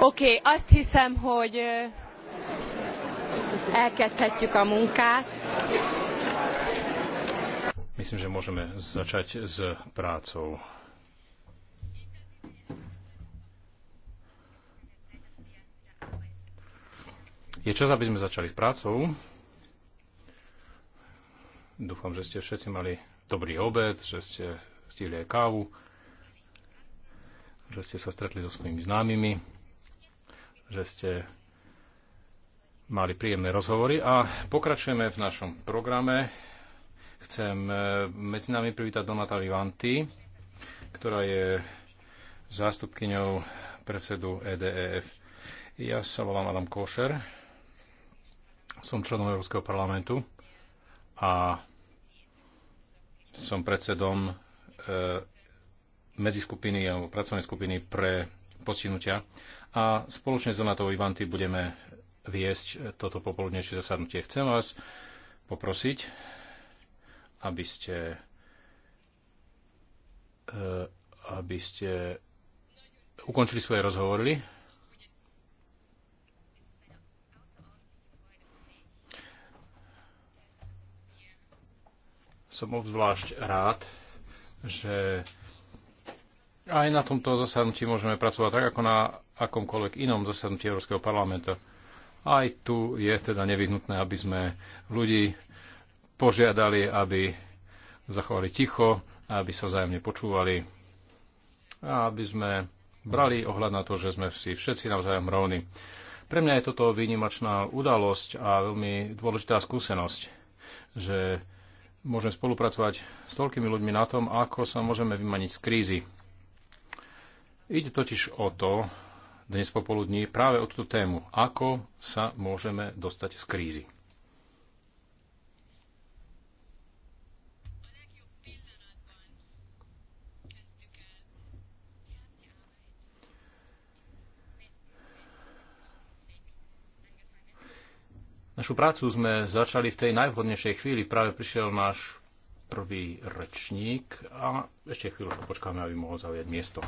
Oké, okay, azt hiszem, hogy elkezdhetjük a munkát. Myslím, že môžeme začať s prácou. Je čas, aby sme začali s prácou. Dúfam, že ste všetci mali dobrý obed, že ste stihli aj kávu, že ste sa stretli so svojimi známymi že ste mali príjemné rozhovory a pokračujeme v našom programe. Chcem e, medzi nami privítať Donata Vivanti, ktorá je zástupkyňou predsedu EDEF. Ja sa volám Adam Košer, som členom Európskeho parlamentu a som predsedom e, medziskupiny alebo pracovnej skupiny pre postihnutia a spoločne s Donatou Ivanty budeme viesť toto popoludnejšie zasadnutie. Chcem vás poprosiť, aby ste eh, aby ste ukončili svoje rozhovory. Som obzvlášť rád, že aj na tomto zasadnutí môžeme pracovať tak, ako na akomkoľvek inom zasadnutí Európskeho parlamentu. Aj tu je teda nevyhnutné, aby sme ľudí požiadali, aby zachovali ticho, aby sa vzájomne počúvali a aby sme brali ohľad na to, že sme si všetci navzájom rovní. Pre mňa je toto výnimačná udalosť a veľmi dôležitá skúsenosť, že môžeme spolupracovať s toľkými ľuďmi na tom, ako sa môžeme vymaniť z krízy. Ide totiž o to, dnes popoludní práve o túto tému. Ako sa môžeme dostať z krízy? Našu prácu sme začali v tej najvhodnejšej chvíli. Práve prišiel náš prvý rečník a ešte chvíľu počkáme, aby mohol zaujať miesto.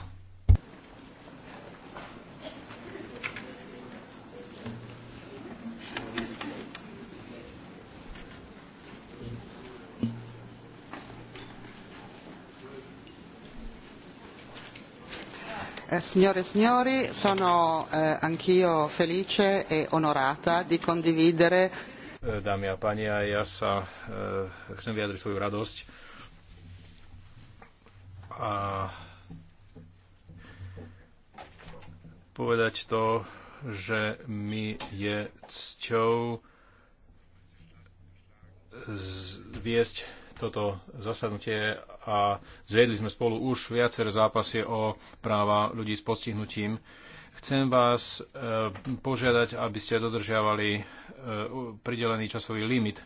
Eh, signore e signori, sono eh, anch'io felice e onorata di condividere. Eh, dámy a páni, aj ja sa eh, chcem vyjadriť svoju radosť. A povedať to, že mi je cťou viesť toto zasadnutie a zvedli sme spolu už viaceré zápasy o práva ľudí s postihnutím. Chcem vás e, požiadať, aby ste dodržiavali e, pridelený časový limit.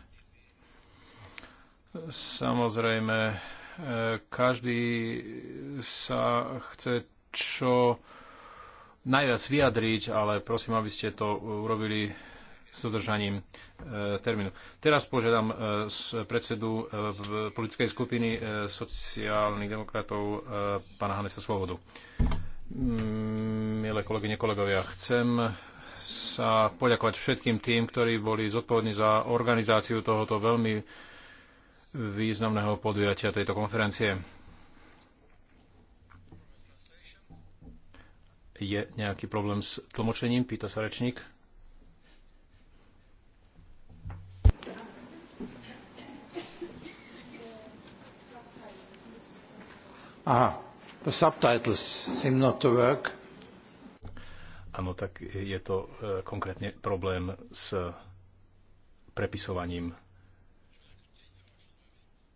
Samozrejme, e, každý sa chce čo najviac vyjadriť, ale prosím, aby ste to urobili s dodržaním e, termínu. Teraz požiadam e, predsedu e, politickej skupiny sociálnych demokratov pána Hanesa Svobodu. Mm, milé kolegyne, kolegovia, chcem sa poďakovať všetkým tým, ktorí boli zodpovední za organizáciu tohoto veľmi významného podujatia tejto konferencie. Je nejaký problém s tlmočením? Pýta sa rečník. Aha, the subtitles seem not to work. Áno, tak je to e, konkrétne problém s prepisovaním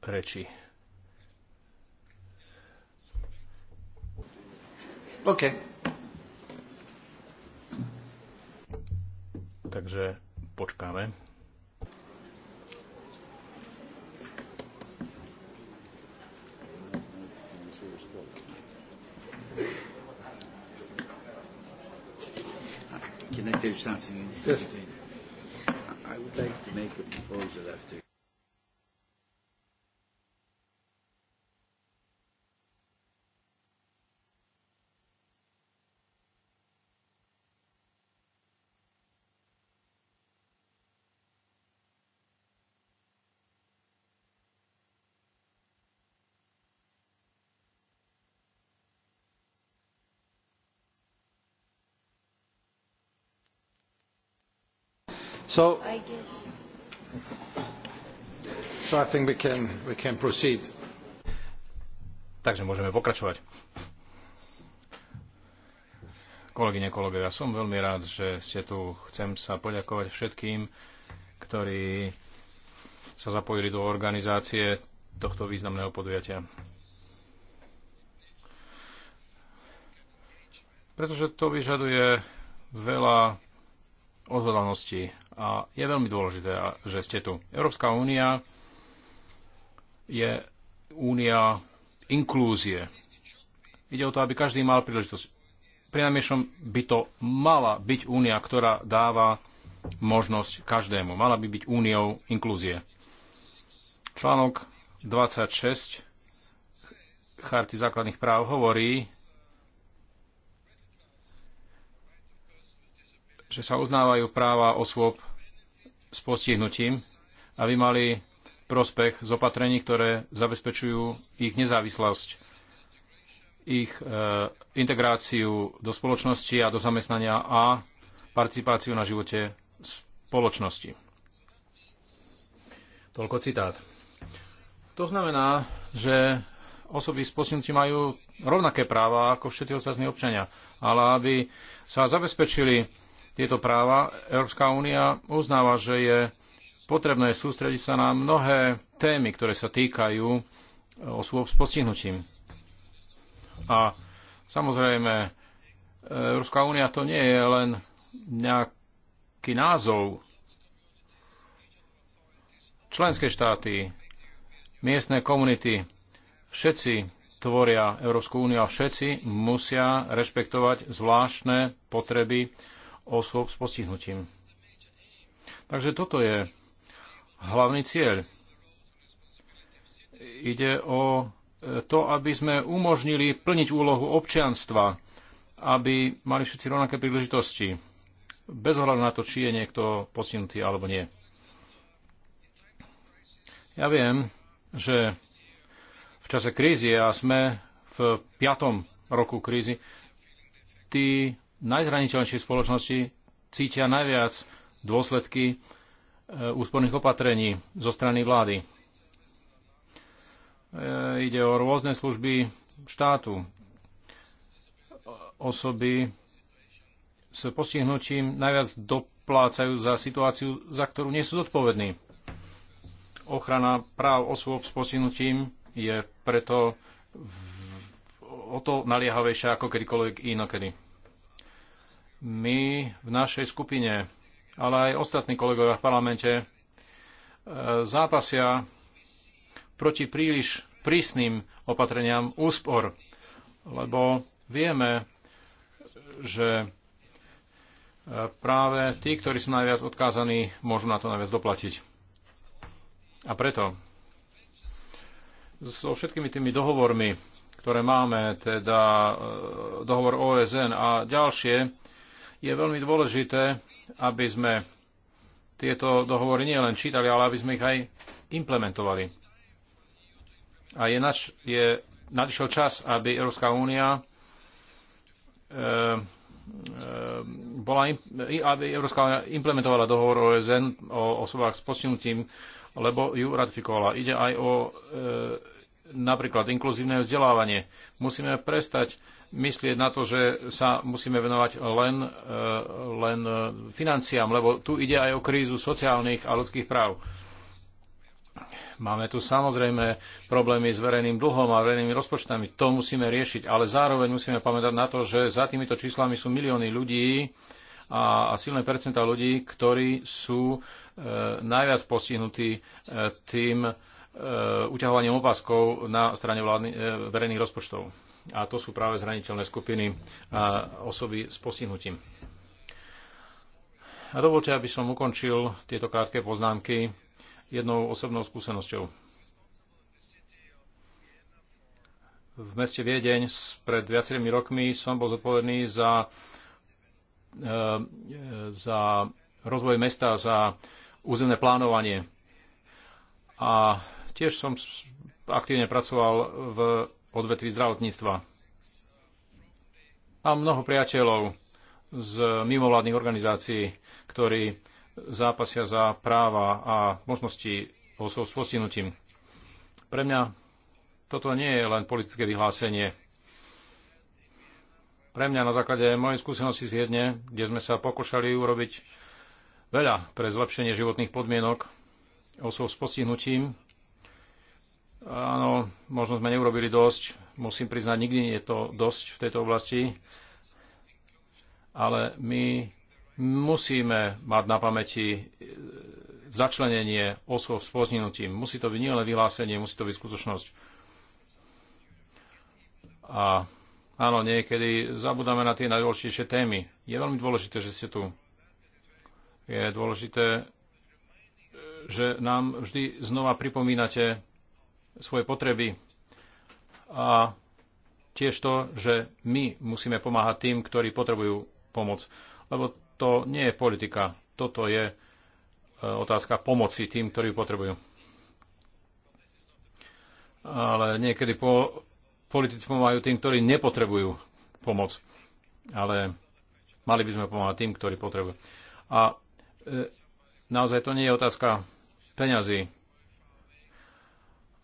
reči. OK. Takže počkáme. Can I do something? Yes. I would like to make a proposal after. So I guess. So I think we can, we can proceed. Takže môžeme pokračovať. Kolegyne, kolegovia, ja som veľmi rád, že ste tu. Chcem sa poďakovať všetkým, ktorí sa zapojili do organizácie tohto významného podujatia. Pretože to vyžaduje veľa odhodlanosti a je veľmi dôležité, že ste tu. Európska únia je únia inklúzie. Ide o to, aby každý mal príležitosť. Prinajmenšom by to mala byť únia, ktorá dáva možnosť každému. Mala by byť úniou inklúzie. Článok 26 Charty základných práv hovorí, že sa uznávajú práva osôb s postihnutím, aby mali prospech z opatrení, ktoré zabezpečujú ich nezávislosť, ich e, integráciu do spoločnosti a do zamestnania a participáciu na živote spoločnosti. Toľko citát. To znamená, že osoby s postihnutím majú rovnaké práva ako všetci ostatní občania, ale aby sa zabezpečili tieto práva, Európska únia uznáva, že je potrebné sústrediť sa na mnohé témy, ktoré sa týkajú osôb s postihnutím. A samozrejme, Európska únia to nie je len nejaký názov. Členské štáty, miestne komunity, všetci tvoria Európsku úniu a všetci musia rešpektovať zvláštne potreby osôb s postihnutím. Takže toto je hlavný cieľ. Ide o e, to, aby sme umožnili plniť úlohu občianstva, aby mali všetci rovnaké príležitosti, bez ohľadu na to, či je niekto postihnutý alebo nie. Ja viem, že v čase krízy a sme v piatom roku krízy, tí najzraniteľnejších spoločnosti cítia najviac dôsledky e, úsporných opatrení zo strany vlády. E, ide o rôzne služby štátu, osoby s postihnutím najviac doplácajú za situáciu, za ktorú nie sú zodpovední. Ochrana práv osôb s postihnutím je preto o to naliehavejšia ako kedykoľvek inokedy my v našej skupine, ale aj ostatní kolegovia v parlamente e, zápasia proti príliš prísnym opatreniam úspor, lebo vieme, že e, práve tí, ktorí sú najviac odkázaní, môžu na to najviac doplatiť. A preto so všetkými tými dohovormi, ktoré máme, teda e, dohovor OSN a ďalšie, je veľmi dôležité, aby sme tieto dohovory nie len čítali, ale aby sme ich aj implementovali. A je, nač, je nadišiel čas, aby Európska únia e, bola, aby Európska únia implementovala dohovor OSN o osobách s postihnutím, lebo ju ratifikovala. Ide aj o e, napríklad inkluzívne vzdelávanie. Musíme prestať myslieť na to, že sa musíme venovať len, e, len e, financiám, lebo tu ide aj o krízu sociálnych a ľudských práv. Máme tu samozrejme problémy s verejným dlhom a verejnými rozpočtami. To musíme riešiť, ale zároveň musíme pamätať na to, že za týmito číslami sú milióny ľudí a, a silné percentá ľudí, ktorí sú e, najviac postihnutí e, tým, e, E, uťahovaním opaskov na strane vládny, e, verejných rozpočtov. A to sú práve zraniteľné skupiny a osoby s postihnutím. A dovolte, aby som ukončil tieto krátke poznámky jednou osobnou skúsenosťou. V meste Viedeň pred viacerými rokmi som bol zodpovedný za, e, za rozvoj mesta, za územné plánovanie. A Tiež som aktívne pracoval v odvetví zdravotníctva. Mám mnoho priateľov z mimovládnych organizácií, ktorí zápasia za práva a možnosti osôb s postihnutím. Pre mňa toto nie je len politické vyhlásenie. Pre mňa na základe mojej skúsenosti z Viedne, kde sme sa pokúšali urobiť veľa pre zlepšenie životných podmienok osôb s postihnutím, Áno, možno sme neurobili dosť. Musím priznať, nikdy nie je to dosť v tejto oblasti. Ale my musíme mať na pamäti e, začlenenie osôb s poznenutím. Musí to byť nielen vyhlásenie, musí to byť skutočnosť. A áno, niekedy zabudáme na tie najdôležitejšie témy. Je veľmi dôležité, že ste tu. Je dôležité, e, že nám vždy znova pripomínate svoje potreby a tiež to, že my musíme pomáhať tým, ktorí potrebujú pomoc. Lebo to nie je politika, toto je e, otázka pomoci tým, ktorí ju potrebujú. Ale niekedy po, politici pomáhajú tým, ktorí nepotrebujú pomoc. Ale mali by sme pomáhať tým, ktorí potrebujú. A e, naozaj to nie je otázka peňazí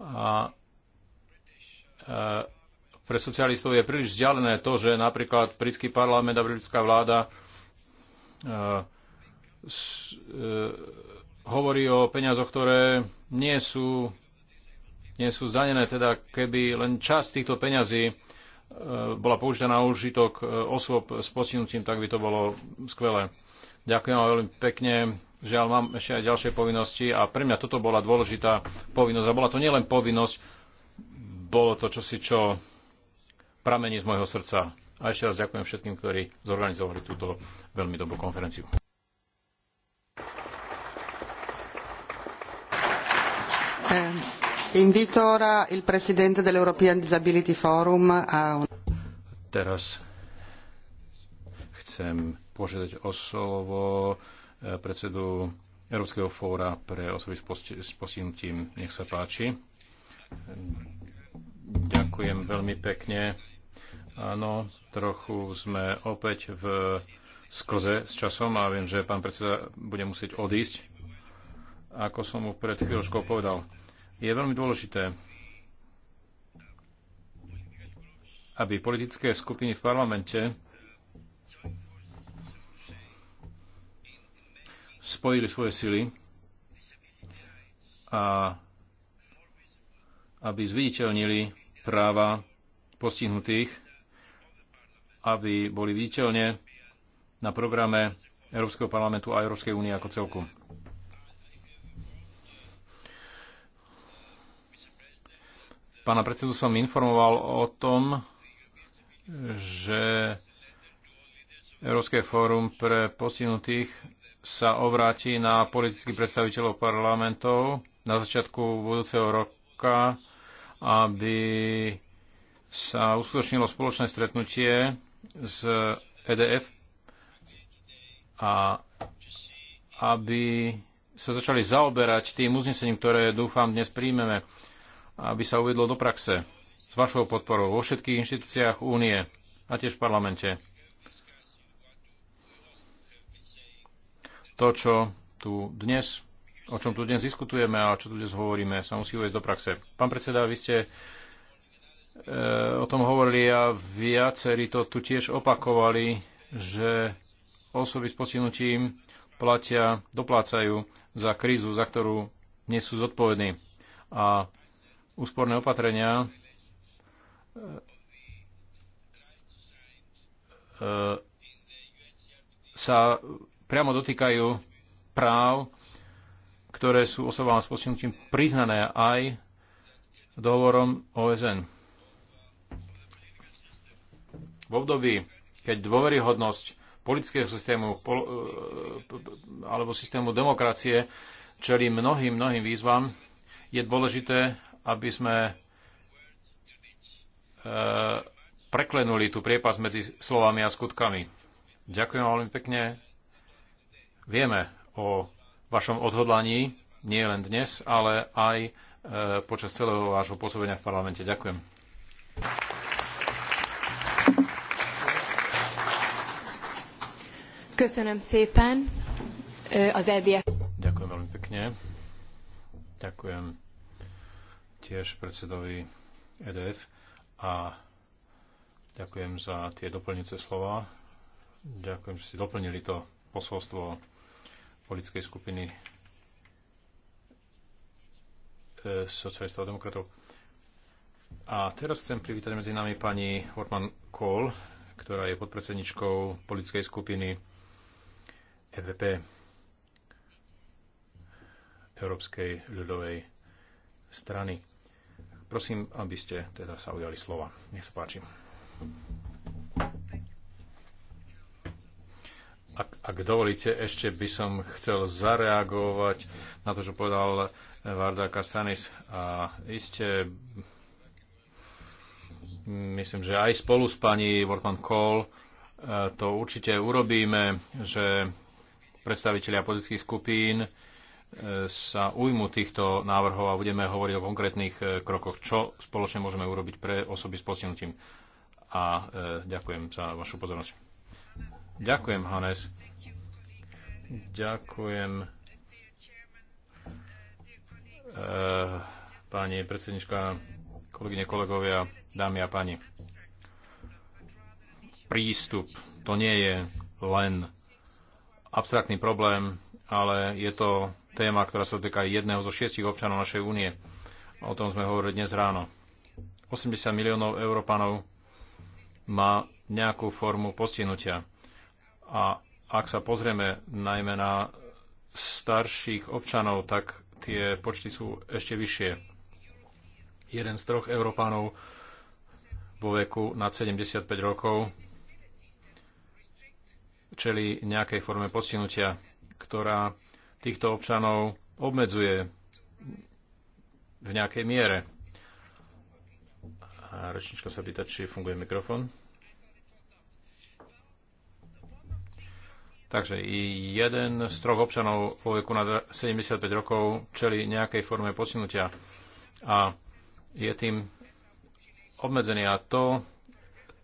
a e, pre socialistov je príliš vzdialené to, že napríklad britský parlament a britská vláda e, e, hovorí o peňazoch, ktoré nie sú, nie sú zdanené. Teda keby len časť týchto peňazí bola použitá na užitok osôb s postihnutím, tak by to bolo skvelé. Ďakujem vám veľmi pekne Žiaľ, mám ešte aj ďalšie povinnosti a pre mňa toto bola dôležitá povinnosť. A bola to nielen povinnosť, bolo to čosi, čo pramení z môjho srdca. A ešte raz ďakujem všetkým, ktorí zorganizovali túto veľmi dobrú konferenciu. Eh, invito ora il presidente dell'European Disability Forum a... Teraz chcem požiadať o slovo Eh, predsedu Európskeho fóra pre osoby s postihnutím. Nech sa páči. Ďakujem veľmi pekne. Áno, trochu sme opäť v sklze s časom a viem, že pán predseda bude musieť odísť. Ako som mu pred chvíľočkou povedal, je veľmi dôležité, aby politické skupiny v parlamente spojili svoje sily a aby zviditeľnili práva postihnutých, aby boli viditeľne na programe Európskeho parlamentu a Európskej únie ako celku. Pána predsedu som informoval o tom, že Európske fórum pre postihnutých sa obráti na politických predstaviteľov parlamentov na začiatku budúceho roka, aby sa uskutočnilo spoločné stretnutie z EDF a aby sa začali zaoberať tým uznesením, ktoré dúfam dnes príjmeme, aby sa uvedlo do praxe s vašou podporou vo všetkých inštitúciách únie a tiež v parlamente. to, čo tu dnes, o čom tu dnes diskutujeme a čo tu dnes hovoríme, sa musí uvieť do praxe. Pán predseda, vy ste e, o tom hovorili a viacerí to tu tiež opakovali, že osoby s postihnutím platia, doplácajú za krízu, za ktorú nie sú zodpovední. A úsporné opatrenia eh, eh, sa priamo dotýkajú práv, ktoré sú osobám s postihnutím priznané aj dohovorom OSN. V období, keď dôveryhodnosť politického systému eh, alebo systému demokracie čelí mnohým, mnohým výzvam, je dôležité, aby sme eh, preklenuli tú priepas medzi slovami a skutkami. Ďakujem veľmi pekne Vieme o vašom odhodlaní, nie len dnes, ale aj e, počas celého vášho pôsobenia v parlamente. Ďakujem. Köszönöm szépen e, az EDF. Ďakujem veľmi pekne. Ďakujem tiež predsedovi EDF a ďakujem za tie doplňujúce slova. Ďakujem, že ste doplnili to posolstvo politickej skupiny e, socialistov a demokratov. A teraz chcem privítať medzi nami pani Hortman Kohl, ktorá je podpredsedničkou politickej skupiny EVP Európskej ľudovej strany. Prosím, aby ste teda sa ujali slova. Nech sa páči. Ak, ak dovolíte, ešte by som chcel zareagovať na to, čo povedal Varda Kastanis. A iste myslím, že aj spolu s pani Wortman Kohl e, to určite urobíme, že predstavitelia politických skupín e, sa ujmu týchto návrhov a budeme hovoriť o konkrétnych e, krokoch, čo spoločne môžeme urobiť pre osoby s postihnutím. A ďakujem za vašu pozornosť. Ďakujem, Hannes. Ďakujem. Eh, pani predsednička, kolegyne, kolegovia, dámy a pani. Prístup to nie je len abstraktný problém, ale je to téma, ktorá sa týka jedného zo šiestich občanov našej únie. O tom sme hovorili dnes ráno. 80 miliónov Európanov má nejakú formu postihnutia. A ak sa pozrieme najmä na starších občanov, tak tie počty sú ešte vyššie. Jeden z troch Európanov vo veku nad 75 rokov čeli nejakej forme postihnutia, ktorá týchto občanov obmedzuje v nejakej miere. A rečnička sa pýta, či funguje mikrofón. Takže i jeden z troch občanov vo veku na 75 rokov čeli nejakej forme posunutia a je tým obmedzený. A to,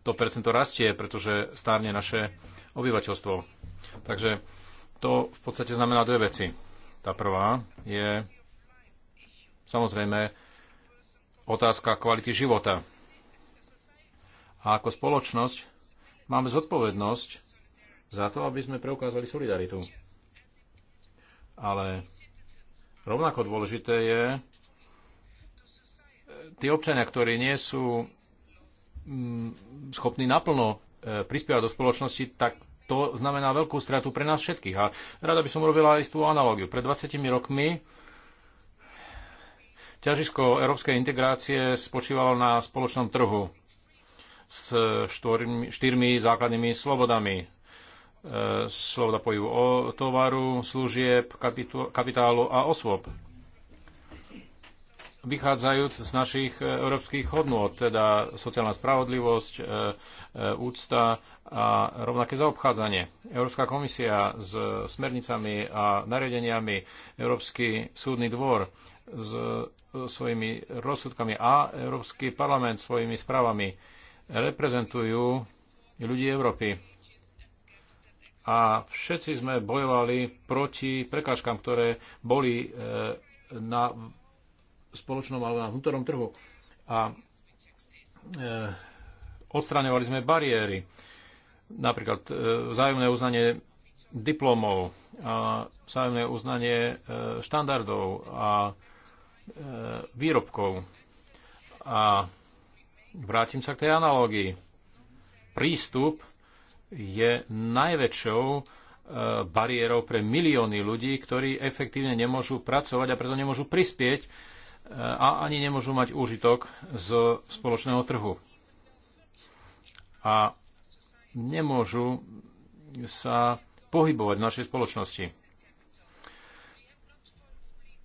to percento rastie, pretože stárne naše obyvateľstvo. Takže to v podstate znamená dve veci. Tá prvá je samozrejme otázka kvality života. A ako spoločnosť máme zodpovednosť za to, aby sme preukázali solidaritu. Ale rovnako dôležité je, e, tí občania, ktorí nie sú mm, schopní naplno e, prispievať do spoločnosti, tak to znamená veľkú stratu pre nás všetkých. A rada by som urobila istú analógiu. Pred 20 rokmi ťažisko európskej integrácie spočívalo na spoločnom trhu s štyrmi základnými slobodami. E, sloboda pojivu o tovaru, služieb, kapitálu a osôb. Vychádzajúc z našich e, európskych hodnôt, teda sociálna spravodlivosť, e, úcta a rovnaké zaobchádzanie. Európska komisia s smernicami a nariadeniami, Európsky súdny dvor s svojimi rozsudkami a Európsky parlament svojimi správami reprezentujú ľudí Európy a všetci sme bojovali proti prekážkam, ktoré boli e, na spoločnom alebo na vnútornom trhu. A e, odstraňovali sme bariéry. Napríklad e, vzájomné uznanie diplomov, a vzájomné uznanie štandardov a výrobkov. A vrátim sa k tej analógii. Prístup je najväčšou e, bariérou pre milióny ľudí, ktorí efektívne nemôžu pracovať a preto nemôžu prispieť e, a ani nemôžu mať úžitok z spoločného trhu. A nemôžu sa pohybovať v našej spoločnosti.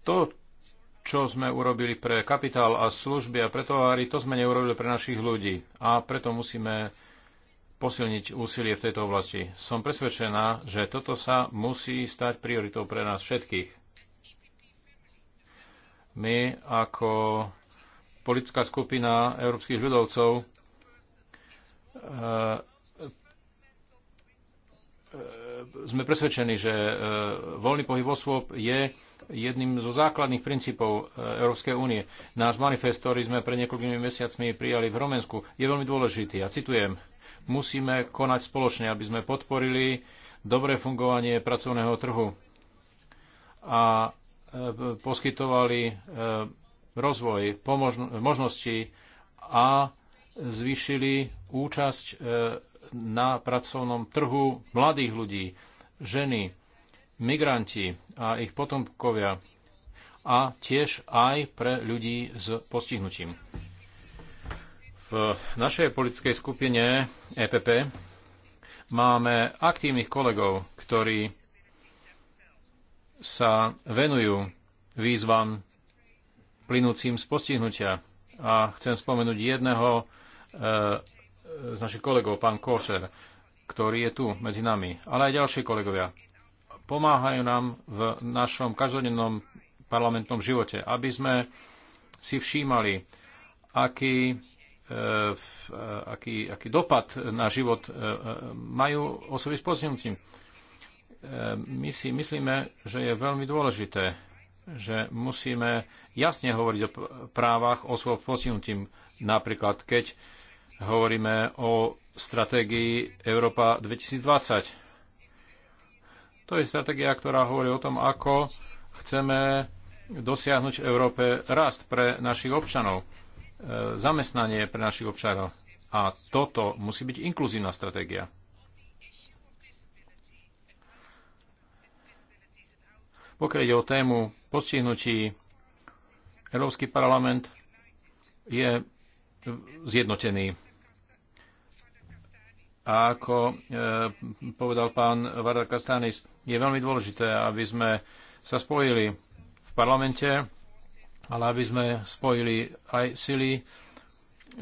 To, čo sme urobili pre kapitál a služby a pre to sme neurobili pre našich ľudí. A preto musíme posilniť úsilie v tejto oblasti. Som presvedčená, že toto sa musí stať prioritou pre nás všetkých. My ako politická skupina európskych ľudovcov e, e, sme presvedčení, že e, voľný pohyb osôb je jedným zo základných princípov e, Európskej únie. Náš manifest, ktorý sme pred niekoľkými mesiacmi prijali v Romensku, je veľmi dôležitý. A citujem, musíme konať spoločne, aby sme podporili dobré fungovanie pracovného trhu a e, poskytovali e, rozvoj možností a zvýšili účasť na pracovnom trhu mladých ľudí, ženy, migranti a ich potomkovia a tiež aj pre ľudí s postihnutím. V našej politickej skupine EPP máme aktívnych kolegov, ktorí sa venujú výzvam plynúcim z postihnutia. A chcem spomenúť jedného e, z našich kolegov, pán Košer, ktorý je tu medzi nami, ale aj ďalší kolegovia pomáhajú nám v našom každodennom parlamentnom živote, aby sme si všímali, aký, e, e, aký, aký dopad na život e, majú osoby s postihnutím. My si myslíme, že je veľmi dôležité, že musíme jasne hovoriť o právach osôb s postihnutím. Napríklad, keď hovoríme o stratégii Európa 2020 to je stratégia, ktorá hovorí o tom, ako chceme dosiahnuť v Európe rast pre našich občanov, e, zamestnanie pre našich občanov. A toto musí byť inkluzívna stratégia. Pokiaľ ide o tému postihnutí, Európsky parlament je zjednotený a ako e, povedal pán Varda Kastanis, je veľmi dôležité, aby sme sa spojili v parlamente, ale aby sme spojili aj sily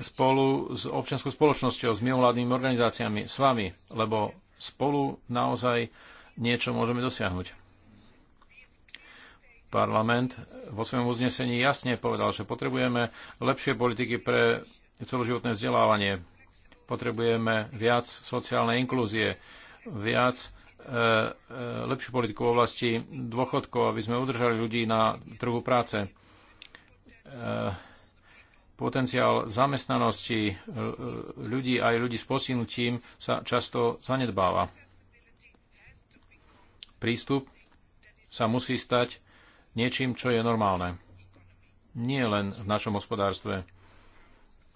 spolu s občianskou spoločnosťou, s mimovládnymi organizáciami, s vami, lebo spolu naozaj niečo môžeme dosiahnuť. Parlament vo svojom uznesení jasne povedal, že potrebujeme lepšie politiky pre celoživotné vzdelávanie, Potrebujeme viac sociálnej inklúzie, viac e, e, lepšiu politiku v oblasti dôchodkov, aby sme udržali ľudí na trhu práce. E, potenciál zamestnanosti e, e, ľudí aj ľudí s posinutím sa často zanedbáva. Prístup sa musí stať niečím, čo je normálne. Nie len v našom hospodárstve,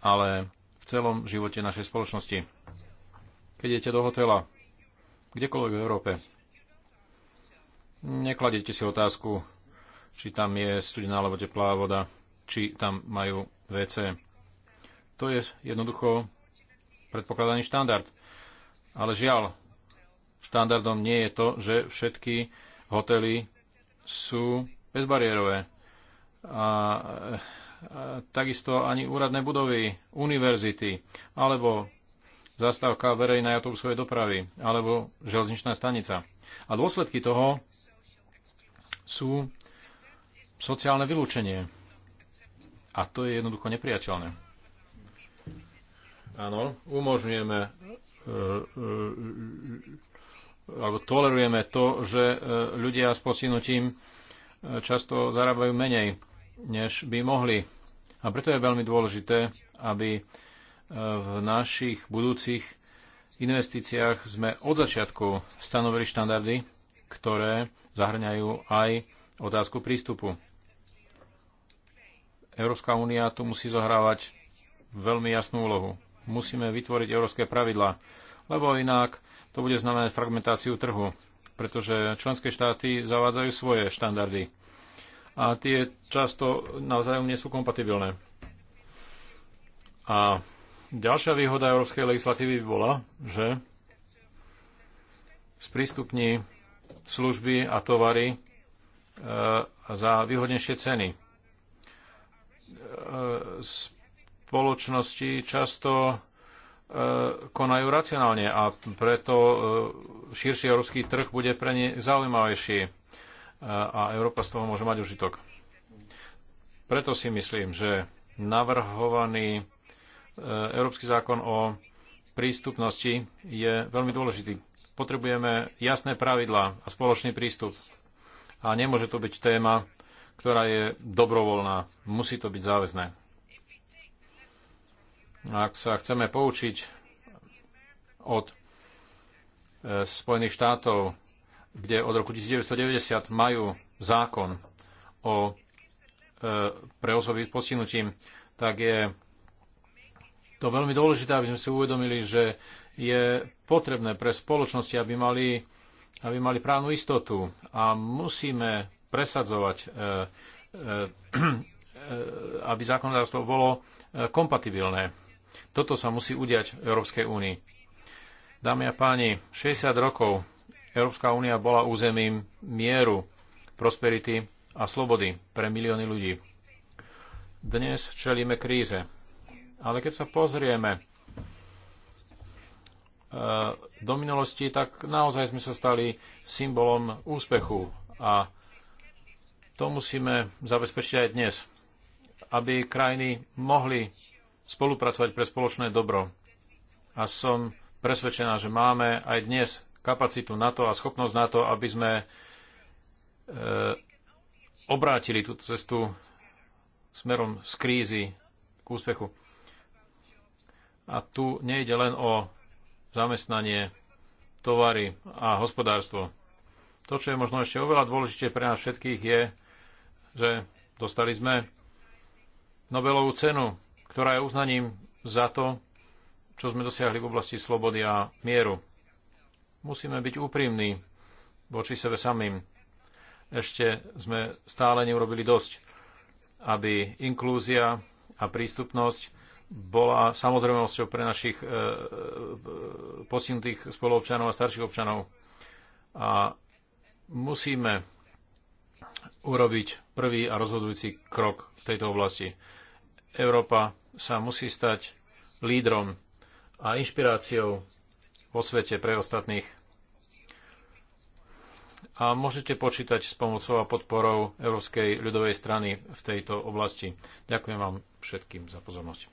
ale celom živote našej spoločnosti. Keď idete do hotela, kdekoľvek v Európe, nekladete si otázku, či tam je studená alebo teplá voda, či tam majú WC. To je jednoducho predpokladaný štandard. Ale žiaľ, štandardom nie je to, že všetky hotely sú bezbariérové. A takisto ani úradné budovy, univerzity, alebo zastávka verejnej autobusovej dopravy, alebo železničná stanica. A dôsledky toho sú sociálne vylúčenie. A to je jednoducho nepriateľné. Áno, umožňujeme e, e, e, alebo tolerujeme to, že ľudia s postihnutím často zarábajú menej než by mohli. A preto je veľmi dôležité, aby e, v našich budúcich investíciách sme od začiatku stanovili štandardy, ktoré zahrňajú aj otázku prístupu. Európska únia tu musí zohrávať veľmi jasnú úlohu. Musíme vytvoriť európske pravidlá, lebo inak to bude znamenať fragmentáciu trhu, pretože členské štáty zavádzajú svoje štandardy a tie často navzájom nie sú kompatibilné. A ďalšia výhoda európskej legislatívy bola, že sprístupní služby a tovary e, za výhodnejšie ceny. E, spoločnosti často e, konajú racionálne a preto širší európsky trh bude pre ne zaujímavejší a Európa z toho môže mať užitok. Preto si myslím, že navrhovaný e, Európsky zákon o prístupnosti je veľmi dôležitý. Potrebujeme jasné pravidlá a spoločný prístup. A nemôže to byť téma, ktorá je dobrovoľná. Musí to byť záväzné. Ak sa chceme poučiť od e, Spojených štátov, kde od roku 1990 majú zákon o, e, pre osoby s postihnutím, tak je to veľmi dôležité, aby sme si uvedomili, že je potrebné pre spoločnosti, aby mali, aby mali právnu istotu a musíme presadzovať, e, e, e aby zákonodárstvo bolo e, kompatibilné. Toto sa musí udiať v Európskej únii. Dámy a páni, 60 rokov Európska únia bola územím mieru, prosperity a slobody pre milióny ľudí. Dnes čelíme kríze. Ale keď sa pozrieme eh, do minulosti, tak naozaj sme sa stali symbolom úspechu a to musíme zabezpečiť aj dnes, aby krajiny mohli spolupracovať pre spoločné dobro. A som presvedčená, že máme aj dnes kapacitu na to a schopnosť na to, aby sme e, obrátili túto cestu smerom z krízy k úspechu. A tu nejde len o zamestnanie, tovary a hospodárstvo. To, čo je možno ešte oveľa dôležité pre nás všetkých, je, že dostali sme Nobelovú cenu, ktorá je uznaním za to, čo sme dosiahli v oblasti slobody a mieru. Musíme byť úprimní voči sebe samým. Ešte sme stále neurobili dosť, aby inklúzia a prístupnosť bola samozrejmosťou pre našich e, e, postihnutých spoluobčanov a starších občanov. A musíme urobiť prvý a rozhodujúci krok v tejto oblasti. Európa sa musí stať lídrom a inšpiráciou vo svete pre ostatných. A môžete počítať s pomocou a podporou Európskej ľudovej strany v tejto oblasti. Ďakujem vám všetkým za pozornosť.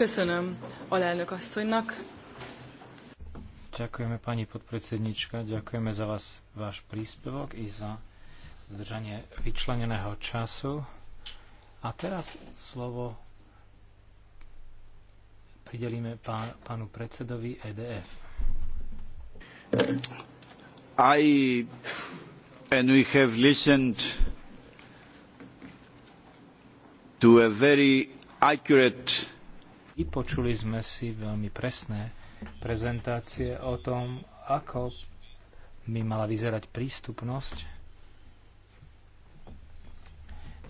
Köszönöm alelnök asszonynak. Ďakujeme pani podpredsednička, ďakujeme za vás, váš príspevok i za zdržanie vyčleneného času. A teraz slovo pridelíme pán, pánu predsedovi EDF. I and we have listened to a very accurate Vypočuli sme si veľmi presné prezentácie o tom, ako by mala vyzerať prístupnosť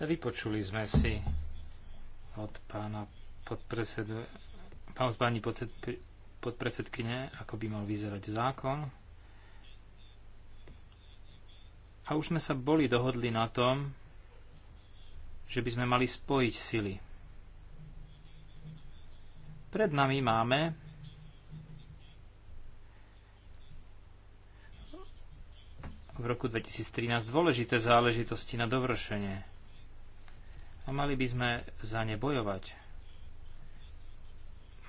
Vypočuli sme si od pána podpredsedu, od pani podpredsedkyne, ako by mal vyzerať zákon. A už sme sa boli dohodli na tom, že by sme mali spojiť sily. Pred nami máme v roku 2013 dôležité záležitosti na dovršenie a mali by sme za ne bojovať.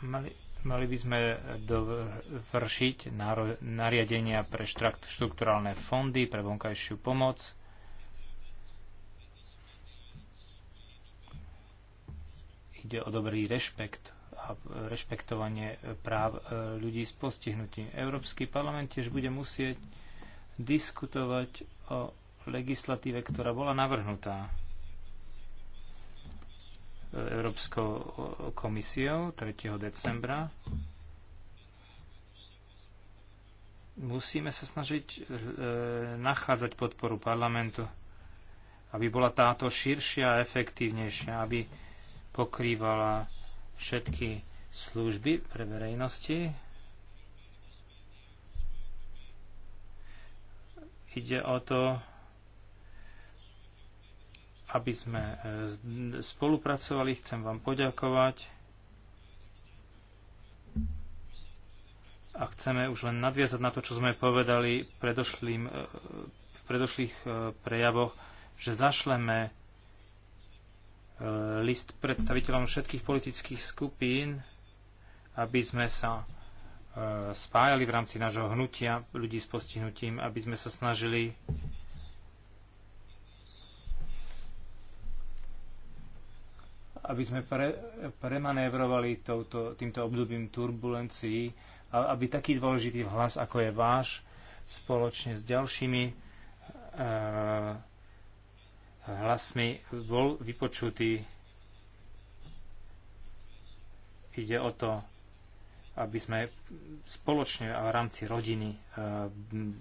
Mali, mali by sme dovršiť nariadenia pre štrukturálne fondy, pre vonkajšiu pomoc, ide o dobrý rešpekt a rešpektovanie práv e, ľudí s postihnutím. Európsky parlament tiež bude musieť diskutovať o legislatíve, ktorá bola navrhnutá. Európskou komisiou 3. decembra. Musíme sa snažiť e, nachádzať podporu parlamentu, aby bola táto širšia a efektívnejšia, aby pokrývala všetky služby pre verejnosti. Ide o to, aby sme e, spolupracovali. Chcem vám poďakovať. A chceme už len nadviazať na to, čo sme povedali predošlým, e, v predošlých e, prejavoch, že zašleme list predstaviteľom všetkých politických skupín, aby sme sa spájali v rámci nášho hnutia ľudí s postihnutím, aby sme sa snažili aby sme pre, premanévrovali touto, týmto obdobím turbulencií, aby taký dôležitý hlas, ako je váš, spoločne s ďalšími e, hlasmi bol vypočutý. Ide o to, aby sme spoločne a v rámci rodiny e,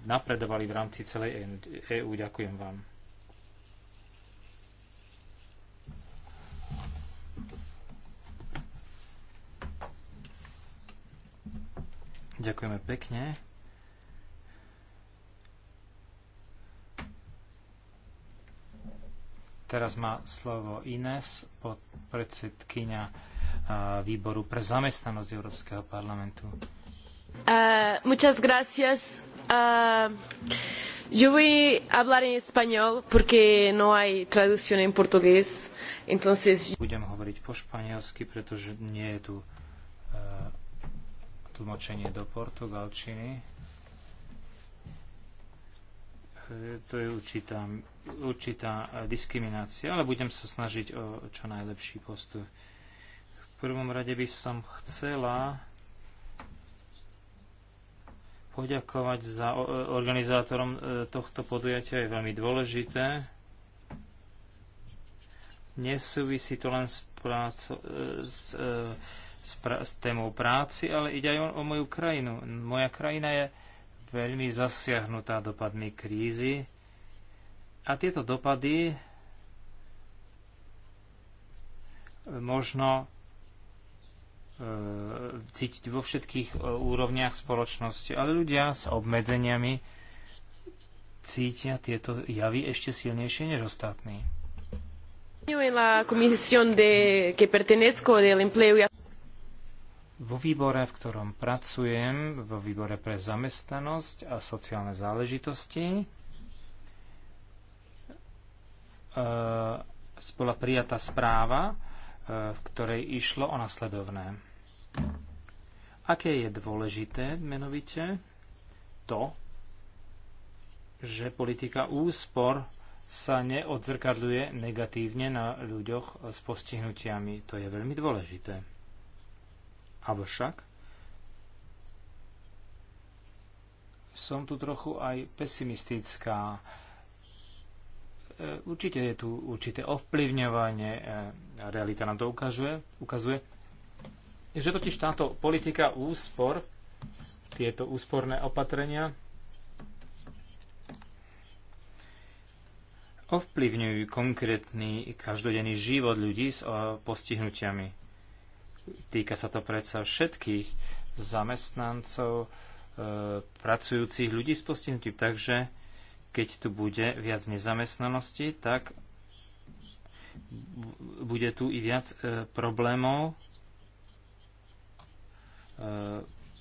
napredovali v rámci celej EÚ. E Ďakujem vám. Ďakujeme pekne. Teraz má slovo Ines, podpredsedkynia výboru pre zamestnanosť Európskeho parlamentu. Uh, muchas gracias. Uh, yo voy a hablar en español porque no hay traducción en portugués. Entonces... Budem hovoriť po španielsky, pretože nie je tu tlmočenie do portugalčiny. E, to je určitá, určitá diskriminácia, ale budem sa snažiť o čo najlepší postup. V prvom rade by som chcela poďakovať za organizátorom e, tohto podujatia, je veľmi dôležité. Nesúvisí to len s prácou, e, s, pr- s témou práci, ale ide aj o, o moju krajinu. Moja krajina je veľmi zasiahnutá dopadmi krízy a tieto dopady možno e, cítiť vo všetkých e, úrovniach spoločnosti. Ale ľudia s obmedzeniami cítia tieto javy ešte silnejšie než ostatní. En la comisión de, que pertenezco del empleo y vo výbore, v ktorom pracujem, vo výbore pre zamestnanosť a sociálne záležitosti, e, bola prijatá správa, e, v ktorej išlo o nasledovné. Aké je dôležité menovite to, že politika úspor sa neodzrkadluje negatívne na ľuďoch s postihnutiami. To je veľmi dôležité. Avšak som tu trochu aj pesimistická. E, určite je tu určité ovplyvňovanie, e, realita nám to ukazuje, ukazuje že totiž táto politika úspor, tieto úsporné opatrenia ovplyvňujú konkrétny každodenný život ľudí s e, postihnutiami. Týka sa to predsa všetkých zamestnancov, e, pracujúcich ľudí s postihnutím. Takže keď tu bude viac nezamestnanosti, tak bude tu i viac e, problémov e,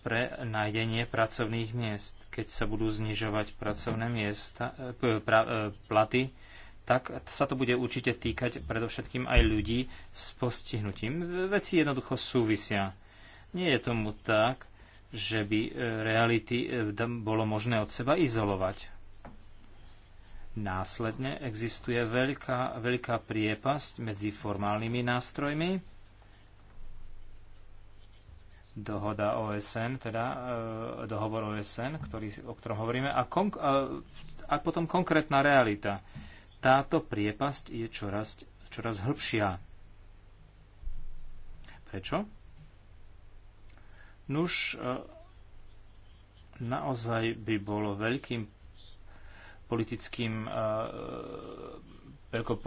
pre nájdenie pracovných miest. Keď sa budú znižovať pracovné miesta, e, pra, e, platy, tak sa to bude určite týkať predovšetkým aj ľudí s postihnutím. Veci jednoducho súvisia. Nie je tomu tak, že by e, reality e, bolo možné od seba izolovať. Následne existuje veľká, veľká priepasť medzi formálnymi nástrojmi, dohoda OSN, teda e, dohovor OSN, ktorý, o ktorom hovoríme, a, konk- a, a potom konkrétna realita. E, táto priepasť je čoraz, čoraz hĺbšia. Prečo? Nuž, e, naozaj by bolo veľkým politickým e, veľkou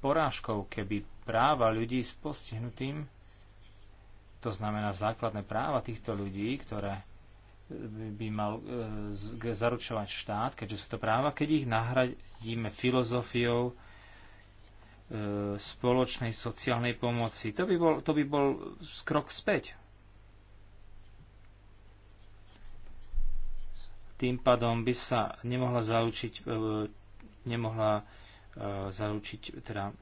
porážkou, keby práva ľudí s postihnutým, to znamená základné práva týchto ľudí, ktoré by mal e, zaručovať štát, keďže sú to práva, keď ich nahradíme filozofiou e, spoločnej sociálnej pomoci. To by bol, to by bol krok späť. Tým pádom by sa nemohla zaručiť, e, nemohla zaručiť teda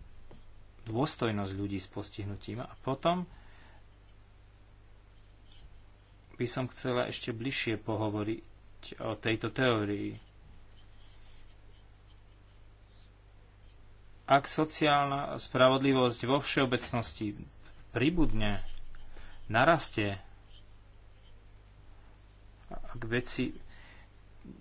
dôstojnosť ľudí s postihnutím. A potom by som chcela ešte bližšie pohovoriť o tejto teórii. Ak sociálna spravodlivosť vo všeobecnosti pribudne, narastie, ak veci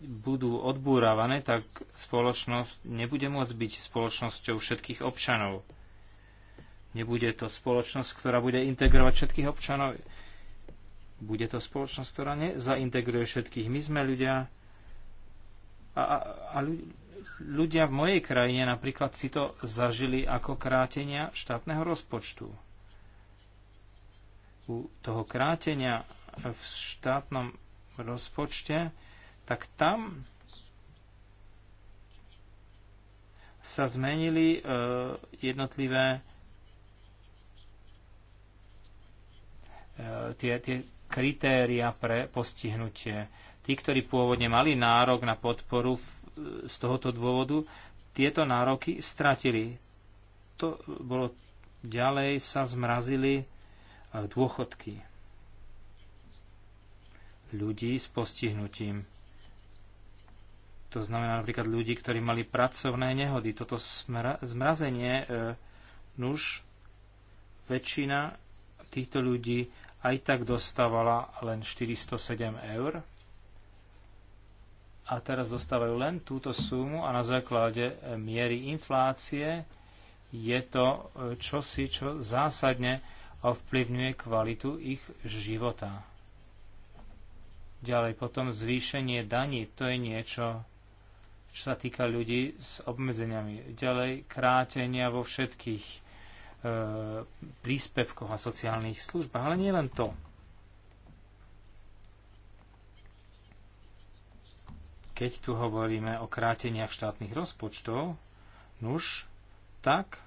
budú odbúravané, tak spoločnosť nebude môcť byť spoločnosťou všetkých občanov. Nebude to spoločnosť, ktorá bude integrovať všetkých občanov. Bude to spoločnosť, ktorá nezaintegruje všetkých. My sme ľudia a, a, a ľudia v mojej krajine napríklad si to zažili ako krátenia štátneho rozpočtu. U toho krátenia v štátnom rozpočte, tak tam sa zmenili e, jednotlivé e, tie, tie kritéria pre postihnutie. Tí, ktorí pôvodne mali nárok na podporu e, z tohoto dôvodu, tieto nároky stratili. To bolo ďalej sa zmrazili e, dôchodky ľudí s postihnutím. To znamená napríklad ľudí, ktorí mali pracovné nehody. Toto smra- zmrazenie e, nuž väčšina týchto ľudí aj tak dostávala len 407 eur a teraz dostávajú len túto sumu a na základe e, miery inflácie je to e, čosi, čo zásadne ovplyvňuje kvalitu ich života. Ďalej potom zvýšenie daní, to je niečo, čo sa týka ľudí s obmedzeniami. Ďalej krátenia vo všetkých príspevkoch a sociálnych službách. Ale nie len to. Keď tu hovoríme o kráteniach štátnych rozpočtov, nuž, tak,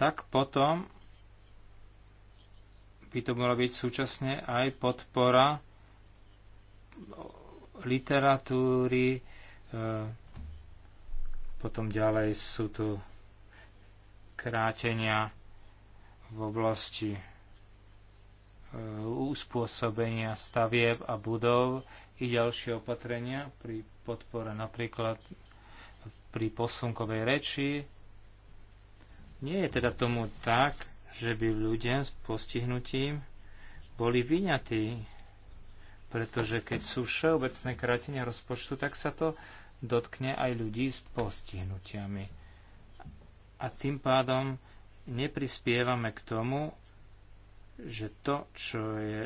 tak potom by to mala byť súčasne aj podpora literatúry, e, potom ďalej sú tu krátenia v oblasti e, uspôsobenia stavieb a budov i ďalšie opatrenia pri podpore napríklad pri posunkovej reči. Nie je teda tomu tak, že by ľudia s postihnutím boli vyňatí, pretože keď sú všeobecné krátenia rozpočtu, tak sa to dotkne aj ľudí s postihnutiami a tým pádom neprispievame k tomu, že to, čo je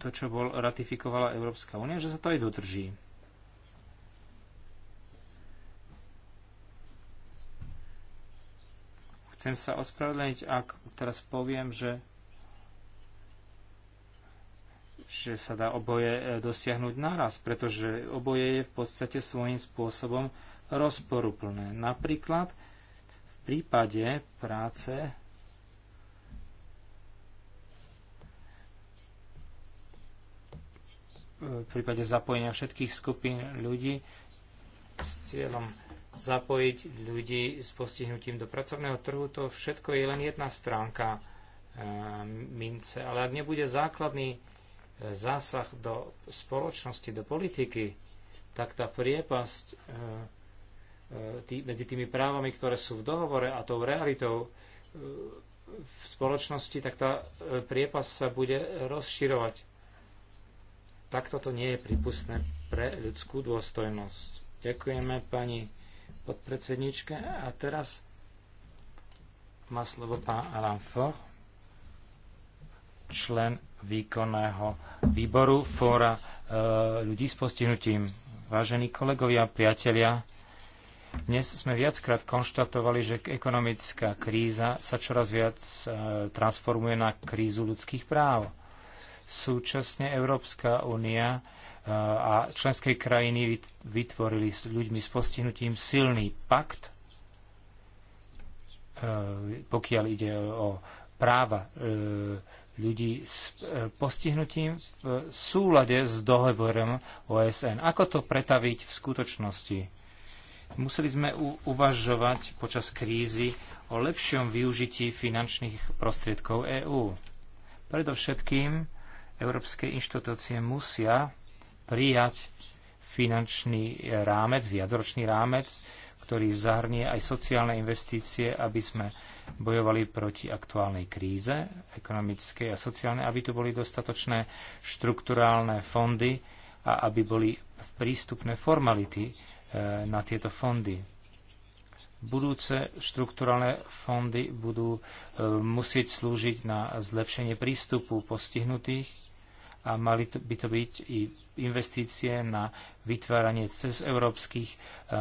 to, čo bol, ratifikovala Európska únia, že sa to aj dodrží. Chcem sa ospravedlniť, ak teraz poviem, že že sa dá oboje eh, dosiahnuť naraz, pretože oboje je v podstate svojím spôsobom rozporuplné. Napríklad v prípade práce v prípade zapojenia všetkých skupín ľudí s cieľom zapojiť ľudí s postihnutím do pracovného trhu, to všetko je len jedna stránka e, mince. Ale ak nebude základný e, zásah do spoločnosti, do politiky, tak tá priepasť e, E, tý, medzi tými právami, ktoré sú v dohovore a tou realitou e, v spoločnosti, tak tá e, priepas sa bude rozširovať. Takto to nie je prípustné pre ľudskú dôstojnosť. Ďakujeme pani podpredsedničke a teraz má slovo pán Alain Foch, člen výkonného výboru Fóra ľudí s postihnutím. Vážení kolegovia, priatelia, dnes sme viackrát konštatovali, že ekonomická kríza sa čoraz viac e, transformuje na krízu ľudských práv. Súčasne Európska únia e, a členské krajiny vytvorili s ľuďmi s postihnutím silný pakt, e, pokiaľ ide o práva ľudí s postihnutím v súlade s dohovorom OSN. Ako to pretaviť v skutočnosti? Museli sme uvažovať počas krízy o lepšom využití finančných prostriedkov EÚ. Predovšetkým európske inštitúcie musia prijať finančný rámec, viacročný rámec, ktorý zahrnie aj sociálne investície, aby sme bojovali proti aktuálnej kríze ekonomickej a sociálnej, aby tu boli dostatočné štrukturálne fondy a aby boli prístupné formality na tieto fondy. Budúce štrukturálne fondy budú e, musieť slúžiť na zlepšenie prístupu postihnutých a mali by to byť i investície na vytváranie cez európskych e,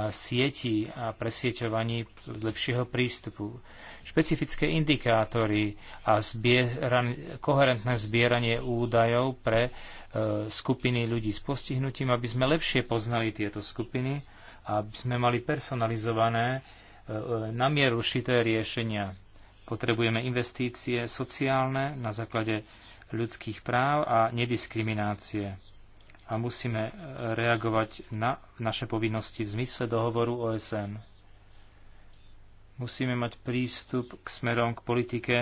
sietí a presieťovaní lepšieho prístupu. Špecifické indikátory a zbieran- koherentné zbieranie údajov pre e, skupiny ľudí s postihnutím, aby sme lepšie poznali tieto skupiny aby sme mali personalizované, e, e, na mieru šité riešenia. Potrebujeme investície sociálne na základe ľudských práv a nediskriminácie. A musíme e, reagovať na naše povinnosti v zmysle dohovoru OSN. Musíme mať prístup k smerom k politike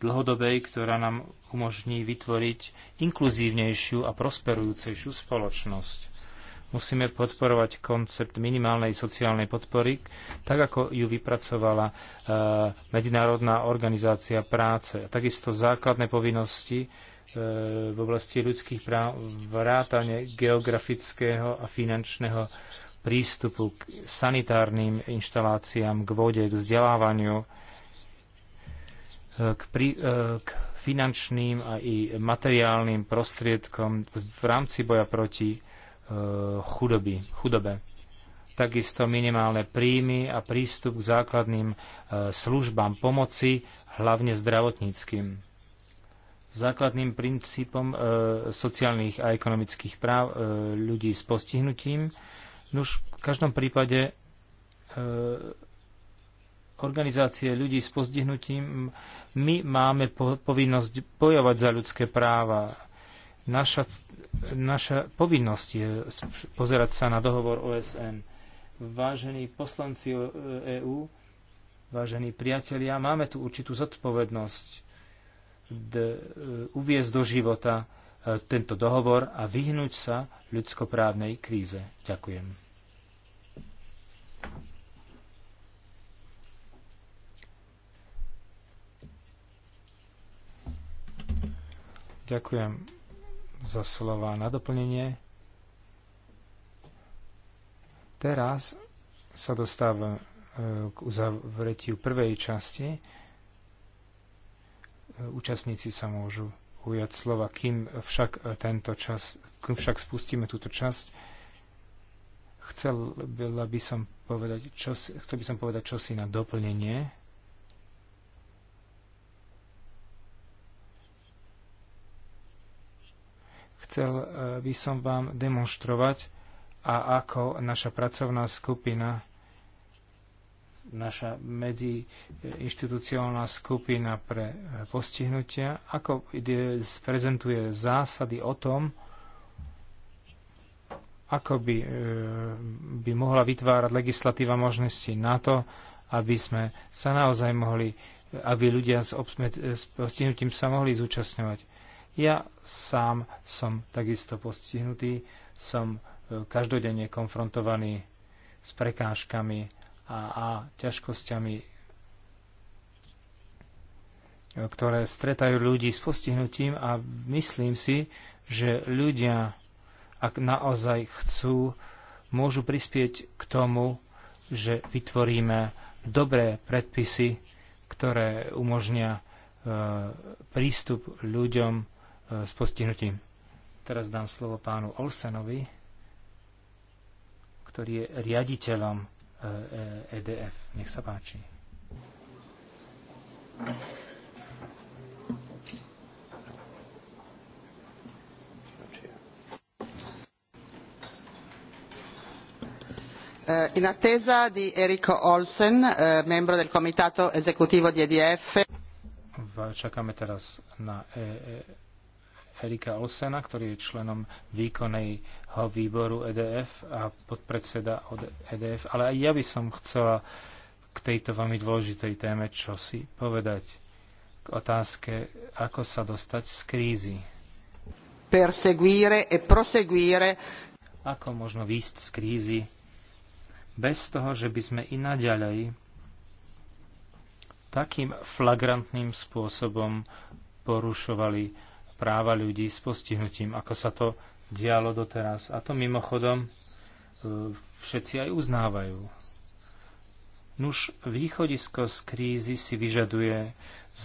dlhodobej, ktorá nám umožní vytvoriť inkluzívnejšiu a prosperujúcejšiu spoločnosť Musíme podporovať koncept minimálnej sociálnej podpory, tak ako ju vypracovala e, Medzinárodná organizácia práce. Takisto základné povinnosti e, v oblasti ľudských práv, vrátane geografického a finančného prístupu k sanitárnym inštaláciám, k vode, k vzdelávaniu, e, k, pri, k finančným a i materiálnym prostriedkom v rámci boja proti Eh, chudoby, chudobe. Takisto minimálne príjmy a prístup k základným eh, službám pomoci, hlavne zdravotníckým. Základným princípom eh, sociálnych a ekonomických práv ľudí s postihnutím. Nuž v každom prípade organizácie ľudí s postihnutím, my máme povinnosť bojovať za ľudské práva. Naša, naša povinnosť je pozerať sa na dohovor OSN. Vážení poslanci EÚ, e vážení priatelia, máme tu určitú zodpovednosť e, uviezť do života e, tento dohovor a vyhnúť sa ľudskoprávnej kríze. Ďakujem. Ďakujem za slova na doplnenie. Teraz sa dostávam eh, k uzavretiu prvej časti. Eh, účastníci sa môžu ujať slova, kým však eh, tento čas, kým však spustíme túto časť. Chcel by som povedať, čo, chcel by som povedať čosi na doplnenie. Chcel e, by som vám demonstrovať, a ako naša pracovná skupina, naša medziinstitucionálna skupina pre e, postihnutia, ako prezentuje zásady o tom, ako by, e, by mohla vytvárať legislatíva možnosti na to, aby sme sa naozaj mohli, aby ľudia s, s postihnutím sa mohli zúčastňovať ja sám som takisto postihnutý, som e, každodenne konfrontovaný s prekážkami a, a ťažkosťami, e, ktoré stretajú ľudí s postihnutím a myslím si, že ľudia, ak naozaj chcú, môžu prispieť k tomu, že vytvoríme dobré predpisy, ktoré umožnia e, prístup ľuďom s postihnutím. Teraz dám slovo pánu Olsenovi, ktorý je riaditeľom EDF. Eh, e Nech sa páči. Eh, in attesa di Eriko Olsen, eh, membro del comitato esecutivo di EDF. Čakáme teraz na e Erika Olsena, ktorý je členom výkonného výboru EDF a podpredseda od EDF. Ale aj ja by som chcela k tejto veľmi dôležitej téme čosi povedať k otázke, ako sa dostať z krízy. Perseguire e proseguire. Ako možno výjsť z krízy bez toho, že by sme i naďalej takým flagrantným spôsobom porušovali práva ľudí s postihnutím, ako sa to dialo doteraz. A to mimochodom e, všetci aj uznávajú. Nuž východisko z krízy si vyžaduje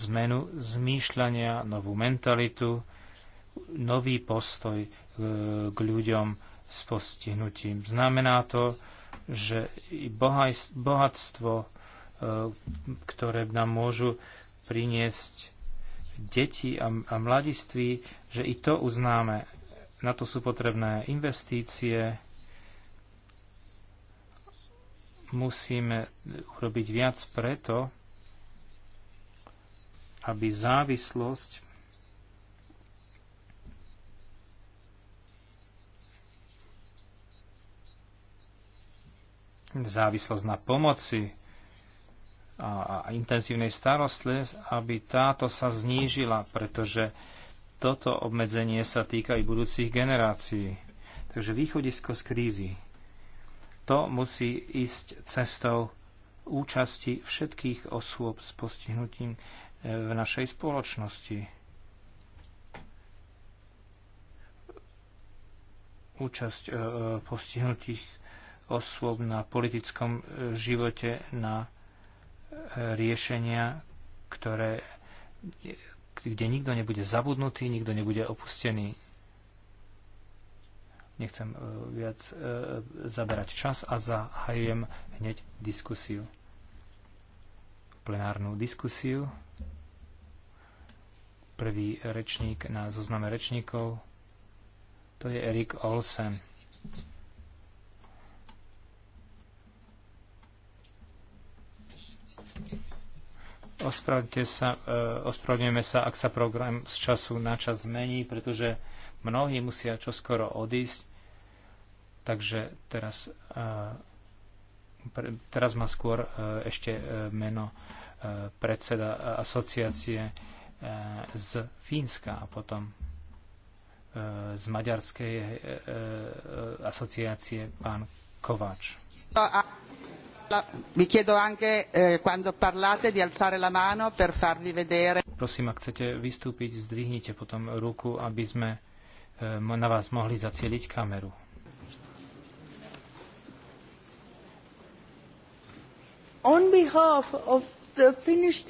zmenu zmýšľania, novú mentalitu, nový postoj e, k ľuďom s postihnutím. Znamená to, že i bohatstvo, e, ktoré nám môžu priniesť detí a, a mladiství, že i to uznáme. Na to sú potrebné investície. Musíme urobiť viac preto, aby závislosť závislosť na pomoci a, a intenzívnej starostle, aby táto sa znížila, pretože toto obmedzenie sa týka i budúcich generácií. Takže východisko z krízy. To musí ísť cestou účasti všetkých osôb s postihnutím e, v našej spoločnosti. Účasť e, e, postihnutých osôb na politickom živote, na riešenia, ktoré, kde nikto nebude zabudnutý, nikto nebude opustený. Nechcem e, viac e, zaberať čas a zahajujem hneď diskusiu. Plenárnu diskusiu. Prvý rečník na zozname rečníkov to je Erik Olsen. sa, e, ospravedlňujeme sa, ak sa program z času na čas zmení, pretože mnohí musia čoskoro odísť. Takže teraz, e, teraz má skôr e, ešte meno predseda asociácie z Fínska a potom z Maďarskej asociácie pán Kováč chiedo anche eh, quando parlate di alzare la mano per farvi vedere. Prosím, ak chcete vystúpiť, zdvihnite potom ruku, aby sme eh, na vás mohli zacieliť kameru. On behalf of the Finnish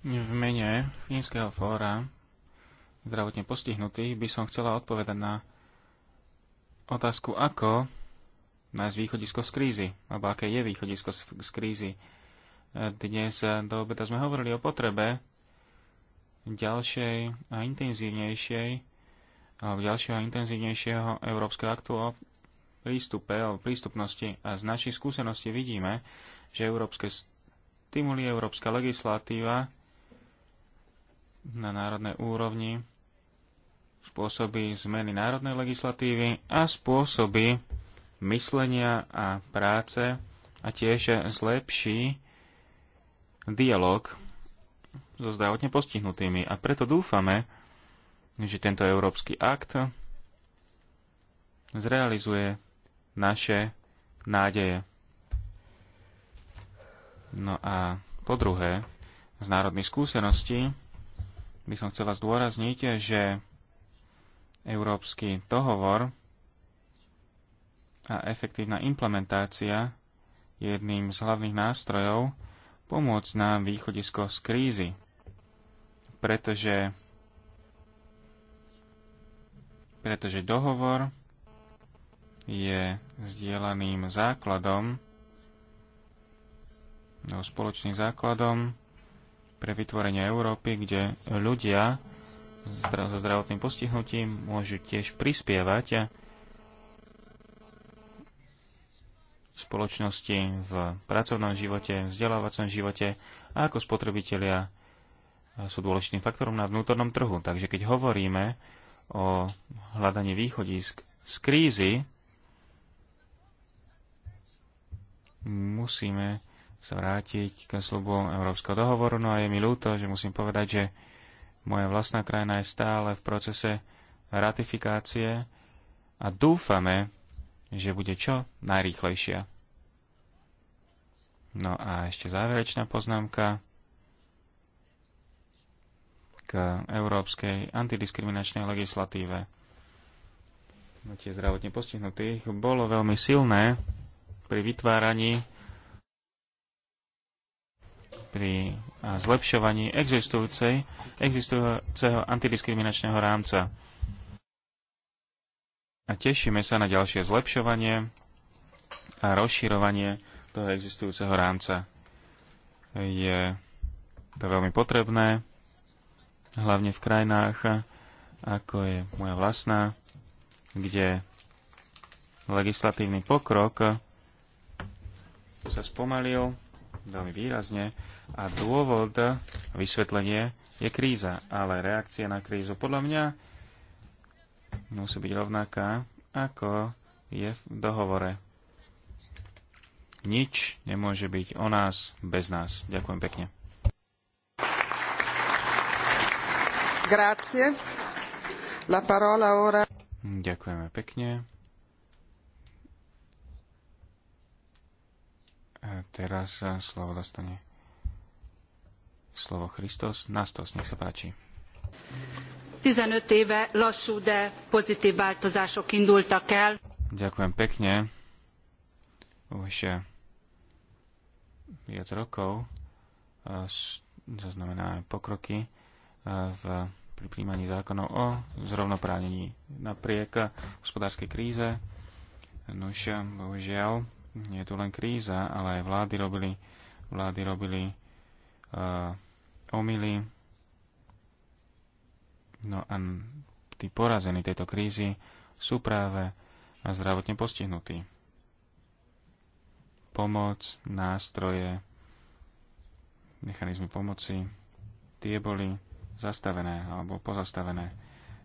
v mene Fínskeho fóra zdravotne postihnutých by som chcela odpovedať na otázku, ako nájsť východisko z krízy, alebo aké je východisko z krízy. E, dnes e, do obeda sme hovorili o potrebe ďalšej a intenzívnejšej alebo ďalšieho a intenzívnejšieho Európskeho aktu o prístupe o prístupnosti a z našich skúseností vidíme, že európske stimuly, európska legislatíva na národnej úrovni spôsobí zmeny národnej legislatívy a spôsobí myslenia a práce a tiež zlepší dialog so zdravotne postihnutými. A preto dúfame, že tento európsky akt zrealizuje naše nádeje. No a po druhé, z národných skúseností by som chcela zdôrazniť, že Európsky dohovor a efektívna implementácia je jedným z hlavných nástrojov pomôcť nám východisko z krízy, pretože, pretože dohovor je zdieľaným základom, no, spoločným základom pre vytvorenie Európy, kde ľudia so zdravotným postihnutím môžu tiež prispievať spoločnosti v pracovnom živote, v vzdelávacom živote a ako spotrebitelia sú dôležitým faktorom na vnútornom trhu. Takže keď hovoríme o hľadaní východisk z krízy, musíme sa vrátiť k slubu Európskeho dohovoru. No a je mi ľúto, že musím povedať, že moja vlastná krajina je stále v procese ratifikácie a dúfame, že bude čo najrýchlejšia. No a ešte záverečná poznámka k európskej antidiskriminačnej legislatíve. No, tie zdravotne postihnutých bolo veľmi silné pri vytváraní pri zlepšovaní existujúcej, existujúceho antidiskriminačného rámca a tešíme sa na ďalšie zlepšovanie a rozširovanie toho existujúceho rámca. Je to veľmi potrebné, hlavne v krajinách, ako je moja vlastná, kde legislatívny pokrok sa spomalil veľmi výrazne a dôvod vysvetlenie je kríza, ale reakcia na krízu podľa mňa musí byť rovnaká, ako je v dohovore. Nič nemôže byť o nás bez nás. Ďakujem pekne. Grazie. La parola ora. Ďakujeme pekne. A teraz slovo dostane slovo Christos. Nastos, nech sa páči. 15 éve lassú, de pozitív változások indultak el. Ďakujem pekne. Už viac rokov zaznamenáme pokroky v, pri príjmaní zákonov o zrovnoprávnení napriek hospodárskej kríze. Nuž, bohužiaľ, nie je tu len kríza, ale aj vlády robili, vlády robili uh, omily, No a tí porazení tejto krízy sú práve zdravotne postihnutí. Pomoc, nástroje, mechanizmy pomoci, tie boli zastavené alebo pozastavené.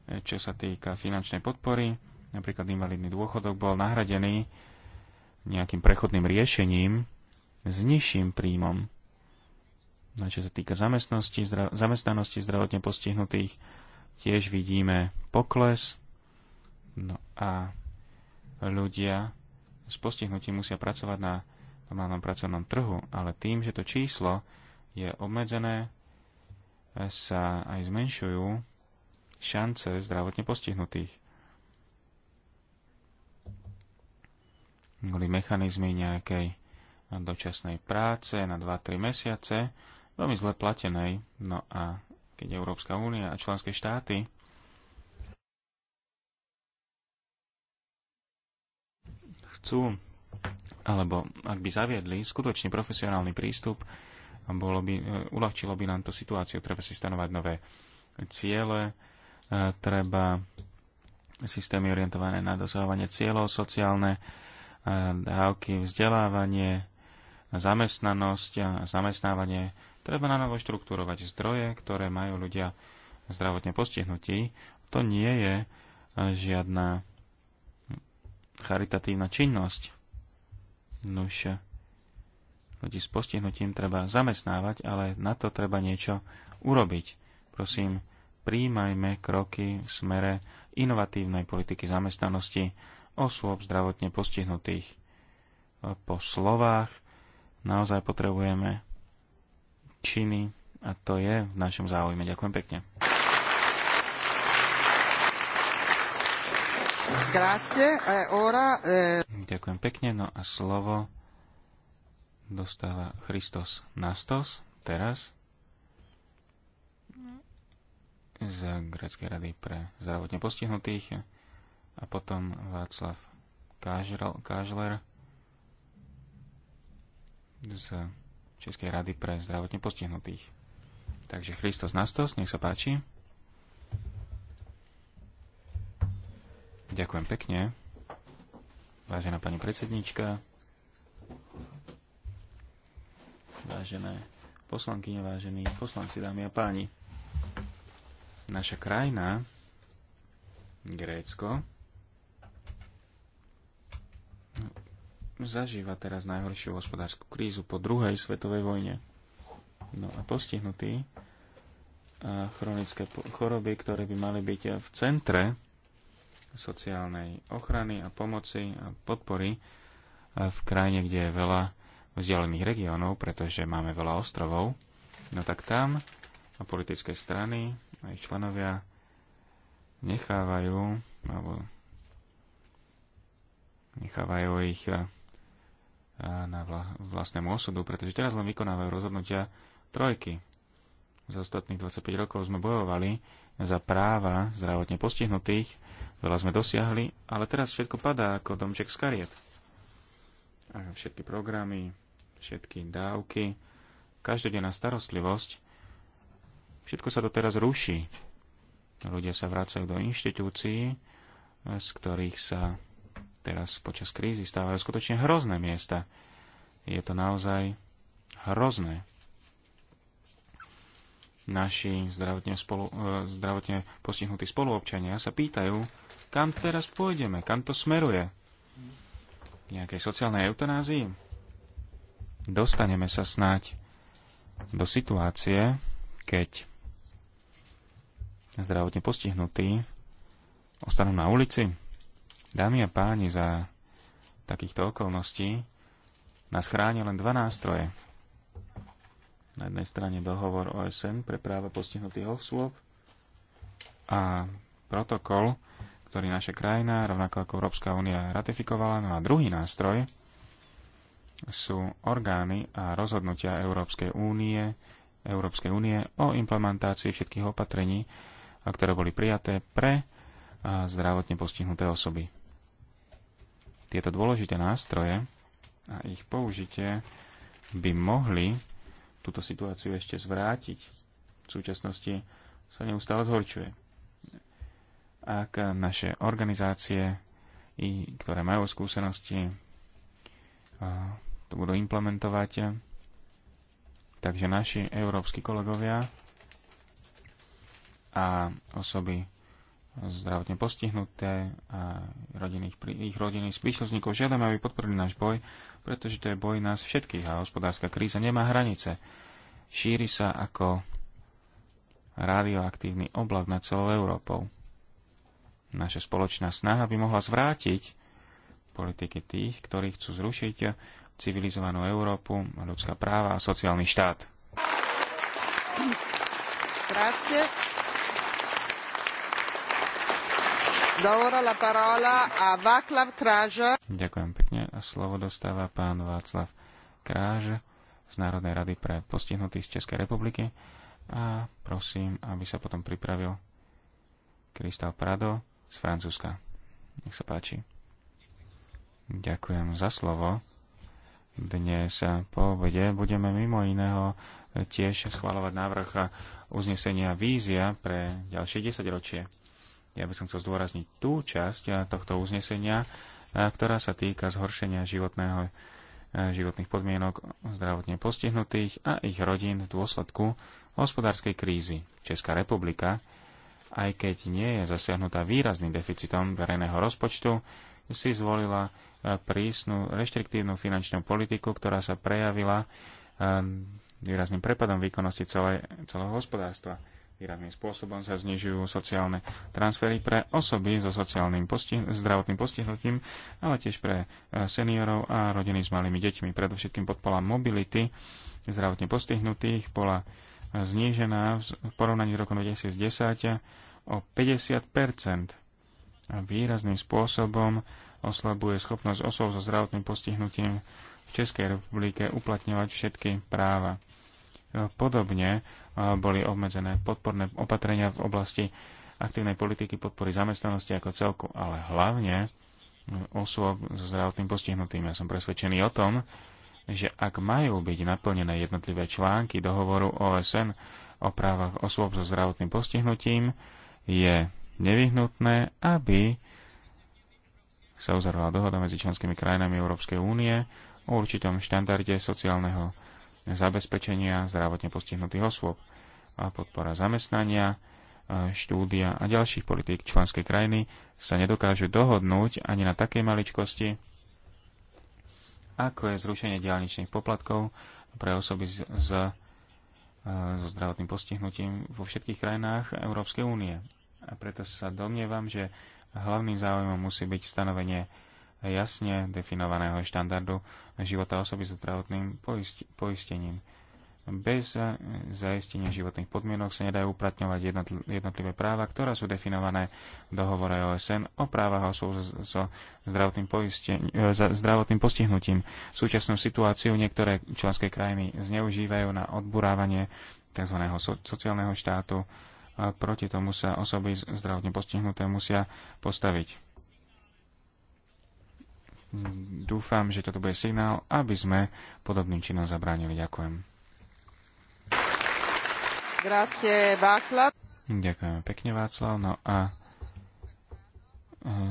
E, čo sa týka finančnej podpory, napríklad invalidný dôchodok bol nahradený nejakým prechodným riešením s nižším príjmom. No čo sa týka zdra- zamestnanosti zdravotne postihnutých, tiež vidíme pokles. No a ľudia s postihnutím musia pracovať na normálnom pracovnom trhu, ale tým, že to číslo je obmedzené, sa aj zmenšujú šance zdravotne postihnutých. Boli mechanizmy nejakej dočasnej práce na 2-3 mesiace, veľmi zle platenej, no a keď Európska únia a členské štáty chcú, alebo ak by zaviedli skutočný profesionálny prístup, bolo by, e, uľahčilo by nám to situáciu. Treba si stanovať nové ciele, e, treba systémy orientované na dosahovanie cieľov, sociálne e, dávky, vzdelávanie, zamestnanosť a zamestnávanie Treba na novo štruktúrovať zdroje, ktoré majú ľudia zdravotne postihnutí. To nie je e, žiadna charitatívna činnosť. Nuž, ľudí s postihnutím treba zamestnávať, ale na to treba niečo urobiť. Prosím, príjmajme kroky v smere inovatívnej politiky zamestnanosti osôb zdravotne postihnutých. E, po slovách naozaj potrebujeme činy a to je v našom záujme. Ďakujem pekne. Grazie, e, ora, e, Ďakujem pekne. No a slovo dostáva Christos Nastos teraz z Gréckej rady pre zdravotne postihnutých a potom Václav Kážler z Českej rady pre zdravotne postihnutých. Takže Christos Nastos, nech sa páči. Ďakujem pekne. Vážená pani predsedníčka, vážené poslankyne, vážení poslanci, dámy a páni. Naša krajina, Grécko, zažíva teraz najhoršiu hospodárskú krízu po druhej svetovej vojne. No a postihnutí a chronické choroby, ktoré by mali byť v centre sociálnej ochrany a pomoci a podpory v krajine, kde je veľa vzdialených regiónov, pretože máme veľa ostrovov, no tak tam a politické strany a ich členovia nechávajú alebo nechávajú ich na vlastnému osudu, pretože teraz len vykonávajú rozhodnutia trojky. Za ostatných 25 rokov sme bojovali za práva zdravotne postihnutých, veľa sme dosiahli, ale teraz všetko padá ako domček z kariet. A všetky programy, všetky dávky, každodenná starostlivosť, všetko sa to teraz ruší. Ľudia sa vracajú do inštitúcií, z ktorých sa teraz počas krízy stávajú skutočne hrozné miesta. Je to naozaj hrozné. Naši zdravotne, spolu, e, zdravotne postihnutí spoluobčania sa pýtajú, kam teraz pôjdeme, kam to smeruje. Nejakej sociálnej eutanázii? Dostaneme sa snáď do situácie, keď zdravotne postihnutí ostanú na ulici, Dámy a páni, za takýchto okolností nás chráni len dva nástroje. Na jednej strane dohovor OSN pre práva postihnutých osôb a protokol, ktorý naša krajina, rovnako ako Európska únia, ratifikovala. No a druhý nástroj sú orgány a rozhodnutia Európskej únie, Európskej únie o implementácii všetkých opatrení, ktoré boli prijaté pre zdravotne postihnuté osoby. Tieto dôležité nástroje a ich použitie by mohli túto situáciu ešte zvrátiť. V súčasnosti sa neustále zhorčuje. Ak naše organizácie, ktoré majú skúsenosti, to budú implementovať, takže naši európsky kolegovia a osoby zdravotne postihnuté a rodinných, ich rodinných príslušníkov. Žiadame, aby podporili náš boj, pretože to je boj nás všetkých a hospodárska kríza nemá hranice. Šíri sa ako radioaktívny oblak nad celou Európou. Naša spoločná snaha by mohla zvrátiť politiky tých, ktorí chcú zrušiť civilizovanú Európu, ľudská práva a sociálny štát. Ďakujem pekne. A slovo dostáva pán Václav Kráž z Národnej rady pre postihnutých z Českej republiky. A prosím, aby sa potom pripravil Kristal Prado z Francúzska. Nech sa páči. Ďakujem za slovo. Dnes po obede budeme mimo iného tiež schváľovať návrh uznesenia vízia pre ďalšie 10 ročie. Ja by som chcel zdôrazniť tú časť tohto uznesenia, ktorá sa týka zhoršenia životného, životných podmienok zdravotne postihnutých a ich rodín v dôsledku hospodárskej krízy. Česká republika, aj keď nie je zasiahnutá výrazným deficitom verejného rozpočtu, si zvolila prísnu reštriktívnu finančnú politiku, ktorá sa prejavila výrazným prepadom výkonnosti celé, celého hospodárstva. Výrazným spôsobom sa znižujú sociálne transfery pre osoby so sociálnym postih- zdravotným postihnutím, ale tiež pre e, seniorov a rodiny s malými deťmi. Predovšetkým podpora mobility zdravotne postihnutých bola e, znížená v porovnaní s roku 2010 o 50 a výrazným spôsobom oslabuje schopnosť osôb so zdravotným postihnutím v Českej republike uplatňovať všetky práva. Podobne boli obmedzené podporné opatrenia v oblasti aktívnej politiky podpory zamestnanosti ako celku, ale hlavne osôb so zdravotným postihnutým. Ja som presvedčený o tom, že ak majú byť naplnené jednotlivé články dohovoru OSN o právach osôb so zdravotným postihnutím, je nevyhnutné, aby sa uzavrela dohoda medzi členskými krajinami Európskej únie o určitom štandarde sociálneho zabezpečenia zdravotne postihnutých osôb a podpora zamestnania, e, štúdia a ďalších politík členskej krajiny sa nedokážu dohodnúť ani na takej maličkosti, ako je zrušenie diálničných poplatkov pre osoby s, e, so zdravotným postihnutím vo všetkých krajinách Európskej únie. A preto sa domnievam, že hlavným záujmom musí byť stanovenie jasne definovaného štandardu života osoby so zdravotným poistením. Bez eh, zaistenia životných podmienok sa nedajú uplatňovať jednotlivé práva, ktoré sú definované v dohovore OSN o právach osôb so zdravotným, eh, zdravotným postihnutím. Súčasnú situáciu niektoré členské krajiny zneužívajú na odburávanie tzv. sociálneho štátu. A proti tomu sa osoby zdravotne postihnuté musia postaviť dúfam, že toto bude signál, aby sme podobným činom zabránili. Ďakujem. Grazie, Václav. pekne, Václav. No a e,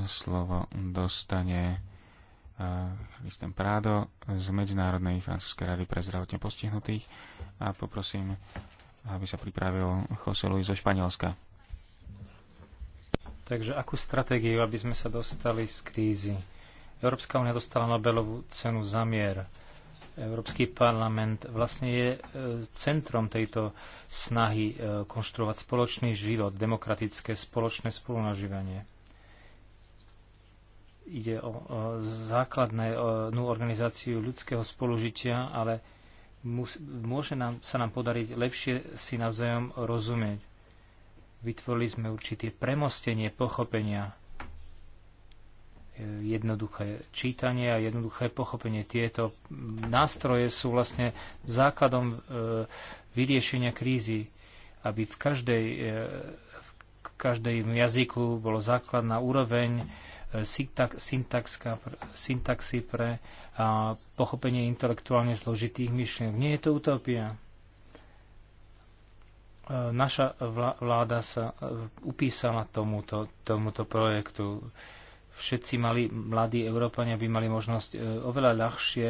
slovo dostane uh, e, Prádo z Medzinárodnej francúzskej rady pre zdravotne postihnutých a poprosím, aby sa pripravil Jose Luis zo Španielska. Takže akú stratégiu, aby sme sa dostali z krízy? Európska únia dostala Nobelovú cenu za mier. Európsky parlament vlastne je e, centrom tejto snahy e, konštruovať spoločný život, demokratické spoločné spolunažívanie. Ide o, e, základnú organizáciu ľudského spolužitia, ale môže nám, sa nám podariť lepšie si navzájom rozumieť. Vytvorili sme určité premostenie pochopenia jednoduché čítanie a jednoduché pochopenie. Tieto nástroje sú vlastne základom e, vyriešenia krízy, aby v každej, e, v každej jazyku bolo základná úroveň e, syntaxy pre pochopenie intelektuálne zložitých myšlienok. Nie je to utopia. Naša vláda sa upísala tomuto, tomuto projektu všetci mali, mladí Európania by mali možnosť e, oveľa ľahšie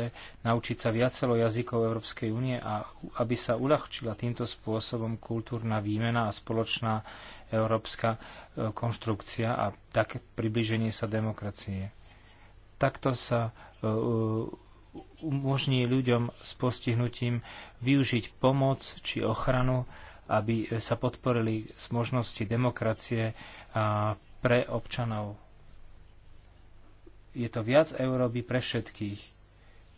naučiť sa viacelo jazykov Európskej únie a aby sa uľahčila týmto spôsobom kultúrna výmena a spoločná európska e, konštrukcia a také približenie sa demokracie. Takto sa e, umožní ľuďom s postihnutím využiť pomoc či ochranu, aby sa podporili z možnosti demokracie pre občanov je to viac Európy pre všetkých.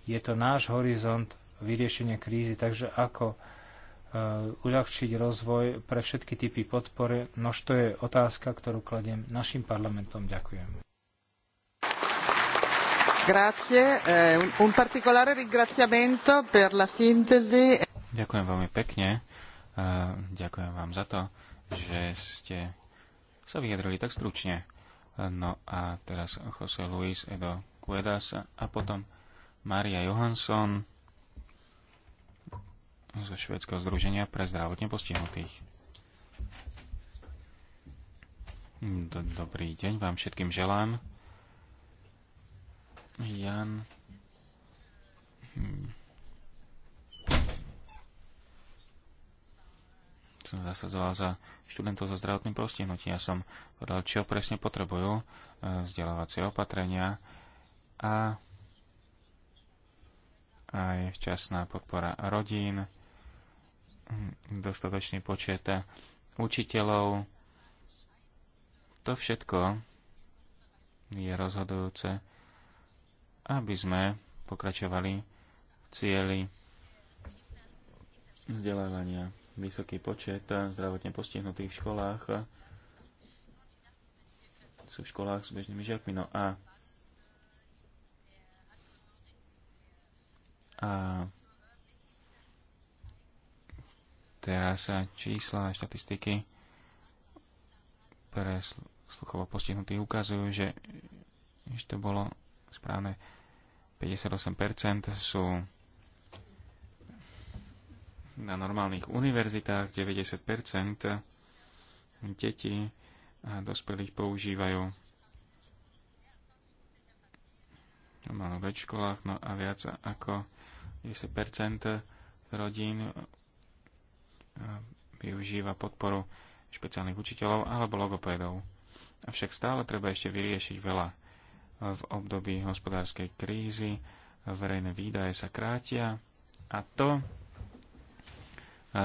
Je to náš horizont vyriešenia krízy, takže ako e, uľahčiť rozvoj pre všetky typy podpory. Nož to je otázka, ktorú kladiem našim parlamentom. Ďakujem. Grazie, eh, un particolare ringraziamento per la sintesi. Ďakujem veľmi pekne. Eh, ďakujem vám za to, že ste sa vyjadrili tak stručne. No a teraz Jose Luis Edo Cuedas a potom Maria Johansson zo Švedského združenia pre zdravotne postihnutých. Dobrý deň vám všetkým želám. Jan. Hm. Som zasadzoval za študentov so zdravotným postihnutím. Ja som povedal, čo presne potrebujú e, vzdelávacie opatrenia a aj včasná podpora rodín, dostatočný počet učiteľov. To všetko je rozhodujúce, aby sme pokračovali v cieli vzdelávania vysoký počet zdravotne postihnutých v školách sú v školách s bežnými žiakmi. No a, a teraz čísla a štatistiky pre sluchovo postihnutých ukazujú, že, že to bolo správne 58% sú na normálnych univerzitách 90% detí a dospelých používajú normálne v školách, no a viac ako 10% rodín e, využíva podporu špeciálnych učiteľov alebo logopédov. Avšak stále treba ešte vyriešiť veľa. V období hospodárskej krízy verejné výdaje sa krátia a to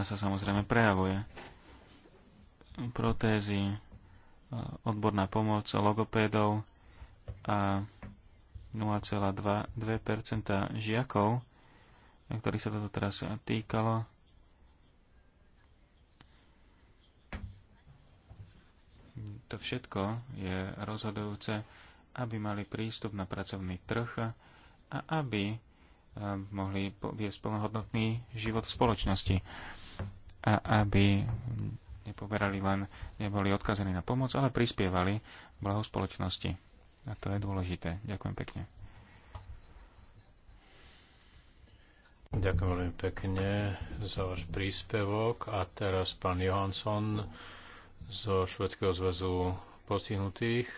sa samozrejme prejavuje. Protézy, e, odborná pomoc logopédov a 0,2% žiakov, ktorých sa toto teraz týkalo, to všetko je rozhodujúce, aby mali prístup na pracovný trh a aby e, mohli viesť plnohodnotný život v spoločnosti a aby nepoberali len, neboli odkazení na pomoc, ale prispievali blahu spoločnosti. A to je dôležité. Ďakujem pekne. Ďakujem veľmi pekne za váš príspevok. A teraz pán Johansson zo Švedského zväzu postihnutých.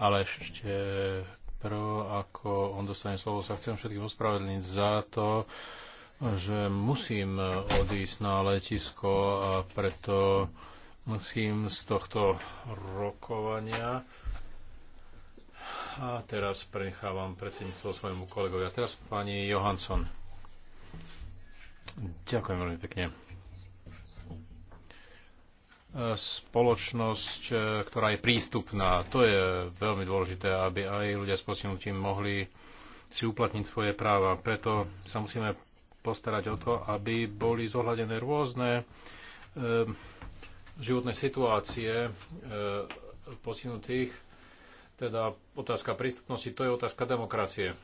Ale ešte prv, ako on dostane slovo, sa chcem všetkým ospravedlniť za to, že musím eh, odísť na letisko a preto musím z tohto rokovania a teraz prenechávam predsedníctvo svojmu kolegovi. A teraz pani Johansson. Ďakujem veľmi pekne. Eh, spoločnosť, eh, ktorá je prístupná, to je veľmi dôležité, aby aj ľudia s postihnutím mohli si uplatniť svoje práva. Preto sa musíme postarať o to, aby boli zohľadené rôzne e, životné situácie e, postihnutých. Teda otázka prístupnosti, to je otázka demokracie.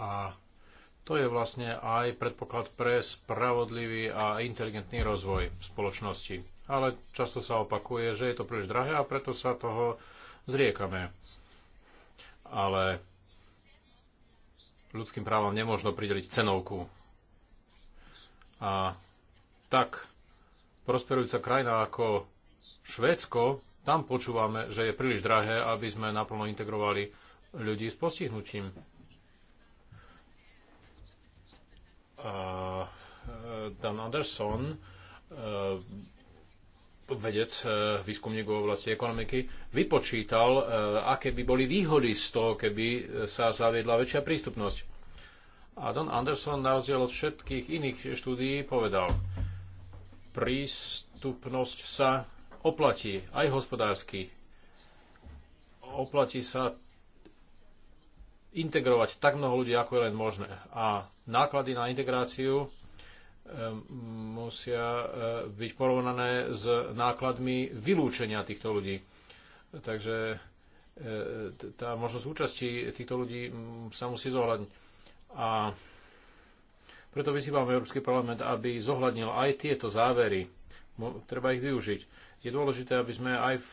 A to je vlastne aj predpoklad pre spravodlivý a inteligentný rozvoj spoločnosti. Ale často sa opakuje, že je to príliš drahé a preto sa toho zriekame. Ale ľudským právom nemôžno prideliť cenovku. A tak prosperujúca krajina ako Švédsko, tam počúvame, že je príliš drahé, aby sme naplno integrovali ľudí s postihnutím. E, Dan Anderson e, vedec, e, výskumník v oblasti ekonomiky, vypočítal, e, aké by boli výhody z toho, keby e, sa zaviedla väčšia prístupnosť. A Don Anderson na rozdiel od všetkých iných štúdií povedal, prístupnosť sa oplatí, aj hospodársky. Oplatí sa integrovať tak mnoho ľudí, ako je len možné. A náklady na integráciu musia e, byť porovnané s nákladmi vylúčenia týchto ľudí. Takže e, tá možnosť účasti týchto ľudí sa musí zohľadniť. A preto vyzývam Európsky parlament, aby zohľadnil aj tieto závery. Treba ich využiť. Je dôležité, aby sme aj v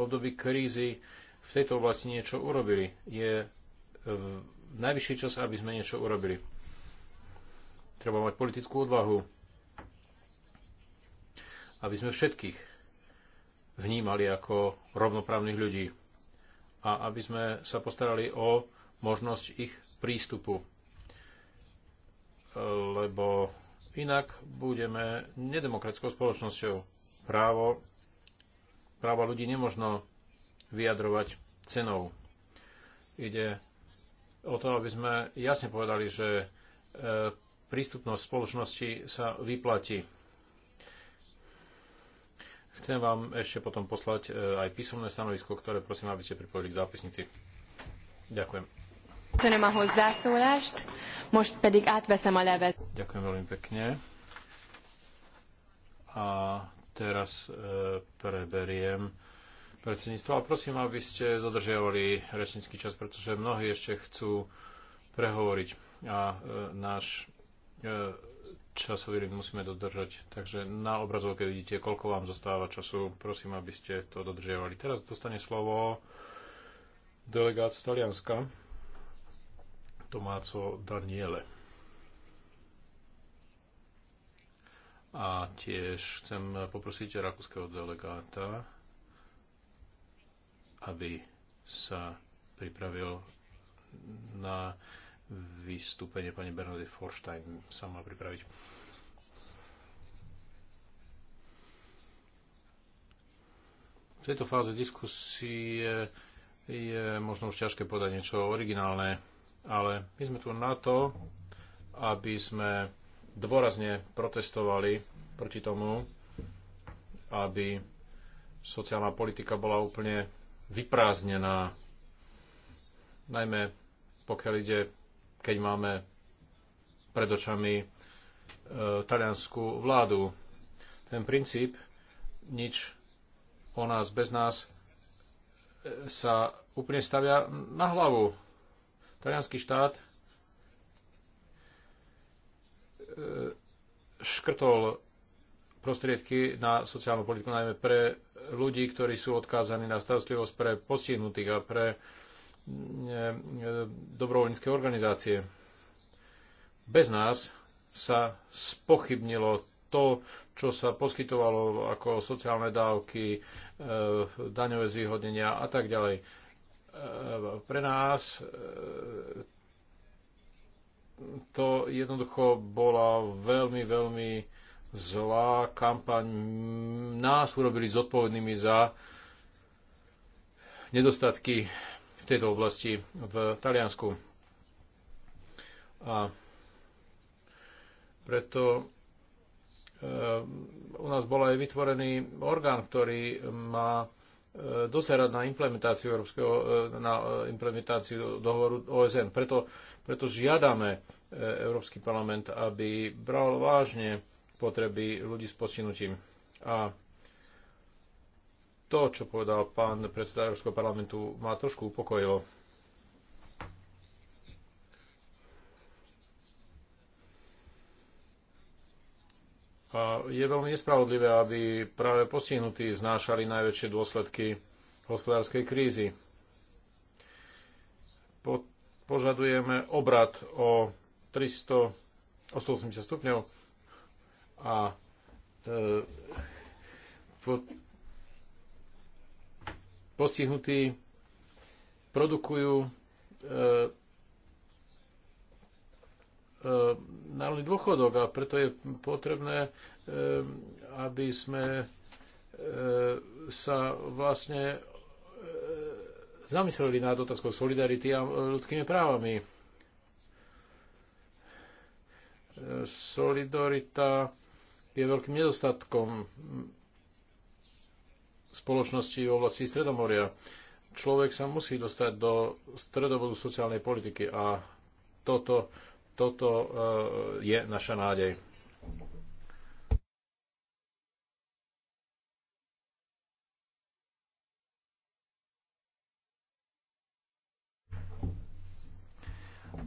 období krízy v tejto oblasti niečo urobili. Je najvyšší čas, aby sme niečo urobili. Treba mať politickú odvahu, aby sme všetkých vnímali ako rovnoprávnych ľudí a aby sme sa postarali o možnosť ich prístupu. Lebo inak budeme nedemokratickou spoločnosťou. Právo, práva ľudí nemožno vyjadrovať cenou. Ide o to, aby sme jasne povedali, že e, prístupnosť spoločnosti sa vyplatí. Chcem vám ešte potom poslať e, aj písomné stanovisko, ktoré prosím, aby ste pripojili k zápisnici. Ďakujem. Köszönöm a hozzászólást, most pedig átveszem a levet. Ďakujem veľmi pekne. A teraz e, preberiem predsedníctvo. A prosím, aby ste dodržiavali rečnícky čas, pretože mnohí ešte chcú prehovoriť. A e, náš časový limit musíme dodržať. Takže na obrazovke vidíte, koľko vám zostáva času. Prosím, aby ste to dodržiavali. Teraz dostane slovo delegát z Talianska, Tomáco Daniele. A tiež chcem poprosiť rakúskeho delegáta, aby sa pripravil na vystúpenie pani Bernadette Forstein sa má pripraviť. V tejto fáze diskusie je možno už ťažké podať niečo originálne, ale my sme tu na to, aby sme dôrazne protestovali proti tomu, aby sociálna politika bola úplne vyprázdnená, najmä pokiaľ ide keď máme pred očami e, talianskú vládu. Ten princíp nič o nás bez nás e, sa úplne stavia na hlavu. Talianský štát e, škrtol prostriedky na sociálnu politiku, najmä pre ľudí, ktorí sú odkázaní na starostlivosť pre postihnutých a pre E, dobrovoľnícke organizácie. Bez nás sa spochybnilo to, čo sa poskytovalo ako sociálne dávky, e, daňové zvýhodnenia a tak ďalej. E, pre nás to jednoducho bola veľmi, veľmi zlá kampaň. Nás urobili zodpovednými za nedostatky v tejto oblasti v Taliansku. A preto e, u nás bol aj vytvorený orgán, ktorý má e, doserať na implementáciu Európskeho, e, na implementáciu dohovoru OSN. Preto, preto žiadame Európsky parlament, aby bral vážne potreby ľudí s postihnutím. A to, čo povedal pán predseda Európskeho parlamentu, ma trošku upokojilo. A je veľmi nespravodlivé, aby práve postihnutí znášali najväčšie dôsledky hospodárskej krízy. Po, požadujeme obrad o 300, o 180 stupňov a e, po, postihnutí produkujú e, e, národný dôchodok a preto je potrebné, e, aby sme e, sa vlastne zamysleli nad otázkou solidarity a ľudskými právami. Solidarita je veľkým nedostatkom spoločnosti v oblasti Stredomoria. Človek sa musí dostať do stredobodu sociálnej politiky a toto, toto je naša nádej.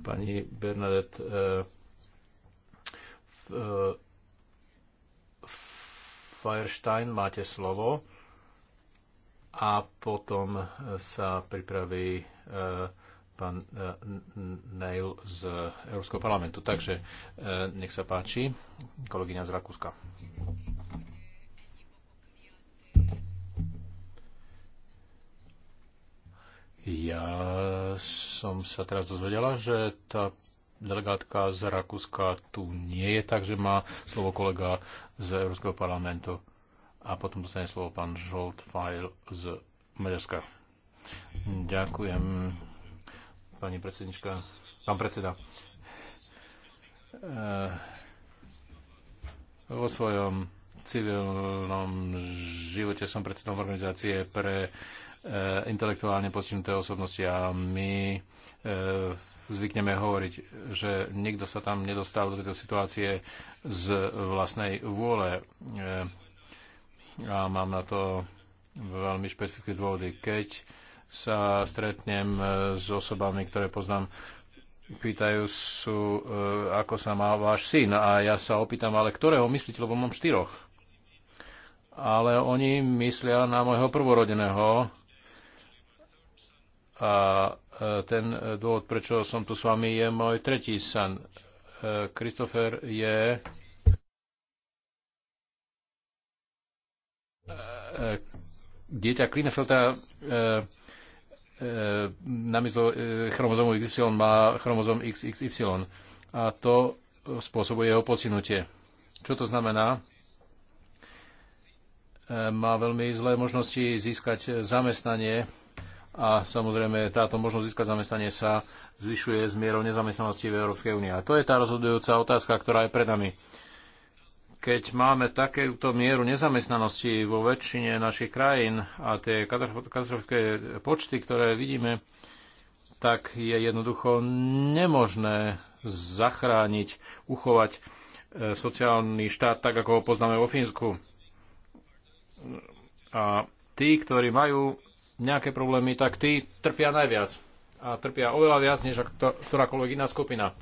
pani Bernadette Feierstein, máte slovo a potom eh, sa pripraví eh, pán eh, Neil z Európskeho parlamentu. Takže nech sa páči, kolegyňa z Rakúska. Ja som sa teraz dozvedela, že tá delegátka z Rakúska tu nie je, takže má slovo kolega z Európskeho parlamentu a potom dostane slovo pán Žolt Fajl z Maďarska. Ďakujem, pani predsednička, pán predseda. Eh, vo svojom civilnom živote som predsedom organizácie pre eh, intelektuálne postihnuté osobnosti a my eh, zvykneme hovoriť, že nikto sa tam nedostal do tejto situácie z vlastnej vôle. E, a mám na to veľmi špecifické dôvody. Keď sa stretnem e, s osobami, ktoré poznám, pýtajú sú, e, ako sa má váš syn. A ja sa opýtam, ale ktorého myslíte, lebo mám štyroch. Ale oni myslia na môjho prvorodeného. A e, ten dôvod, prečo som tu s vami, je môj tretí syn. Christopher je E, dieťa Klinefelta e, e, namiesto chromozomu XY má chromozom XXY. A to spôsobuje jeho posinutie. Čo to znamená? Má veľmi zlé možnosti získať zamestnanie a samozrejme táto možnosť získať zamestnanie sa zvyšuje s mierou nezamestnanosti v Európskej únii. A to je tá rozhodujúca otázka, ktorá je pred nami keď máme takéto mieru nezamestnanosti vo väčšine našich krajín a tie katastrofické počty, ktoré vidíme, tak je jednoducho nemožné zachrániť, uchovať e, sociálny štát tak, ako ho poznáme vo Fínsku. A tí, ktorí majú nejaké problémy, tak tí trpia najviac. A trpia oveľa viac, než ktorákoľvek iná skupina.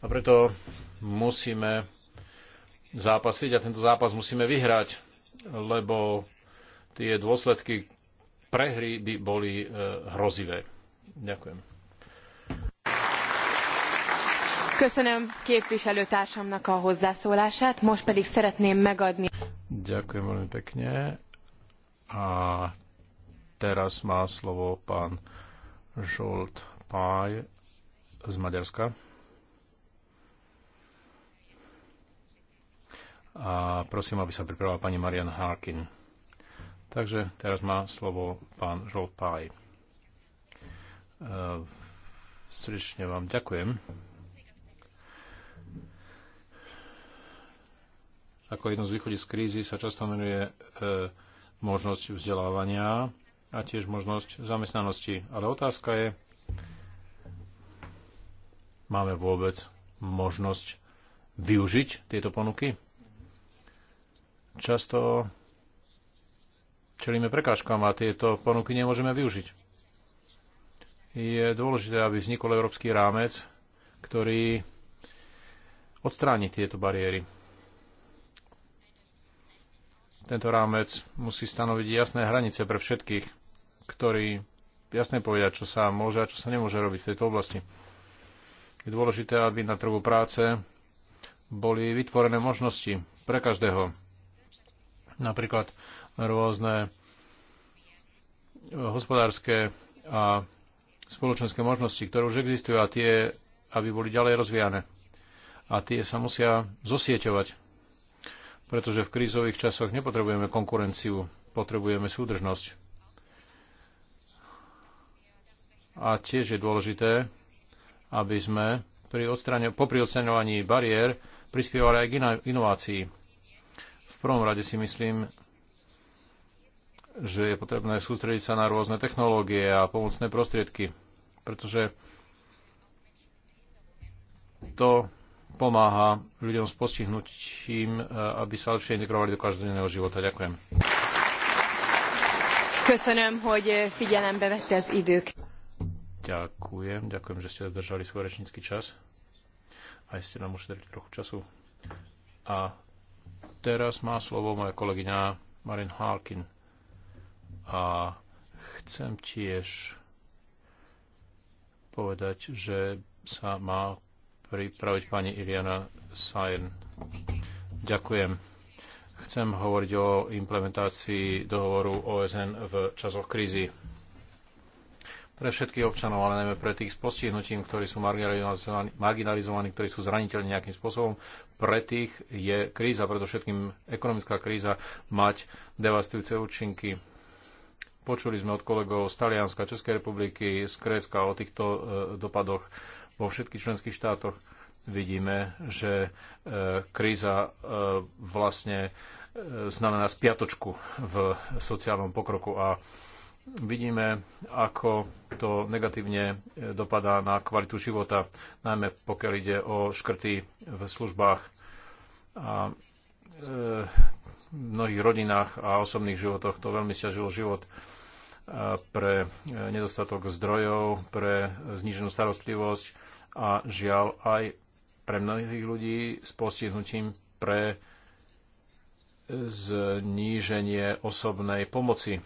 A preto musíme zápasiť a tento zápas musíme vyhrať, lebo tie dôsledky prehry by boli e, hrozivé. Ďakujem. Köszönöm képviselőtársamnak a hozzászólását, most pedig szeretném megadni. Ďakujem veľmi pekne. A teraz má slovo pán Zsolt Páj z Maďarska. a prosím, aby sa pripravila pani Marian Harkin. Takže teraz má slovo pán Žolt Páj. E, srdečne vám ďakujem. Ako jedno z východí z krízy sa často menuje e, možnosť vzdelávania a tiež možnosť zamestnanosti. Ale otázka je, máme vôbec možnosť využiť tieto ponuky? často čelíme prekážkam a tieto ponuky nemôžeme využiť. Je dôležité, aby vznikol európsky rámec, ktorý odstráni tieto bariéry. Tento rámec musí stanoviť jasné hranice pre všetkých, ktorí jasne povedia, čo sa môže a čo sa nemôže robiť v tejto oblasti. Je dôležité, aby na trhu práce boli vytvorené možnosti pre každého, Napríklad rôzne hospodárske a spoločenské možnosti, ktoré už existujú a tie, aby boli ďalej rozvíjane. A tie sa musia zosieťovať, pretože v krízových časoch nepotrebujeme konkurenciu, potrebujeme súdržnosť. A tiež je dôležité, aby sme pri odstraňo- popri odstraňovaní bariér prispievali aj k inovácii prvom rade si myslím, že je potrebné sústrediť sa na rôzne technológie a pomocné prostriedky, pretože to pomáha ľuďom s postihnutím, e, aby sa lepšie integrovali do každodenného života. Ďakujem. Köszönöm, hogy figyelembe vette az idők. Ďakujem, ďakujem, že ste držali svoj rečnícky čas. Aj ste nám ušetrili trochu času. A Teraz má slovo moja kolegyňa Marin Halkin A chcem tiež povedať, že sa má pripraviť pani Iliana Sajen. Ďakujem. Chcem hovoriť o implementácii dohovoru OSN v časoch krízy pre všetkých občanov, ale najmä pre tých s postihnutím, ktorí sú marginalizovaní, marginalizovaní, ktorí sú zraniteľní nejakým spôsobom. Pre tých je kríza, predovšetkým ekonomická kríza, mať devastujúce účinky. Počuli sme od kolegov z Talianska, Českej republiky, z Krécka o týchto e, dopadoch vo všetkých členských štátoch. Vidíme, že e, kríza e, vlastne e, znamená spiatočku v sociálnom pokroku a e, vidíme, ako to negatívne e, dopadá na kvalitu života, najmä pokiaľ ide o škrty v službách a v e, mnohých rodinách a osobných životoch to veľmi stiažilo život e, pre nedostatok zdrojov, pre zníženú starostlivosť a žiaľ aj pre mnohých ľudí s postihnutím pre zníženie osobnej pomoci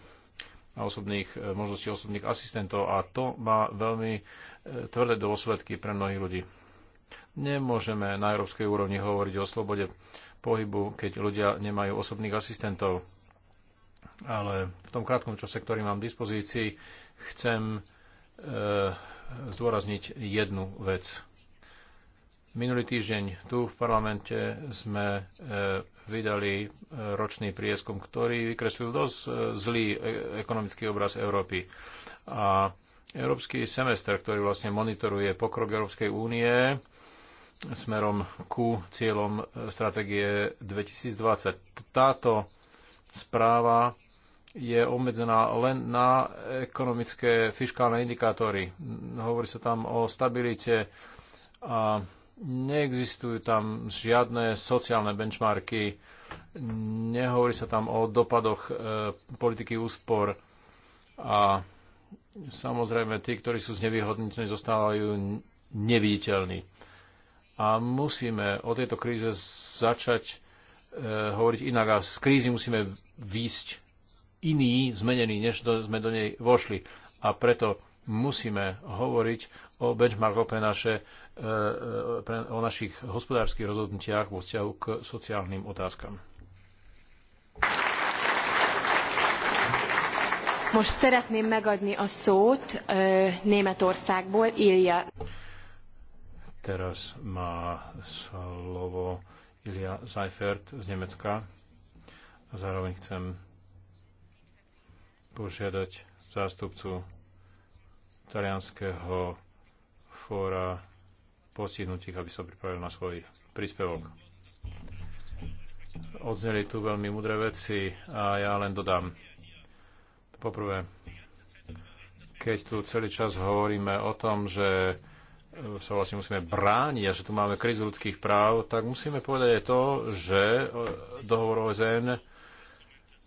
a osobných e, možností osobných asistentov a to má veľmi e, tvrdé dôsledky pre mnohých ľudí. Nemôžeme na európskej úrovni hovoriť o slobode pohybu, keď ľudia nemajú osobných asistentov. Ale v tom krátkom čase, ktorý mám v dispozícii, chcem e, zdôrazniť jednu vec. Minulý týždeň tu v parlamente sme e, vydali e, ročný prieskum, ktorý vykreslil dosť e, zlý e, ekonomický obraz Európy. A Európsky semester, ktorý vlastne monitoruje pokrok Európskej únie smerom ku cieľom stratégie 2020. Táto správa je obmedzená len na ekonomické fiskálne indikátory. Hovorí sa tam o stabilite a Neexistujú tam žiadne sociálne benchmarky, nehovorí sa tam o dopadoch e, politiky úspor a samozrejme tí, ktorí sú znevýhodnení, zostávajú neviditeľní. A musíme o tejto kríze začať e, hovoriť inak a z krízy musíme výjsť iný, zmenený, než do, sme do nej vošli. A preto musíme hovoriť o benchmarkoch pre naše, e, e, pre, o našich hospodárskych rozhodnutiach vo vzťahu k sociálnym otázkam. Most szeretném megadni a szót e, Németországból, Ilja. Teraz má slovo Ilja Seifert z Nemecka. A zároveň chcem požiadať zástupcu talianského skôr postihnutých, aby sa pripravil na svoj príspevok. Odzneli tu veľmi mudré veci a ja len dodám. Poprvé, keď tu celý čas hovoríme o tom, že sa vlastne musíme brániť a že tu máme krizu ľudských práv, tak musíme povedať aj to, že dohovor OSN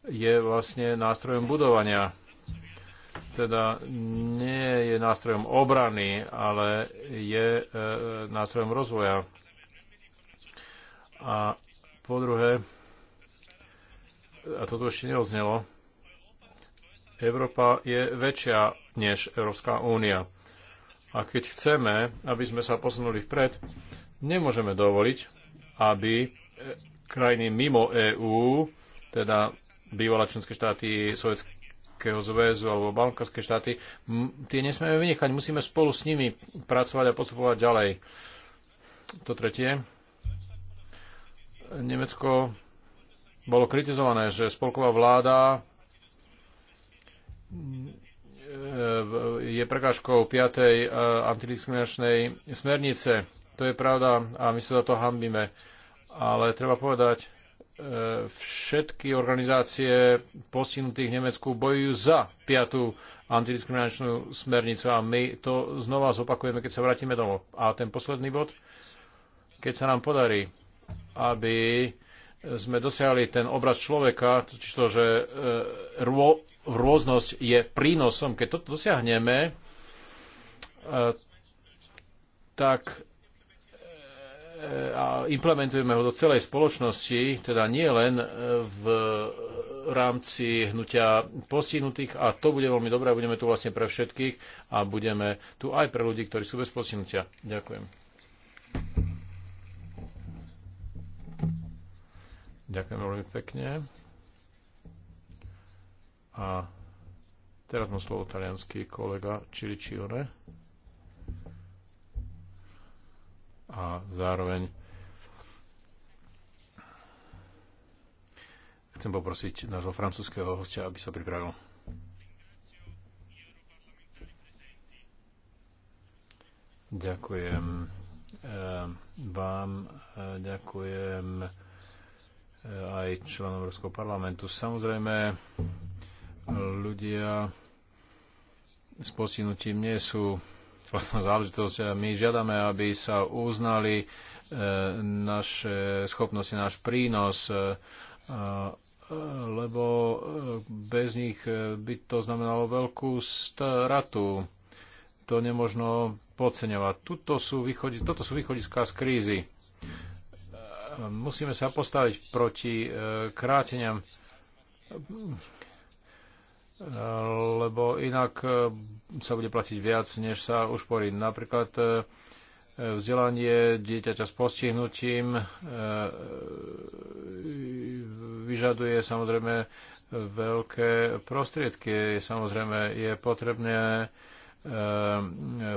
je vlastne nástrojom budovania teda nie je nástrojom obrany, ale je e, nástrojom rozvoja. A po druhé, a toto ešte neoznelo, Európa je väčšia než Európska únia. A keď chceme, aby sme sa posunuli vpred, nemôžeme dovoliť, aby e, krajiny mimo EÚ, teda bývalé členské štáty Sovietské. Sovietskeho zväzu alebo balkánske štáty, tie nesmieme vynechať. Musíme spolu s nimi pracovať a postupovať ďalej. To tretie. Nemecko bolo kritizované, že spolková vláda e, je prekážkou 5. E, antidiskriminačnej smernice. To je pravda a my sa za to hambíme. Ale treba povedať, E, všetky organizácie postihnutých v Nemecku bojujú za piatú antidiskriminačnú smernicu a my to znova zopakujeme, keď sa vrátime domov. A ten posledný bod, keď sa nám podarí, aby sme dosiahli ten obraz človeka, čiže že e, rôznosť je prínosom. Keď toto dosiahneme, e, tak a implementujeme ho do celej spoločnosti, teda nie len e, v rámci hnutia postihnutých a to bude veľmi dobré, budeme tu vlastne pre všetkých a budeme tu aj pre ľudí, ktorí sú bez postihnutia. Ďakujem. Ďakujem veľmi pekne. A teraz má slovo talianský kolega Čiličione. a zároveň chcem poprosiť nášho francúzského hostia, aby sa pripravil. Ďakujem eh, vám, eh, ďakujem eh, aj členom Európskeho parlamentu. Samozrejme, ľudia s postihnutím nie sú spoločná záležitosť. My žiadame, aby sa uznali e, naše schopnosti, náš prínos, e, e, lebo bez nich by to znamenalo veľkú stratu. To nemožno podceňovať. Tuto sú východis- toto sú východiska z krízy. Musíme sa postaviť proti kráteniam lebo inak e, sa bude platiť viac, než sa ušporí. Napríklad e, vzdelanie dieťaťa s postihnutím e, vyžaduje samozrejme veľké prostriedky. Samozrejme je potrebné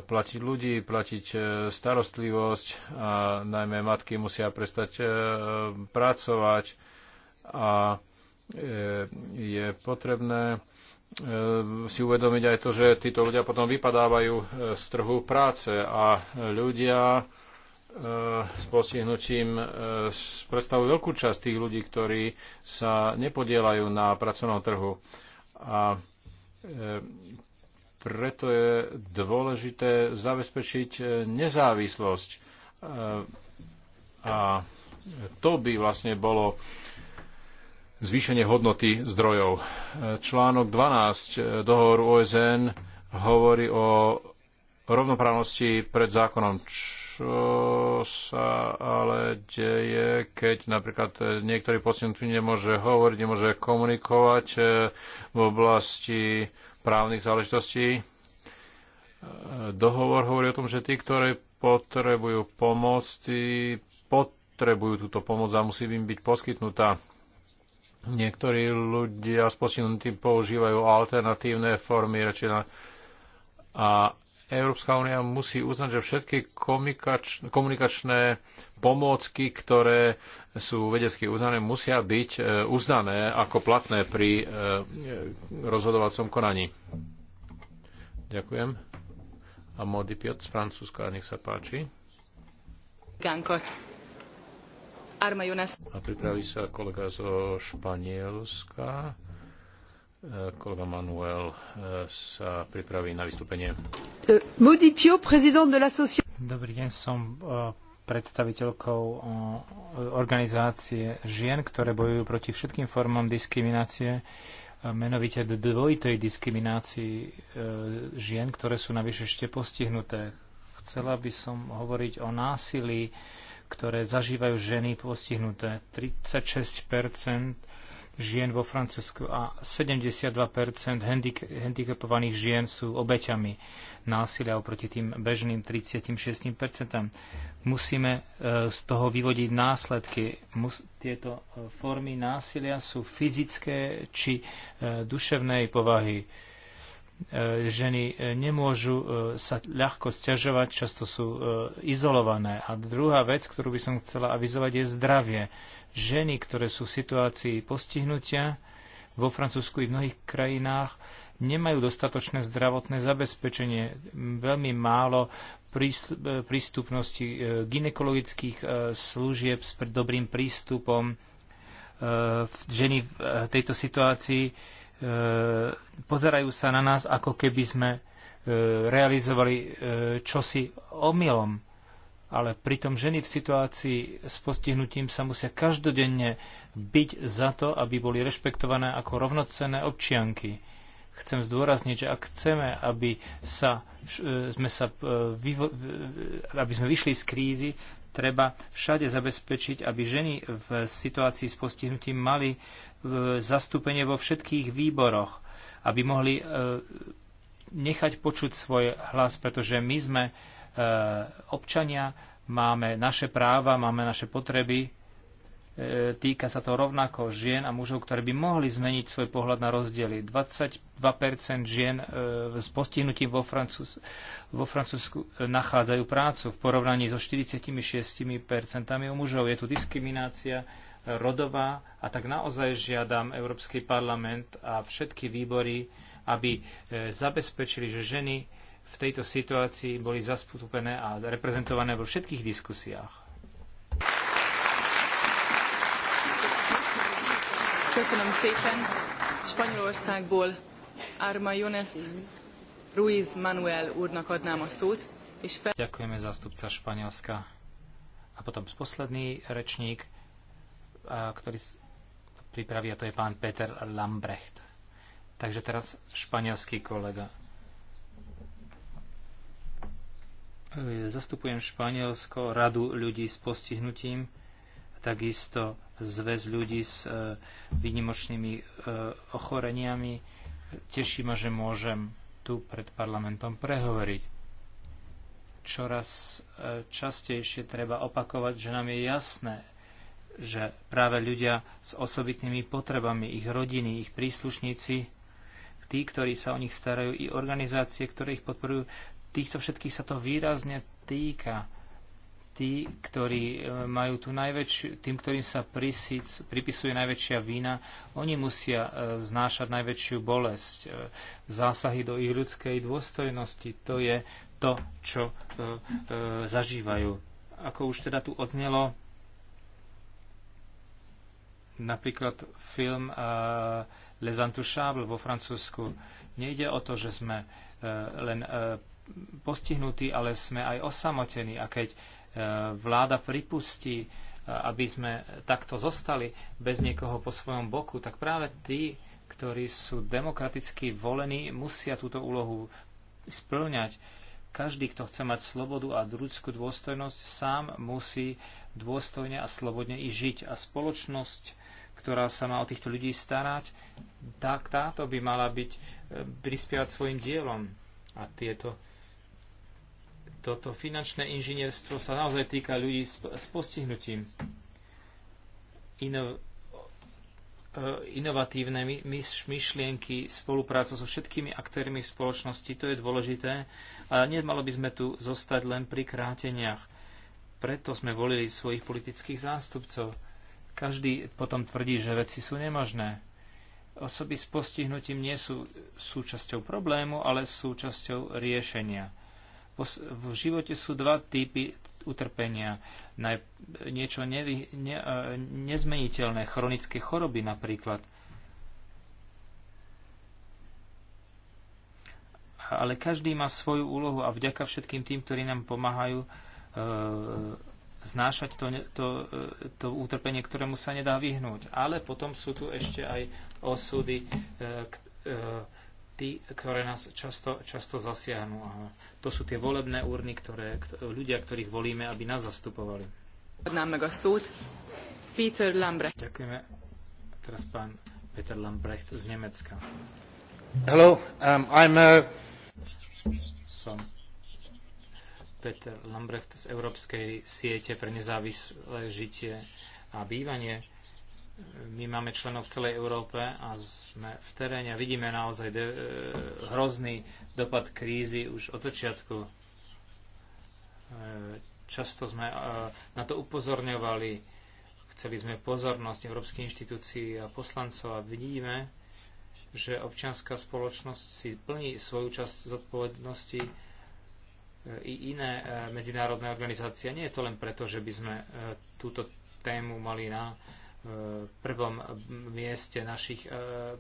platiť ľudí, platiť starostlivosť a najmä matky musia prestať pracovať a je potrebné E, si uvedomiť aj to, že títo ľudia potom vypadávajú e, z trhu práce a ľudia e, s postihnutím predstavujú veľkú časť tých ľudí, ktorí sa nepodielajú na pracovnom trhu. A preto je dôležité zabezpečiť nezávislosť. A to by vlastne bolo zvýšenie hodnoty zdrojov. Článok 12 dohovoru OSN hovorí o rovnoprávnosti pred zákonom, čo sa ale deje, keď napríklad niektorý postihnutý nemôže hovoriť, nemôže komunikovať eh, v oblasti právnych záležitostí. Eh, dohovor hovorí o tom, že tí, ktorí potrebujú pomoc, tí potrebujú túto pomoc a musí im byť poskytnutá. Niektorí ľudia s postihnutím používajú alternatívne formy rečina. A Európska únia musí uznať, že všetky komunikačné pomôcky, ktoré sú vedecky uznané, musia byť e, uznané ako platné pri e, rozhodovacom konaní. Ďakujem. A Modi Piot z Francúzska, nech sa páči. Ďakujem. A pripraví sa kolega zo Španielska. E, kolega Manuel e, sa pripraví na vystúpenie. E, Modipio, prezident de l'association. Dobrý deň, som predstaviteľkou organizácie žien, ktoré bojujú proti všetkým formám diskriminácie, menovite dvojitej diskriminácii žien, ktoré sú navyše ešte postihnuté. Chcela by som hovoriť o násilí, ktoré zažívajú ženy postihnuté. 36 žien vo Francúzsku a 72 handik- handicapovaných žien sú obeťami násilia oproti tým bežným 36 Musíme e, z toho vyvodiť následky. Tieto e, formy násilia sú fyzické či e, duševnej povahy E, ženy e, nemôžu e, sa ľahko sťažovať, často sú izolované. A druhá vec, ktorú by som chcela avizovať, je zdravie. Ženy, ktoré sú v situácii postihnutia vo Francúzsku i v mnohých krajinách, nemajú dostatočné zdravotné zabezpečenie. Veľmi málo prístupnosti ginekologických služieb s dobrým prístupom. Ženy v tejto situácii E, pozerajú sa na nás, ako keby sme e, realizovali e, čosi omylom. Ale pritom ženy v situácii s postihnutím sa musia každodenne byť za to, aby boli rešpektované ako rovnocenné občianky. Chcem zdôrazniť, že ak chceme, aby, sa, sme sa, aby sme vyšli z krízy, treba všade zabezpečiť, aby ženy v situácii s postihnutím mali E, zastúpenie vo všetkých výboroch, aby mohli e, nechať počuť svoj hlas, pretože my sme e, občania, máme naše práva, máme naše potreby. Týka sa to rovnako žien a mužov, ktorí by mohli zmeniť svoj pohľad na rozdiely. 22% žien s postihnutím vo, Francúz, vo Francúzsku nachádzajú prácu v porovnaní so 46% u mužov. Je tu diskriminácia rodová a tak naozaj žiadam Európsky parlament a všetky výbory, aby e, zabezpečili, že ženy v tejto situácii boli zastúpené a reprezentované vo všetkých diskusiách. Köszönöm szépen. Spanyolországból Arma Jones Ruiz Manuel úrnak adnám a szót. És fel... Ďakujeme zástupca Španielska. A potom posledný rečník ktorý pripraví, a to je pán Peter Lambrecht. Takže teraz španielský kolega. E, zastupujem Španielsko, radu ľudí s postihnutím, takisto zväz ľudí s e, výnimočnými e, ochoreniami. Teší ma, že môžem tu pred parlamentom prehovoriť čoraz častejšie treba opakovať, že nám je jasné, že práve ľudia s osobitnými potrebami, ich rodiny, ich príslušníci, tí, ktorí sa o nich starajú, i organizácie, ktoré ich podporujú, týchto všetkých sa to výrazne týka. Tí, ktorí e, majú tu najväčšiu, tým, ktorým sa prisíc, pripisuje najväčšia vína, oni musia e, znášať najväčšiu bolesť, e, zásahy do ich ľudskej dôstojnosti. To je to, čo zažívajú. Ako už teda tu odnelo, Napríklad film eh, Les Intouchables vo Francúzsku. Nejde o to, že sme eh, len eh, postihnutí, ale sme aj osamotení. A keď vláda pripustí, aby sme takto zostali bez niekoho po svojom boku, tak práve tí, ktorí sú demokraticky volení, musia túto úlohu splňať. Každý, kto chce mať slobodu a ľudskú dôstojnosť, sám musí dôstojne a slobodne i žiť. A spoločnosť ktorá sa má o týchto ľudí starať, tak táto by mala byť e, prispievať svojim dielom. A tieto, toto finančné inžinierstvo sa naozaj týka ľudí s, s postihnutím. Ino, e, inovatívne myšlienky, spolupráca so všetkými aktérmi v spoločnosti, to je dôležité. A nemalo by sme tu zostať len pri kráteniach. Preto sme volili svojich politických zástupcov. Každý potom tvrdí, že veci sú nemožné. Osoby s postihnutím nie sú súčasťou problému, ale súčasťou riešenia. V živote sú dva typy utrpenia. Niečo nevy, ne, e, nezmeniteľné, chronické choroby napríklad. Ale každý má svoju úlohu a vďaka všetkým tým, ktorí nám pomáhajú, e, znášať to, to, e, to utrpenie, ktorému sa nedá vyhnúť. Ale potom sú tu ešte aj osudy, e, k, e, tí, ktoré nás často, často zasiahnu. A to sú tie volebné úrny, ktoré, ľudia, ktorých volíme, aby nás zastupovali. Peter Lambrecht. Ďakujeme. Teraz pán Peter Lambrecht z Nemecka. Hello, um, I'm a... Uh, Som Peter Lambrecht z Európskej siete pre nezávislé žitie a bývanie. My máme členov v celej Európe a sme v teréne a vidíme naozaj de- e, hrozný dopad krízy už od začiatku. E, často sme e, na to upozorňovali, chceli sme pozornosť Európskej inštitúcií a poslancov a vidíme, že občianská spoločnosť si plní svoju časť zodpovednosti i iné e, medzinárodné organizácie. Nie je to len preto, že by sme e, túto tému mali na e, prvom mieste našich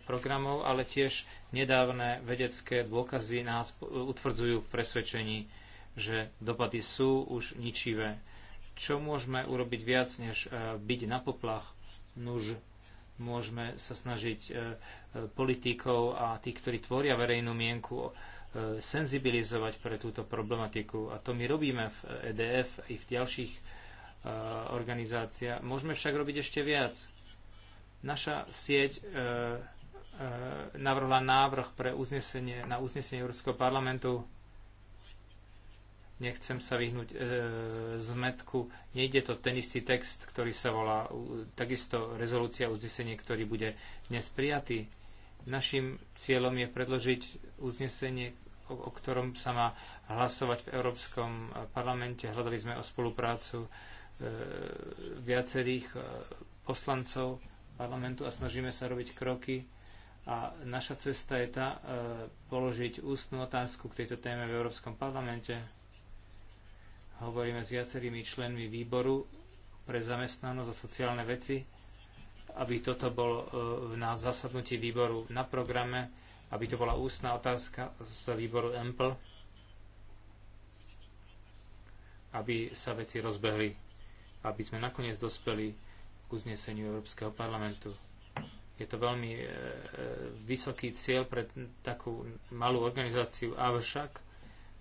programov, ale tiež nedávne vedecké dôkazy nás utvrdzujú v presvedčení, že dopady sú už ničivé. Čo môžeme urobiť viac, než byť na poplach? Nuž môžeme sa snažiť politikov a tí, ktorí tvoria verejnú mienku, E, senzibilizovať pre túto problematiku a to my robíme v EDF i v ďalších e, organizáciách. Môžeme však robiť ešte viac. Naša sieť e, navrhla návrh pre uznesenie, na uznesenie Európskeho parlamentu. Nechcem sa vyhnúť e, zmetku. Nejde to ten istý text, ktorý sa volá takisto rezolúcia uznesenie, ktorý bude dnes prijatý. Našim cieľom je predložiť uznesenie o, o ktorom sa má hlasovať v Európskom parlamente. Hľadali sme o spoluprácu e, viacerých e, poslancov parlamentu a snažíme sa robiť kroky. A naša cesta je tá e, položiť ústnu otázku k tejto téme v Európskom parlamente. Hovoríme s viacerými členmi výboru pre zamestnanosť a sociálne veci, aby toto bolo e, na zasadnutí výboru na programe aby to bola ústna otázka z výboru EMPL, aby sa veci rozbehli, aby sme nakoniec dospeli k uzneseniu Európskeho parlamentu. Je to veľmi e, e vysoký cieľ pre takú malú organizáciu, avšak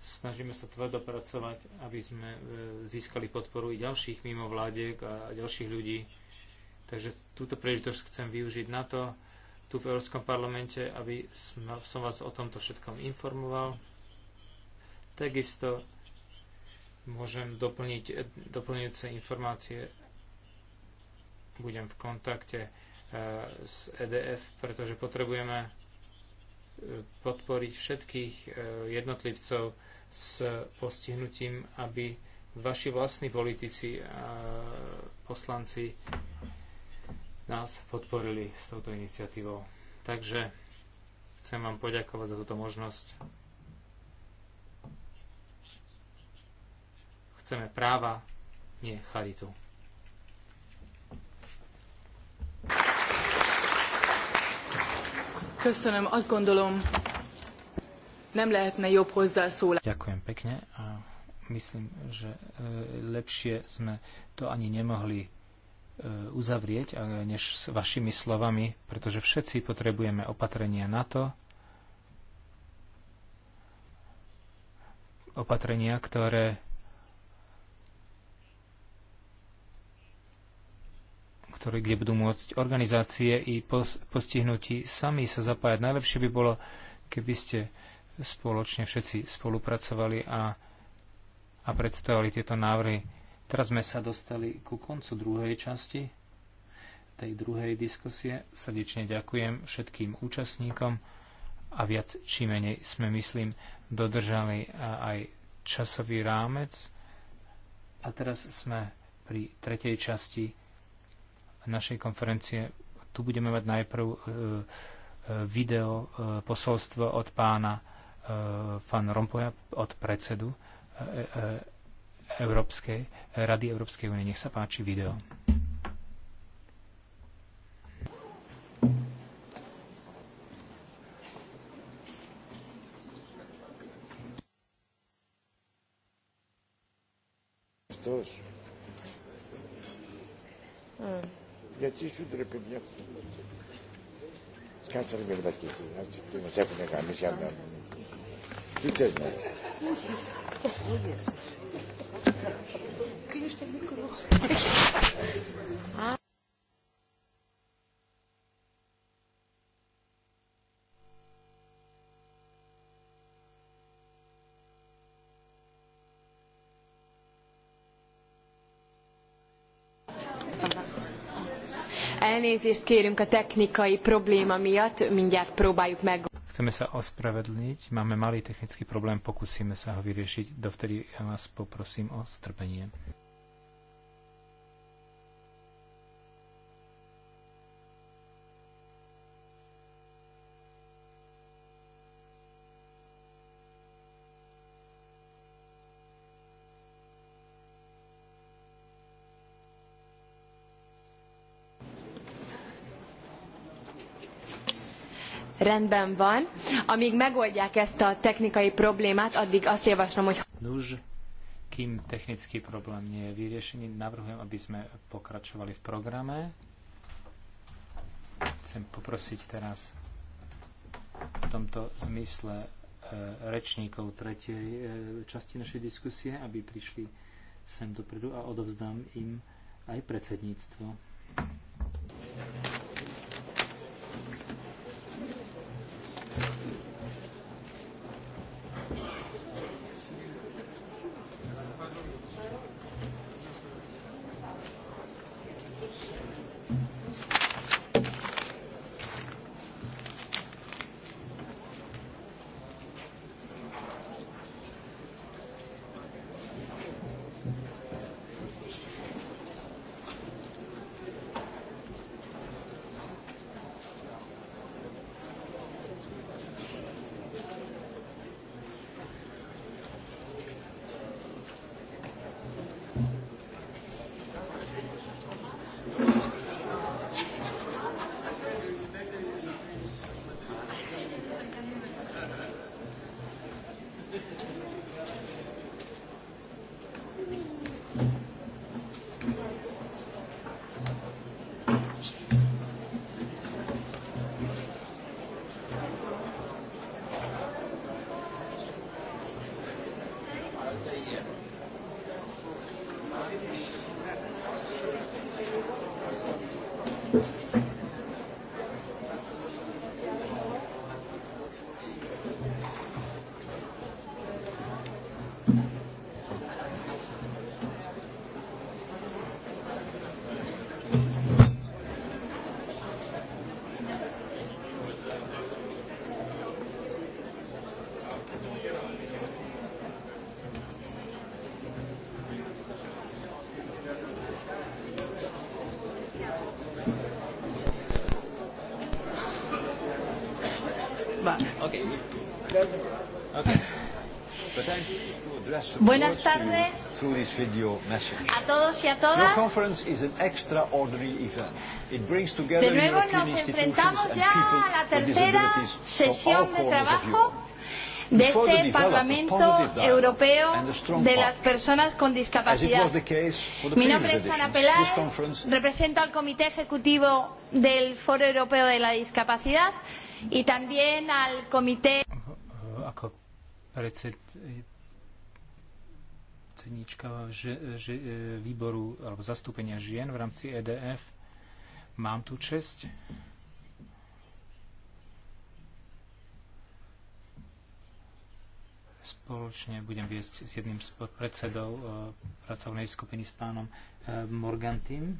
snažíme sa tvrdo pracovať, aby sme e, získali podporu i ďalších mimovládiek a ďalších ľudí. Takže túto príležitosť chcem využiť na to, tu v Európskom parlamente, aby som vás o tomto všetkom informoval. Takisto môžem doplniť eh, doplňujúce informácie. Budem v kontakte eh, s EDF, pretože potrebujeme eh, podporiť všetkých jednotlivcov s postihnutím, aby vaši vlastní politici a poslanci nás podporili s touto iniciatívou. Takže chcem vám poďakovať za túto možnosť. Chceme práva, nie charitu. Köszönöm, azt gondolom, nem lehetne jobb hozzászólás. Ďakujem pekne a myslím, že e, lepšie sme to ani nemohli E, uzavrieť než s vašimi slovami, pretože všetci potrebujeme opatrenia na to, opatrenia, ktoré ktoré kde budú môcť organizácie i postihnutí sami sa zapájať. Najlepšie by bolo, keby ste spoločne všetci spolupracovali a, a predstavovali tieto návrhy Teraz sme sa dostali ku koncu druhej časti tej druhej diskusie. Srdečne ďakujem všetkým účastníkom a viac či menej sme, myslím, dodržali aj časový rámec. A teraz sme pri tretej časti našej konferencie. Tu budeme mať najprv e, e, video e, posolstvo od pána Van Rompuya, od predsedu Európskej, Rady Európskej únie. Nech sa páči video. Tož. Mm. Ja tiež udrepem, ja Kancer mi bırak getirdi. Artık değil mi? Hep ne kalmış yandan. Bitirdin. Bu yes. Bu yes işte bir Elnézést kérünk a technikai probléma miatt, mindjárt próbáljuk meg. Chceme sa ospravedlniť, máme malý technický problém, pokúsime sa ho vyriešiť, dovtedy ja vás poprosím o strpenie. rendben van. Amíg megoldják ezt a technikai problémát, addig azt javaslom, hogy... Nuž, kým technický problém nie je vyriešený, navrhujem, aby sme pokračovali v programe. Chcem poprosiť teraz v tomto zmysle e, rečníkov tretej e, časti našej diskusie, aby prišli sem dopredu a odovzdám im aj predsedníctvo. Buenas tardes a todos y a todas. De nuevo nos enfrentamos ya a la tercera sesión de trabajo de este Parlamento Europeo de las Personas con Discapacidad. Mi nombre es Ana Peláez, represento al Comité Ejecutivo del Foro Europeo de la Discapacidad y también al comité. Ako predsedníčka že, že, e, výboru alebo zastúpenia žien v rámci EDF mám tu česť. Spoločne budem viesť s jedným z podpredsedov e, pracovnej skupiny s pánom e, Morgantým.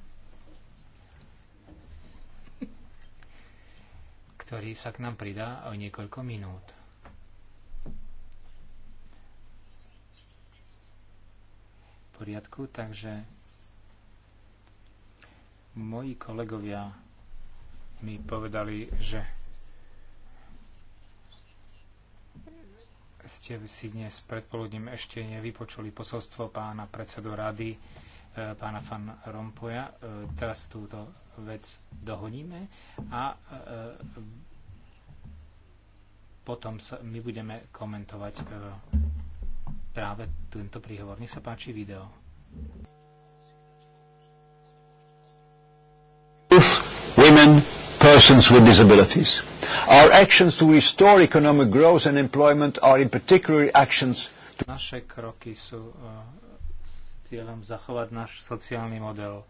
ktorý sa k nám pridá o niekoľko minút. V poriadku, takže moji kolegovia mi povedali, že ste si dnes predpoludním ešte nevypočuli posolstvo pána predsedu rady pána Van Rompoja. E, teraz túto vec dohodíme a e, potom sa, my budeme komentovať e, práve tento príhovor. Nech sa páči video. Youth, women, persons with disabilities. Our actions to restore economic growth and employment are in particular actions to... Naše kroky sú uh, cieľom zachovať náš sociálny model.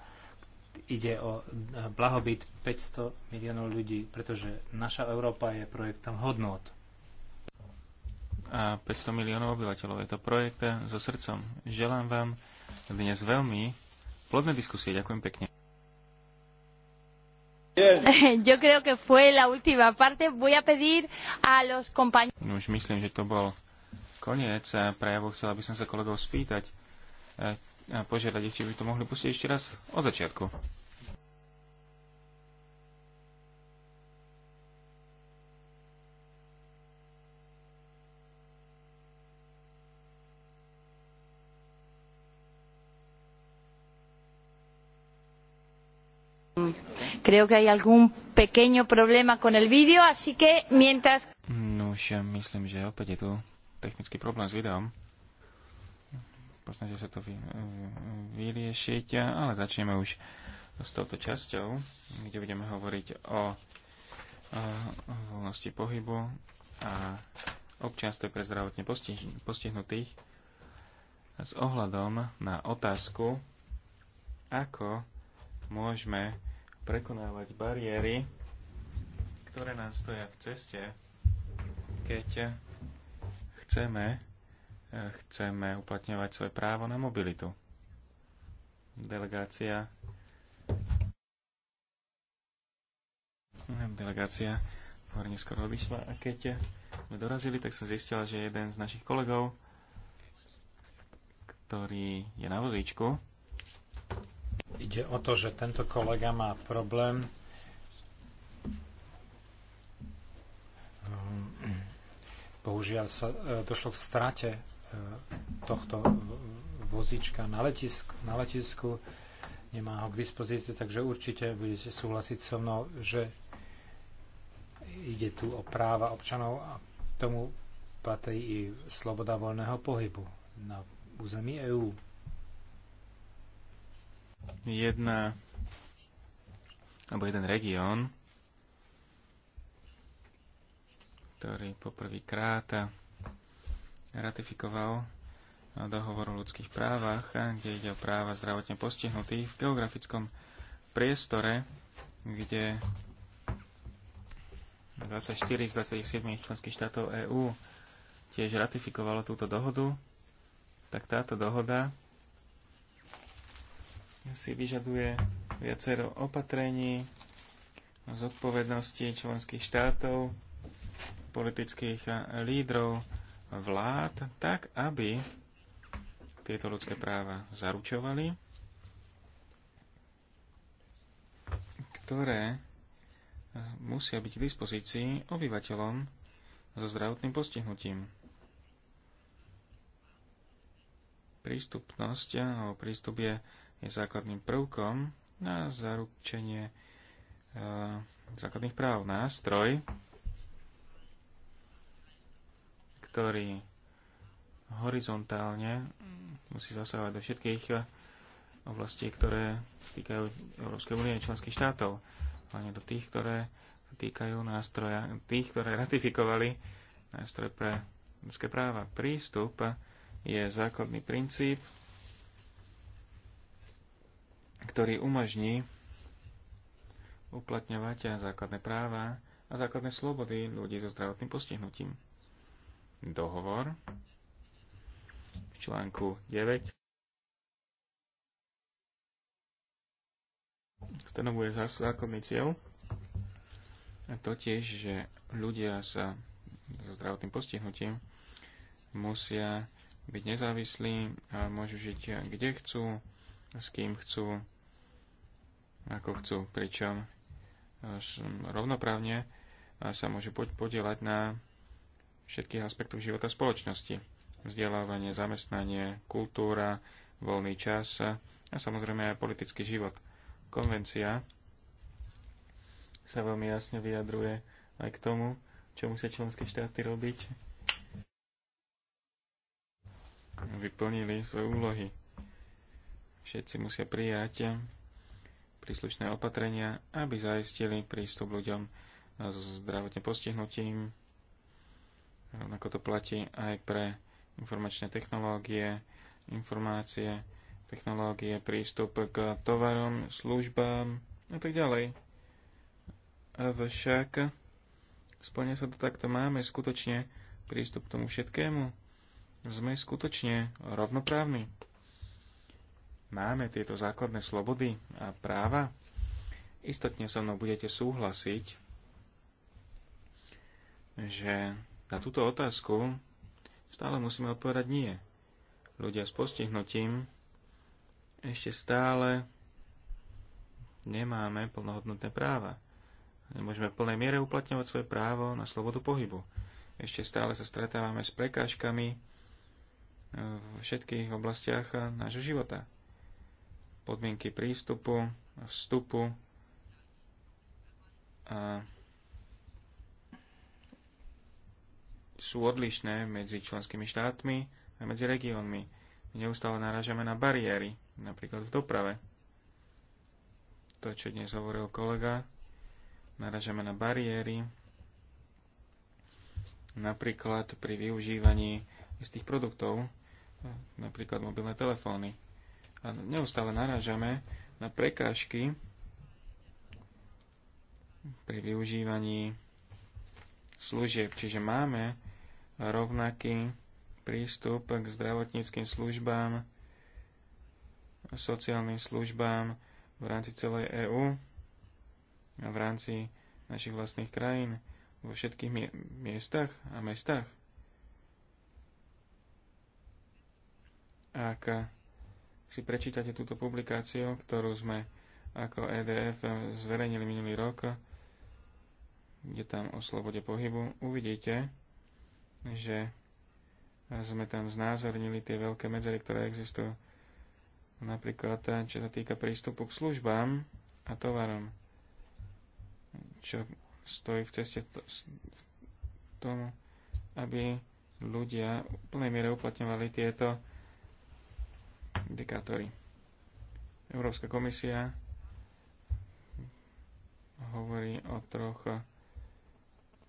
Ide o eh, blahobyt 500 miliónov ľudí, pretože naša Európa je projektom hodnot. A 500 miliónov obyvateľov je to projekt eh, so srdcom. Želám vám dnes veľmi plodné diskusie. Ďakujem pekne. Yo creo que fue la última parte. Voy a pedir a los compañeros. No, už myslím, že to bol koniec eh, prejavu. Chcela by som sa kolegov spýtať požiadať ich, či by to mohli pustiť ešte raz od začiatku. Creo que hay algún pequeño problema con el vídeo, así que mientras... No, myslím, že opäť je tu technický problém s videom. Posnažia sa to vy, vyriešiť, ale začneme už s touto časťou, kde budeme hovoriť o, o voľnosti pohybu a občianstve pre zdravotne postih, postihnutých s ohľadom na otázku, ako môžeme prekonávať bariéry, ktoré nám stoja v ceste, keď chceme chceme uplatňovať svoje právo na mobilitu. Delegácia hm, delegácia skôr neskôr odišla a keď sme dorazili, tak som zistila, že jeden z našich kolegov, ktorý je na vozíčku, Ide o to, že tento kolega má problém ehm, bohužiaľ sa e, došlo k strate tohto vozička na letisku, na letisku. Nemá ho k dispozícii, takže určite budete súhlasiť so mnou, že ide tu o práva občanov a tomu patrí i sloboda voľného pohybu na území EÚ. Jedna alebo jeden región, ktorý poprvýkrát ratifikoval eh, dohovor o ľudských právach, eh, kde ide o práva zdravotne postihnutých v geografickom priestore, kde 24 z 27 členských štátov EÚ tiež ratifikovalo túto dohodu, tak táto dohoda si vyžaduje viacero opatrení, zodpovednosti členských štátov, politických eh, lídrov, vlád, tak aby tieto ľudské práva zaručovali, ktoré eh, musia byť k dispozícii obyvateľom so zdravotným postihnutím. Prístupnosť eh, alebo prístup je, je základným prvkom na zaručenie e, základných práv. Nástroj ktorý horizontálne musí zasahovať do všetkých oblastí, ktoré sa týkajú Európskej únie a členských štátov, hlavne do tých, ktoré týkajú nástroja, tých, ktoré ratifikovali nástroj pre ľudské práva. Prístup je základný princíp, ktorý umožní uplatňovať základné práva a základné slobody ľudí so zdravotným postihnutím dohovor v článku 9 stanovuje zákonný cieľ a totiž, že ľudia sa so zdravotným postihnutím musia byť nezávislí a môžu žiť kde chcú, s kým chcú, ako chcú, pričom eh, rovnoprávne eh, sa môžu podielať na všetkých aspektoch života spoločnosti. Vzdelávanie, zamestnanie, kultúra, voľný čas a samozrejme aj politický život. Konvencia sa veľmi jasne vyjadruje aj k tomu, čo musia členské štáty robiť, vyplnili svoje úlohy. Všetci musia prijať príslušné opatrenia, aby zaistili prístup ľuďom so zdravotne postihnutím Rovnako to platí aj pre informačné technológie, informácie, technológie, prístup k tovarom, službám a tak ďalej. Avšak splne sa to takto, máme skutočne prístup k tomu všetkému. Sme skutočne rovnoprávni. Máme tieto základné slobody a práva. Istotne so mnou budete súhlasiť, že na túto otázku stále musíme odpovedať nie. Ľudia s postihnutím ešte stále nemáme plnohodnotné práva. Nemôžeme v plnej miere uplatňovať svoje právo na slobodu pohybu. Ešte stále sa stretávame s prekážkami v všetkých oblastiach nášho života. Podmienky prístupu, vstupu a sú odlišné medzi členskými štátmi a medzi regiónmi. My neustále narážame na bariéry, napríklad v doprave. To, čo dnes hovoril kolega, narážame na bariéry, napríklad pri využívaní istých produktov, napríklad mobilné telefóny. A neustále narážame na prekážky pri využívaní služieb. Čiže máme rovnaký prístup k zdravotníckým službám, sociálnym službám v rámci celej EÚ a v rámci našich vlastných krajín vo všetkých mi miestach a mestách. Ak si prečítate túto publikáciu, ktorú sme ako EDF zverejnili minulý rok, kde tam o slobode pohybu, uvidíte, že sme tam znázornili tie veľké medzery, ktoré existujú. Napríklad, eh, čo sa týka prístupu k službám a tovarom, čo stojí v ceste to, tomu, aby ľudia v plnej miere uplatňovali tieto indikátory. Európska komisia hovorí o troch, eh,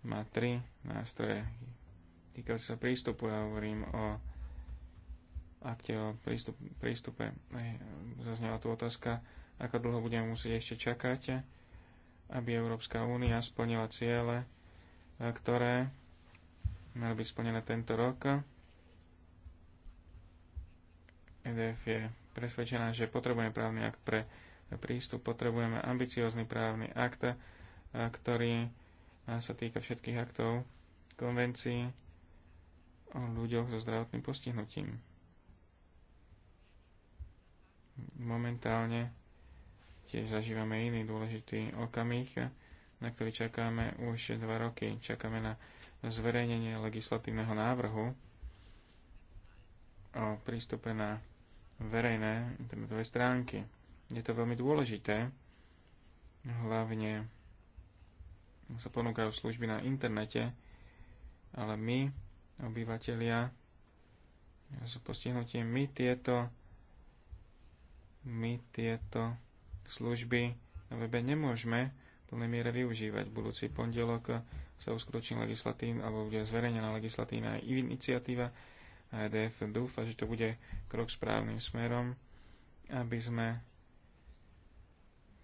má tri nástroje Týka sa prístupu, ja hovorím o akte o prístup, prístupe. Zaznela tu otázka, ako dlho budeme musieť ešte čakať, aby Európska únia splnila ciele, ktoré mali byť splnené tento rok. EDF je presvedčená, že potrebujeme právny akt pre prístup, potrebujeme ambiciózny právny akt, ktorý sa týka všetkých aktov konvencií o ľuďoch so zdravotným postihnutím. Momentálne tiež zažívame iný dôležitý okamih, na ktorý čakáme už dva roky. Čakáme na zverejnenie legislatívneho návrhu o prístupe na verejné internetové teda stránky. Je to veľmi dôležité, hlavne sa ponúkajú služby na internete, ale my obyvateľia s postihnutie. My tieto, my tieto služby na webe nemôžeme v plnej miere využívať. Budúci pondelok sa uskutoční legislatívna alebo bude zverejnená legislatívna iniciatíva a EDF dúfa, že to bude krok správnym smerom, aby sme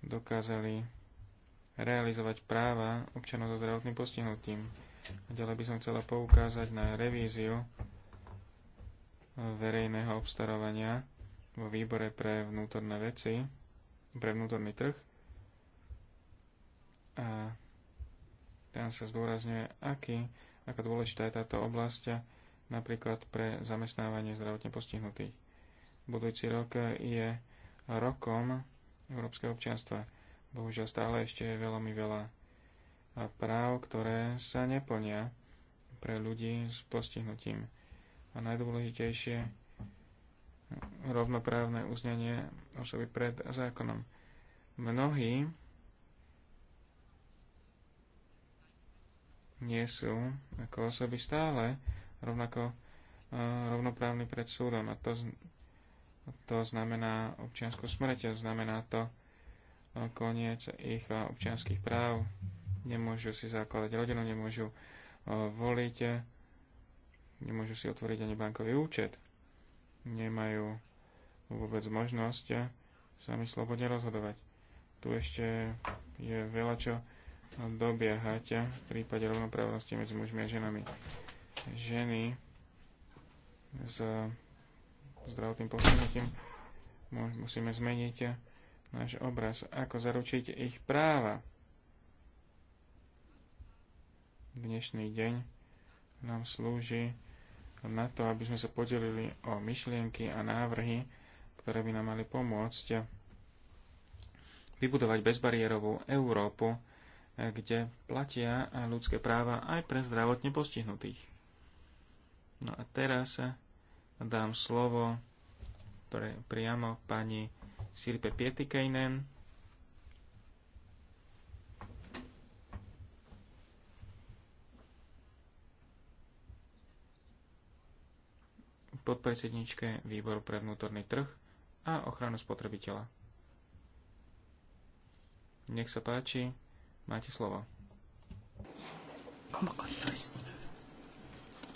dokázali realizovať práva občanov so zdravotným postihnutím Ďalej by som chcela poukázať na revíziu verejného obstarovania vo výbore pre vnútorné veci, pre vnútorný trh. A tam sa zdôrazňuje, aký, aká dôležitá je táto oblasť napríklad pre zamestnávanie zdravotne postihnutých. Budúci rok je rokom európskeho občianstva. Bohužiaľ stále ešte je veľmi veľa a práv, ktoré sa neplnia pre ľudí s postihnutím. A najdôležitejšie rovnoprávne uznanie osoby pred zákonom. Mnohí nie sú ako osoby stále rovnako e, rovnoprávny pred súdom. A to, to znamená občiansku smrť, a znamená to e, koniec ich e, občianských práv nemôžu si zakladať rodinu, nemôžu e, voliť, nemôžu si otvoriť ani bankový účet, nemajú vôbec možnosť sami slobodne rozhodovať. Tu ešte je veľa čo dobiehať v prípade rovnoprávnosti medzi mužmi a ženami. Ženy s zdravotným postihnutím musíme zmeniť náš obraz, ako zaručiť ich práva. Dnešný deň nám slúži na to, aby sme sa podelili o myšlienky a návrhy, ktoré by nám mali pomôcť vybudovať bezbariérovú Európu, kde platia ľudské práva aj pre zdravotne postihnutých. No a teraz dám slovo pre, priamo pani Sirpe Pietikejnen, podpredsedničke Výboru pre vnútorný trh a ochranu spotrebiteľa. Nech sa páči, máte slovo.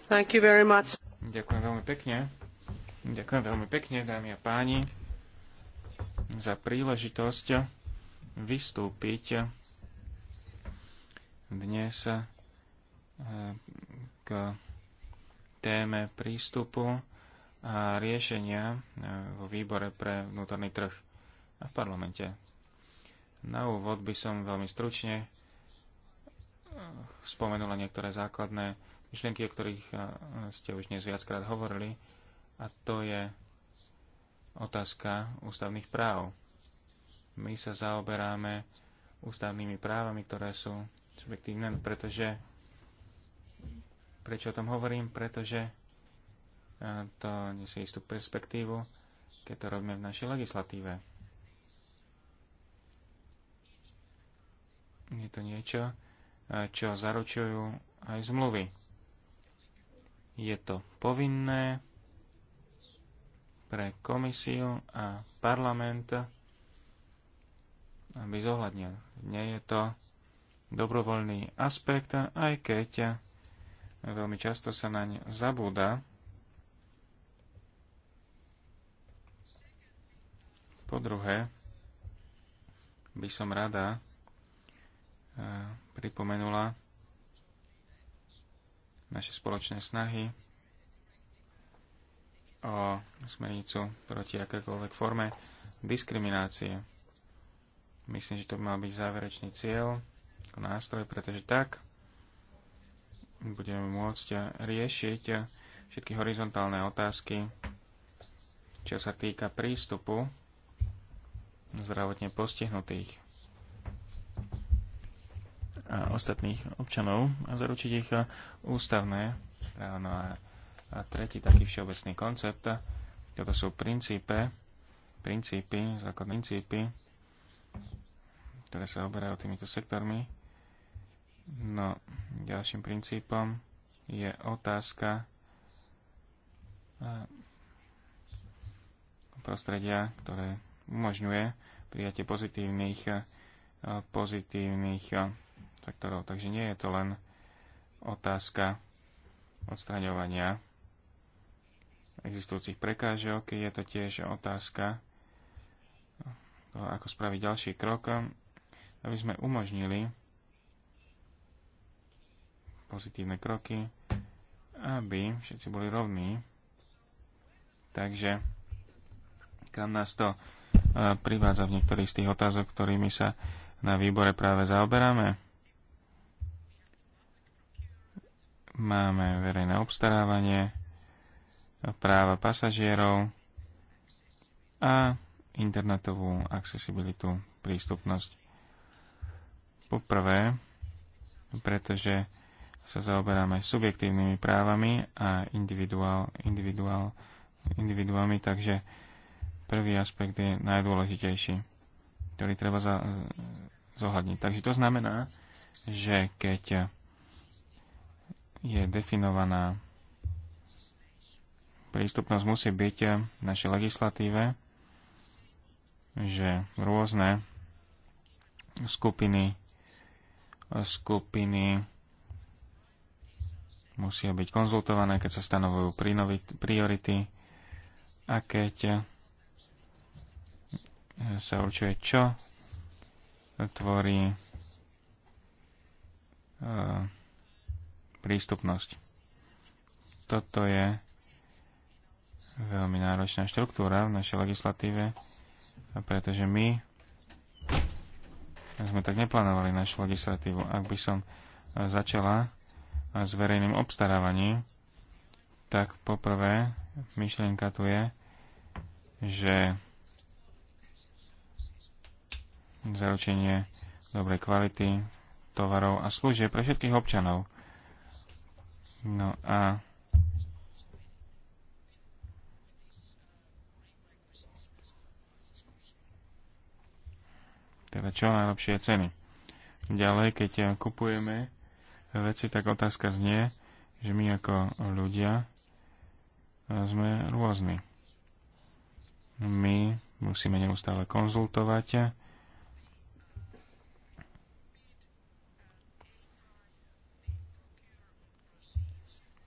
Thank you very much. Ďakujem veľmi pekne. Ďakujem veľmi pekne, dámy a páni, za príležitosť vystúpiť dnes eh, k téme prístupu a riešenia e, vo výbore pre vnútorný trh a v parlamente. Na úvod by som veľmi stručne e, spomenula niektoré základné myšlienky, o ktorých e, ste už dnes viackrát hovorili, a to je otázka ústavných práv. My sa zaoberáme ústavnými právami, ktoré sú subjektívne, pretože prečo o tom hovorím? Pretože to nesie istú perspektívu, keď to robíme v našej legislatíve. Je to niečo, čo zaručujú aj zmluvy. Je to povinné pre komisiu a parlament, aby zohľadnil. Nie je to dobrovoľný aspekt, aj keď veľmi často sa naň zabúda. Po druhé, by som rada e, pripomenula naše spoločné snahy o smernicu proti akékoľvek forme diskriminácie. Myslím, že to by mal byť záverečný cieľ ako nástroj, pretože tak budeme môcť riešiť všetky horizontálne otázky, čo sa týka prístupu zdravotne postihnutých a ostatných občanov a zaručiť ich eh, ústavné práva. No a, a tretí taký všeobecný koncept, toto sú princípe, princípy, základné princípy, ktoré sa oberajú týmito sektormi. No, ďalším princípom je otázka eh, prostredia, ktoré umožňuje prijatie pozitívnych, e, pozitívnych e, faktorov. Takže nie je to len otázka odstraňovania existujúcich prekážok, je to tiež otázka toho, ako spraviť ďalší krok, aby sme umožnili pozitívne kroky, aby všetci boli rovní. Takže kam nás to privádza v niektorých z tých otázok, ktorými sa na výbore práve zaoberáme. Máme verejné obstarávanie, práva pasažierov a internetovú accessibilitu, prístupnosť. Poprvé, pretože sa zaoberáme subjektívnymi právami a individuál, individuál, individuálmi, takže Prvý aspekt je najdôležitejší, ktorý treba za, zohľadniť. Takže to znamená, že keď je definovaná prístupnosť musí byť v našej legislatíve, že rôzne skupiny, skupiny musia byť konzultované, keď sa stanovujú priority a keď sa určuje, čo tvorí e, prístupnosť. Toto je veľmi náročná štruktúra v našej legislatíve, pretože my sme tak neplánovali našu legislatívu. Ak by som začala s verejným obstarávaním, tak poprvé myšlienka tu je, že zaručenie dobrej kvality tovarov a služieb pre všetkých občanov. No a teda čo najlepšie ceny. Ďalej, keď ja kupujeme veci, tak otázka znie, že my ako ľudia sme rôzni. My musíme neustále konzultovať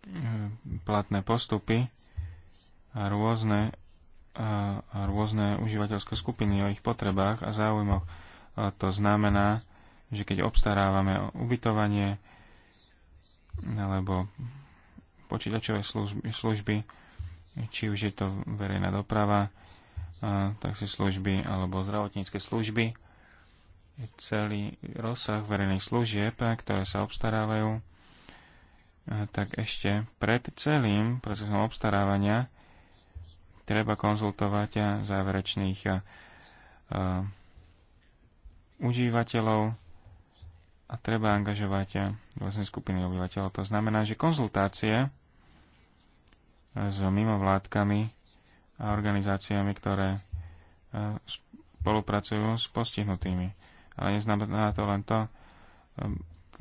Mhm. platné postupy a rôzne, a, rôzne užívateľské skupiny o ich potrebách a záujmoch. A to znamená, že keď obstarávame ubytovanie alebo počítačové služby, služby či už je to verejná doprava, taxi služby alebo zdravotnícke služby, celý rozsah verejných služieb, ktoré sa obstarávajú, tak ešte pred celým procesom obstarávania treba konzultovať záverečných užívateľov a treba angažovať vlastne skupiny obyvateľov. To znamená, že konzultácie s mimovládkami a organizáciami, ktoré spolupracujú s postihnutými. Ale neznamená to len to.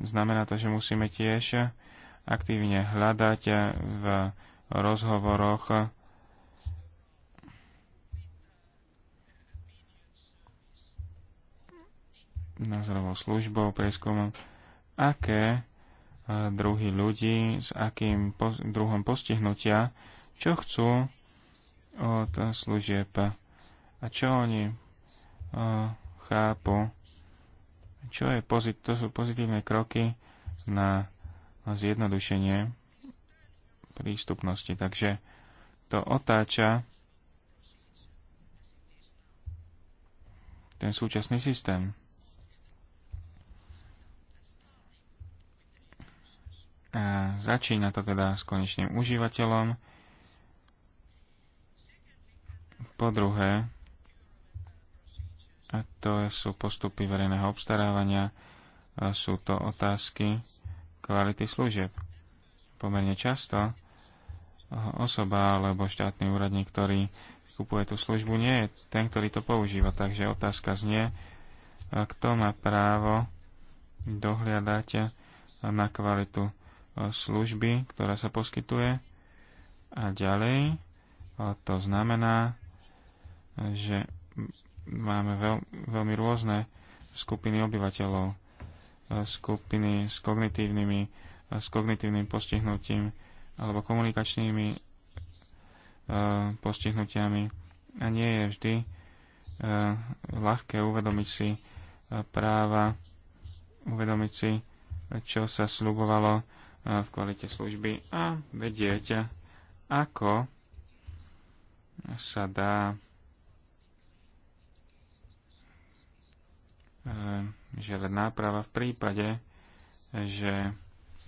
znamená to, že musíme tiež aktívne hľadať v rozhovoroch názorovou službou, prieskumom, aké e, druhy ľudí, s akým druhom postihnutia, čo chcú od služieb a čo oni e, chápu, čo je pozit- to sú pozitívne kroky na a zjednodušenie prístupnosti. Takže to otáča ten súčasný systém. A začína to teda s konečným užívateľom. Po druhé, a to sú postupy verejného obstarávania, sú to otázky kvality služieb. Pomerne často osoba alebo štátny úradník, ktorý kupuje tú službu, nie je ten, ktorý to používa. Takže otázka znie, kto má právo dohliadať na kvalitu e, služby, ktorá sa poskytuje. A ďalej, to znamená, že máme veľ, veľmi rôzne skupiny obyvateľov skupiny s kognitívnymi, s kognitívnym postihnutím alebo komunikačnými eh, postihnutiami. A nie je vždy eh, ľahké uvedomiť si eh, práva, uvedomiť si, čo sa slubovalo v kvalite služby a vedieť, ako sa dá žiadať náprava v prípade, že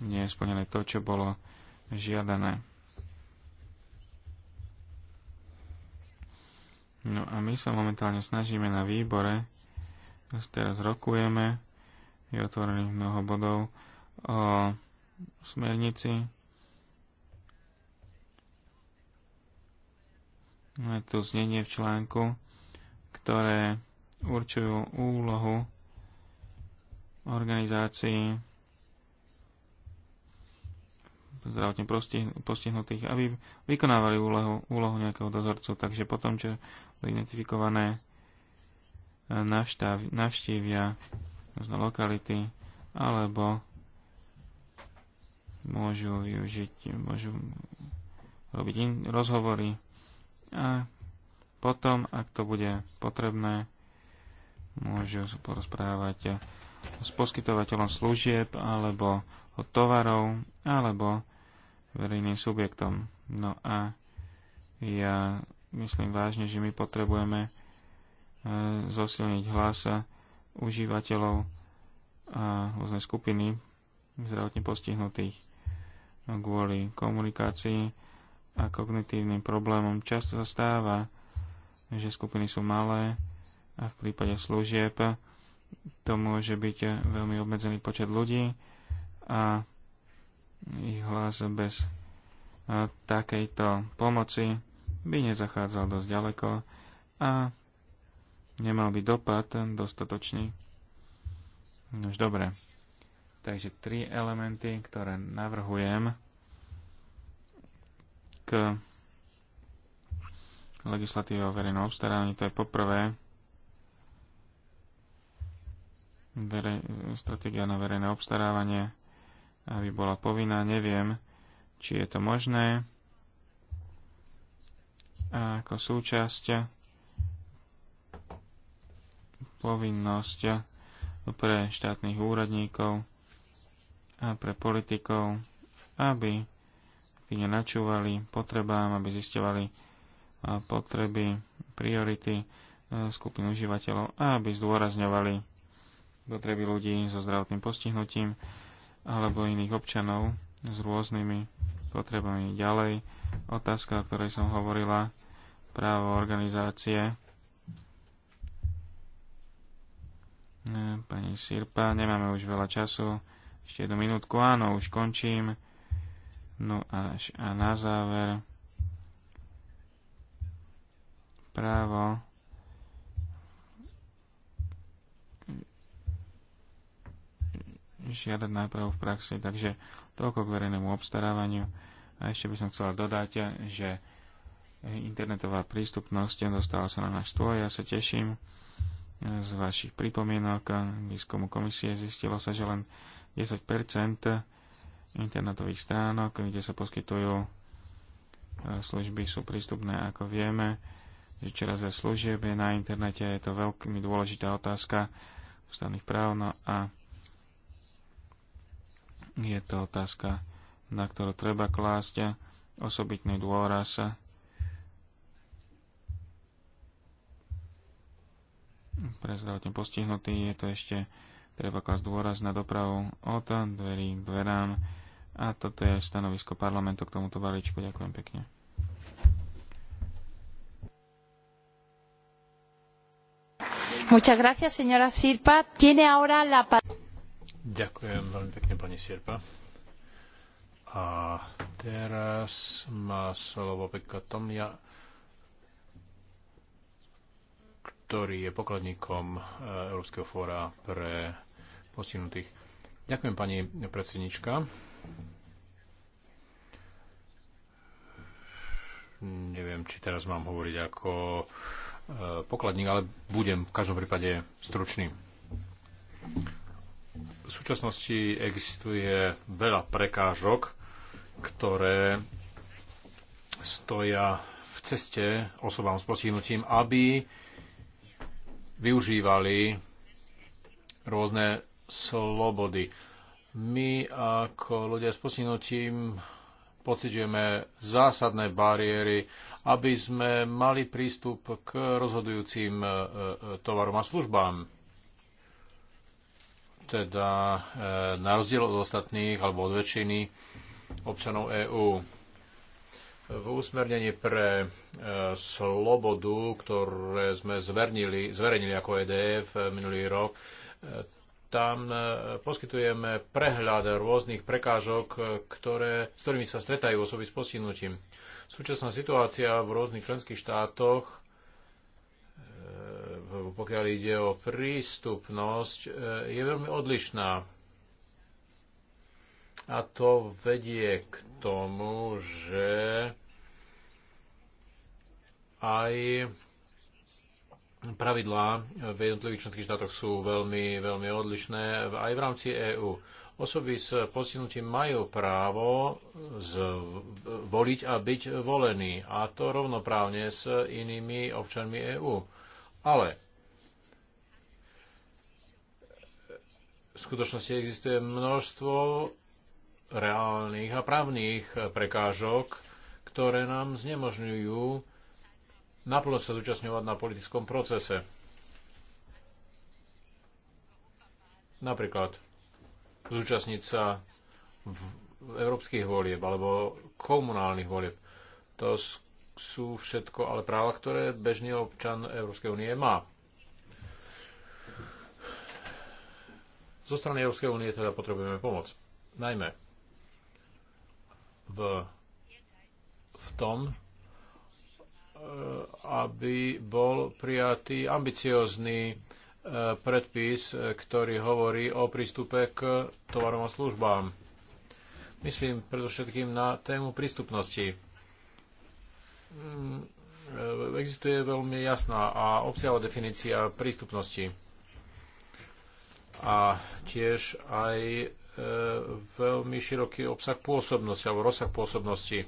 nie je splnené to, čo bolo žiadané. No a my sa momentálne snažíme na výbore, teraz rokujeme, je otvorených mnoho bodov o smernici. No je tu znenie v článku, ktoré určujú úlohu organizácií zdravotne postihnutých, aby vykonávali úlohu, úlohu nejakého dozorcu. Takže potom, čo sú identifikované e, navštav, navštívia možno lokality, alebo môžu využiť, môžu robiť in, rozhovory a potom, ak to bude potrebné, môžu sa porozprávať s poskytovateľom služieb alebo od tovarov alebo verejným subjektom. No a ja myslím vážne, že my potrebujeme e, zosilniť hlasa užívateľov a rôzne skupiny zdravotne postihnutých no, kvôli komunikácii a kognitívnym problémom. Často sa stáva, že skupiny sú malé a v prípade služieb to môže byť eh, veľmi obmedzený počet ľudí a ich hlas bez eh, takejto pomoci by nezachádzal dosť ďaleko a nemal by dopad dostatočný. Už dobre. Takže tri elementy, ktoré navrhujem k legislatíve o verejnom obstarávaní, to je poprvé verej, stratégia na verejné obstarávanie, aby bola povinná. Neviem, či je to možné. A ako súčasť povinnosť pre štátnych úradníkov a pre politikov, aby tí načúvali potrebám, aby zistovali potreby, priority e, skupín užívateľov a aby zdôrazňovali potreby ľudí so zdravotným postihnutím alebo iných občanov s rôznymi potrebami. Ďalej, otázka, o ktorej som hovorila, právo organizácie. Pani Sirpa, nemáme už veľa času. Ešte jednu minútku, áno, už končím. No až a na záver právo žiadať nápravu v praxi, takže toľko k verejnému obstarávaniu. A ešte by som chcela dodať, že internetová prístupnosť dostala sa na náš stôl. Ja sa teším z vašich pripomienok výskumu komisie. Zistilo sa, že len 10 internetových stránok, kde sa poskytujú e, služby, sú prístupné, ako vieme. Že čoraz viac služieb je na internete, je to veľmi dôležitá otázka ústavných práv. No a je to otázka, na ktorú treba klásť osobitný dôraz pre zdravotne postihnutý je to ešte treba klásť dôraz na dopravu od dverí k dverám a toto je stanovisko parlamentu k tomuto balíčku. Ďakujem pekne. Muchas gracias, señora Sirpa. Tiene ahora la Ďakujem veľmi pekne, pani Sierpa. A teraz má slovo Pekka Tomia, ktorý je pokladníkom e, Európskeho fóra pre postihnutých. Ďakujem, pani predsednička. Neviem, či teraz mám hovoriť ako e, pokladník, ale budem v každom prípade stručný. V súčasnosti existuje veľa prekážok, ktoré stoja v ceste osobám s postihnutím, aby využívali rôzne slobody. My ako ľudia s postihnutím pociťujeme zásadné bariéry, aby sme mali prístup k rozhodujúcim e, e, tovarom a službám teda e, na rozdiel od ostatných alebo od väčšiny občanov EÚ. V úsmernení pre e, slobodu, ktoré sme zvernili, zverejnili ako EDF minulý rok, e, tam poskytujeme prehľad rôznych prekážok, ktoré, s ktorými sa stretajú osoby s postihnutím. Súčasná situácia v rôznych členských štátoch pokiaľ ide o prístupnosť, e, je veľmi odlišná. A to vedie k tomu, že aj pravidlá v jednotlivých členských štátoch sú veľmi, veľmi odlišné aj v rámci EÚ. Osoby s postihnutím majú právo voliť a byť volení, a to rovnoprávne s inými občanmi EÚ. Ale v skutočnosti existuje množstvo reálnych a právnych prekážok, ktoré nám znemožňujú naplno sa zúčastňovať na politickom procese. Napríklad zúčastniť sa v európskych volieb alebo komunálnych volieb. To sú všetko ale práva, ktoré bežný občan Európskej únie má. Zo strany Európskej únie teda potrebujeme pomoc. Najmä v, v tom, e, aby bol prijatý ambiciózny e, predpis, ktorý hovorí o prístupe k tovarom a službám. Myslím predovšetkým na tému prístupnosti Mm, existuje veľmi jasná a obsiahla definícia prístupnosti. A tiež aj e, veľmi široký obsah pôsobnosti alebo rozsah pôsobnosti.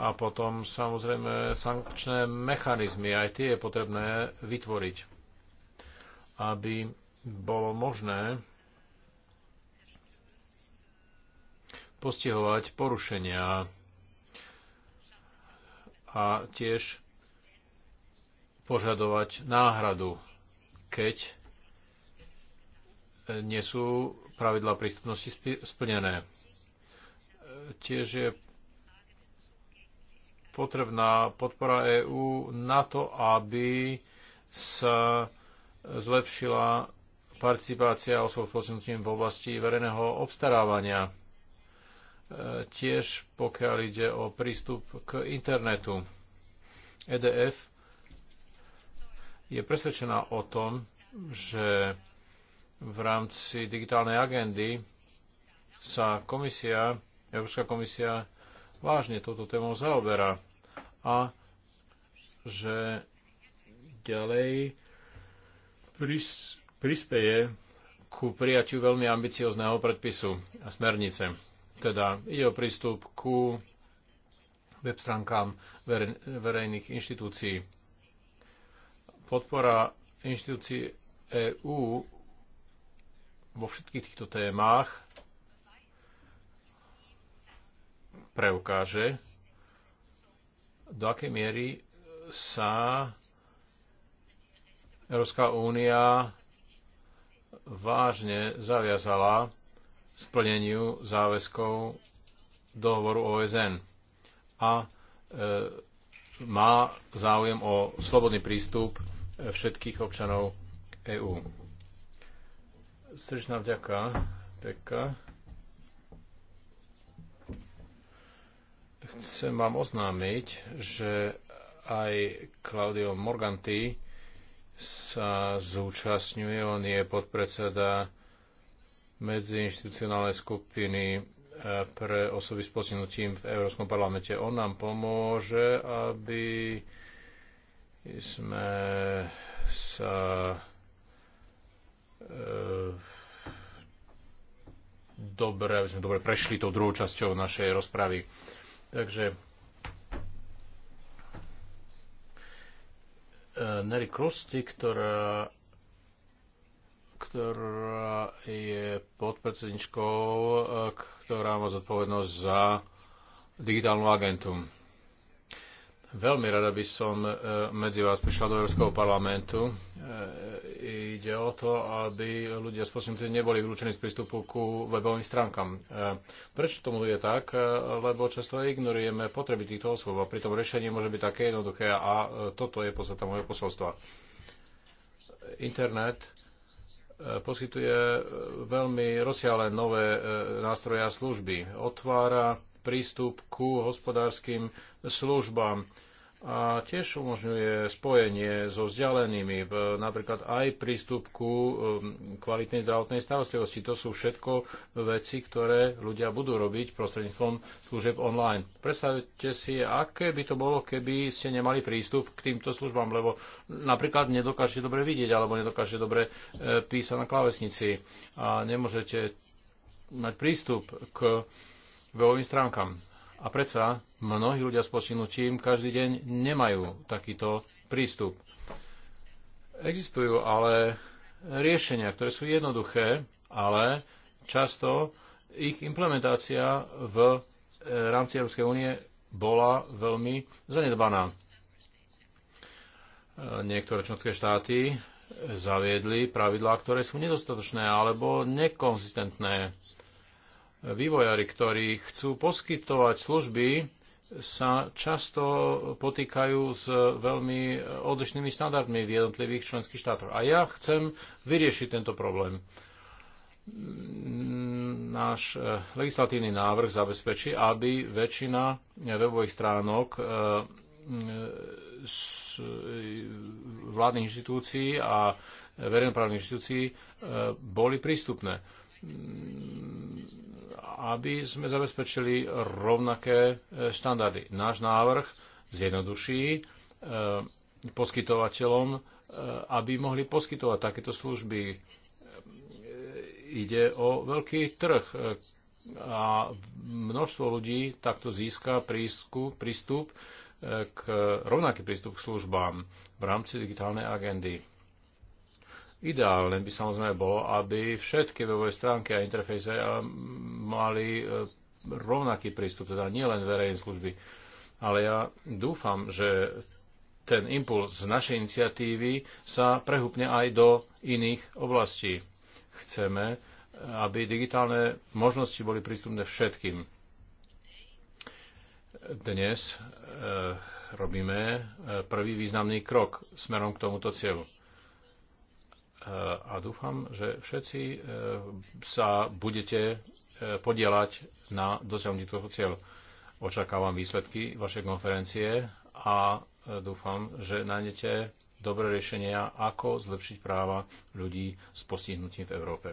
A potom samozrejme sankčné mechanizmy, aj tie je potrebné vytvoriť, aby bolo možné postihovať porušenia a tiež požadovať náhradu, keď e, nie sú pravidla prístupnosti splnené. E, tiež je potrebná podpora EÚ na to, aby sa zlepšila participácia osôb s v oblasti verejného obstarávania tiež pokiaľ ide o prístup k internetu. EDF je presvedčená o tom, že v rámci digitálnej agendy sa komisia, Európska komisia vážne touto témou zaoberá a že ďalej pris, prispeje ku prijatiu veľmi ambiciozného predpisu a smernice. Teda ide o prístup ku web stránkám verejných inštitúcií. Podpora inštitúcií EÚ vo všetkých týchto témach preukáže, do akej miery sa Európska únia vážne zaviazala splneniu záväzkov dohovoru OSN a e, má záujem o slobodný prístup e, všetkých občanov EÚ. Srdečná vďaka, Pekka. Chcem vám oznámiť, že aj Claudio Morganti sa zúčastňuje, on je podpredseda medziinstitucionálnej skupiny e, pre osoby s postihnutím v Európskom parlamente. On nám pomôže, aby sme sa e, dobre, aby sme dobre prešli tou druhou časťou našej rozpravy. Takže e, Nery Krusty, ktorá ktorá je podpredsedničkou, eh, ktorá má zodpovednosť za digitálnu agentu. Veľmi rada by som eh, medzi vás prišla do Európskeho parlamentu. Eh, ide o to, aby ľudia s postihnutím neboli vylúčení z prístupu ku webovým stránkam. Prečo tomu je tak? Lebo často ignorujeme potreby týchto osôb a pritom riešenie môže byť také jednoduché a toto je podstata môjho posolstva. Internet poskytuje e, veľmi rozsiahle nové e, nástroje a služby. Otvára prístup ku hospodárskym službám a tiež umožňuje spojenie so vzdialenými, napríklad aj prístup ku um, kvalitnej zdravotnej starostlivosti. To sú všetko veci, ktoré ľudia budú robiť prostredníctvom služieb online. Predstavte si, aké by to bolo, keby ste nemali prístup k týmto službám, lebo napríklad nedokážete dobre vidieť alebo nedokážete dobre e, písať na klávesnici a nemôžete mať prístup k webovým stránkam a predsa mnohí ľudia s postihnutím každý deň nemajú takýto prístup. Existujú ale riešenia, ktoré sú jednoduché, ale často ich implementácia v e, rámci Európskej únie bola veľmi zanedbaná. E, niektoré členské štáty zaviedli pravidlá, ktoré sú nedostatočné alebo nekonzistentné vývojári, ktorí chcú poskytovať služby, sa často potýkajú s veľmi odlišnými štandardmi v jednotlivých členských štátoch. A ja chcem vyriešiť tento problém. Náš eh, legislatívny návrh zabezpečí, aby väčšina webových stránok eh, eh, vládnych inštitúcií a verejnoprávnych inštitúcií boli prístupné Mm, aby sme zabezpečili rovnaké e, štandardy. Náš návrh zjednoduší e, poskytovateľom, e, aby mohli poskytovať takéto služby. Ide o veľký trh a množstvo ľudí takto získa prístup, k rovnaký prístup k službám v rámci digitálnej agendy. Ideálne by samozrejme bolo, aby všetky webové stránky a interfejse eh, mali eh, rovnaký prístup, teda nielen verejné služby. Ale ja dúfam, že ten impuls z našej iniciatívy sa prehúpne aj do iných oblastí. Chceme, aby digitálne možnosti boli prístupné všetkým. Dnes e, robíme prvý významný krok smerom k tomuto cieľu a dúfam, že všetci e, sa budete e, podielať na dosiahnutí tohto cieľu. Očakávam výsledky vašej konferencie a e, dúfam, že nájdete dobré riešenia, ako zlepšiť práva ľudí s postihnutím v Európe.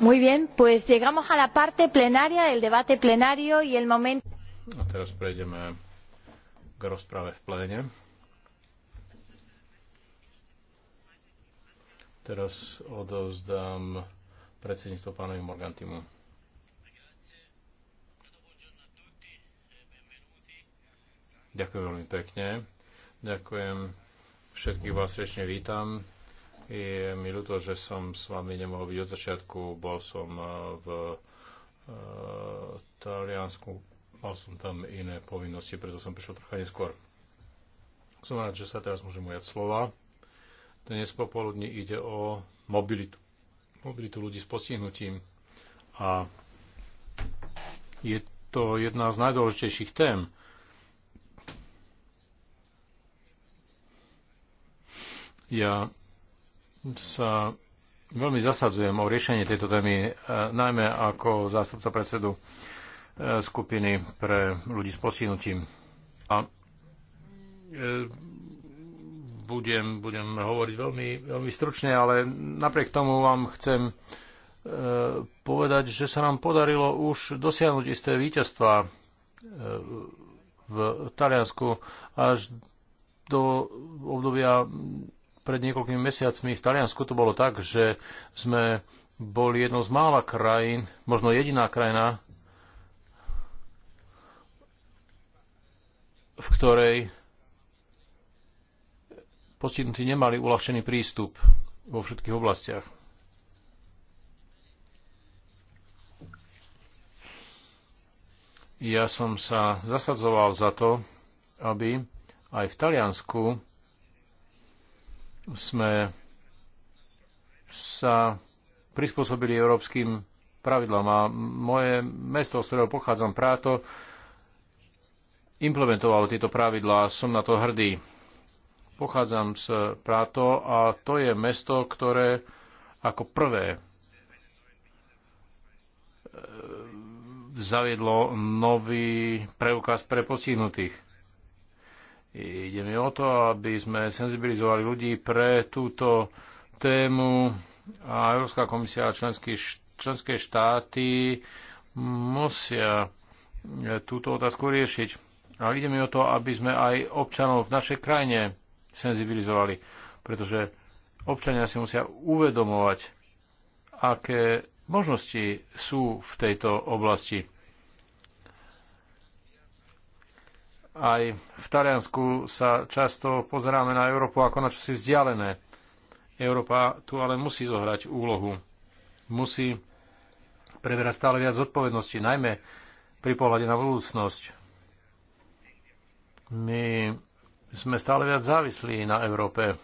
Muy bien, pues llegamos a la parte plenaria, el debate plenario y el momento. A teraz prejdeme k rozprave v pléne. Teraz odovzdám predsedníctvo pánovi Morgantimu. Ďakujem veľmi pekne. Ďakujem. Všetkých vás srdečne vítam. Je mi ľúto, že som s vami nemohol byť od začiatku. Bol som eh, v eh, Taliansku Mal som tam iné povinnosti, preto som prišiel trocha neskôr. Som rád, že sa teraz môžem ujať slova. Dnes popoludní ide o mobilitu. Mobilitu ľudí s postihnutím. A je to jedna z najdôležitejších tém, ja sa veľmi zasadzujem o riešenie tejto témy, eh, najmä ako zástupca predsedu E, skupiny pre ľudí s postihnutím. A e, budem, budem hovoriť veľmi, veľmi stručne, ale napriek tomu vám chcem e, povedať, že sa nám podarilo už dosiahnuť isté víťazstva v Taliansku až do obdobia pred niekoľkými mesiacmi v Taliansku to bolo tak, že sme boli jednou z mála krajín, možno jediná krajina, v ktorej postihnutí nemali uľahčený prístup vo všetkých oblastiach. Ja som sa zasadzoval za to, aby aj v Taliansku sme sa prispôsobili európskym pravidlám. A moje mesto, z ktorého pochádzam, Práto, implementovalo tieto pravidlá. Som na to hrdý. Pochádzam z Práto a to je mesto, ktoré ako prvé e, zaviedlo nový preukaz pre postihnutých. Ide mi o to, aby sme senzibilizovali ľudí pre túto tému a Európska komisia a členské štáty musia e, túto otázku riešiť. A ide mi o to, aby sme aj občanov v našej krajine senzibilizovali, pretože občania si musia uvedomovať, aké možnosti sú v tejto oblasti. Aj v Taliansku sa často pozeráme na Európu ako na čosi vzdialené. Európa tu ale musí zohrať úlohu. Musí preberať stále viac zodpovednosti, najmä pri pohľade na budúcnosť. My sme stále viac závislí na Európe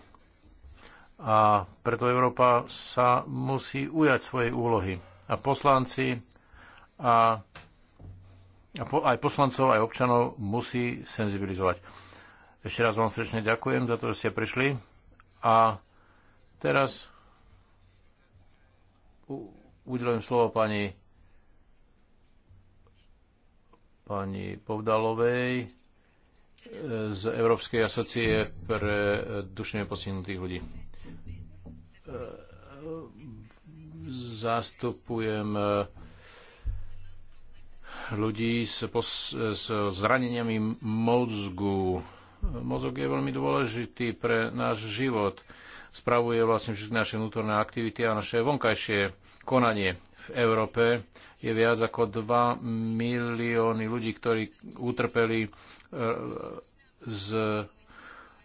a preto Európa sa musí ujať svojej úlohy. A poslanci a, a po, aj poslancov, aj občanov musí senzibilizovať. Ešte raz vám srdečne ďakujem za to, že ste prišli a teraz udelujem slovo pani pani Povdalovej z Európskej asocie pre dušne postihnutých ľudí. Zastupujem e, ľudí s, pos- s zraneniami mozgu. Mozog je veľmi dôležitý pre náš život. Spravuje vlastne všetky naše vnútorné aktivity a naše vonkajšie konanie v Európe je viac ako 2 milióny ľudí, ktorí utrpeli e, z,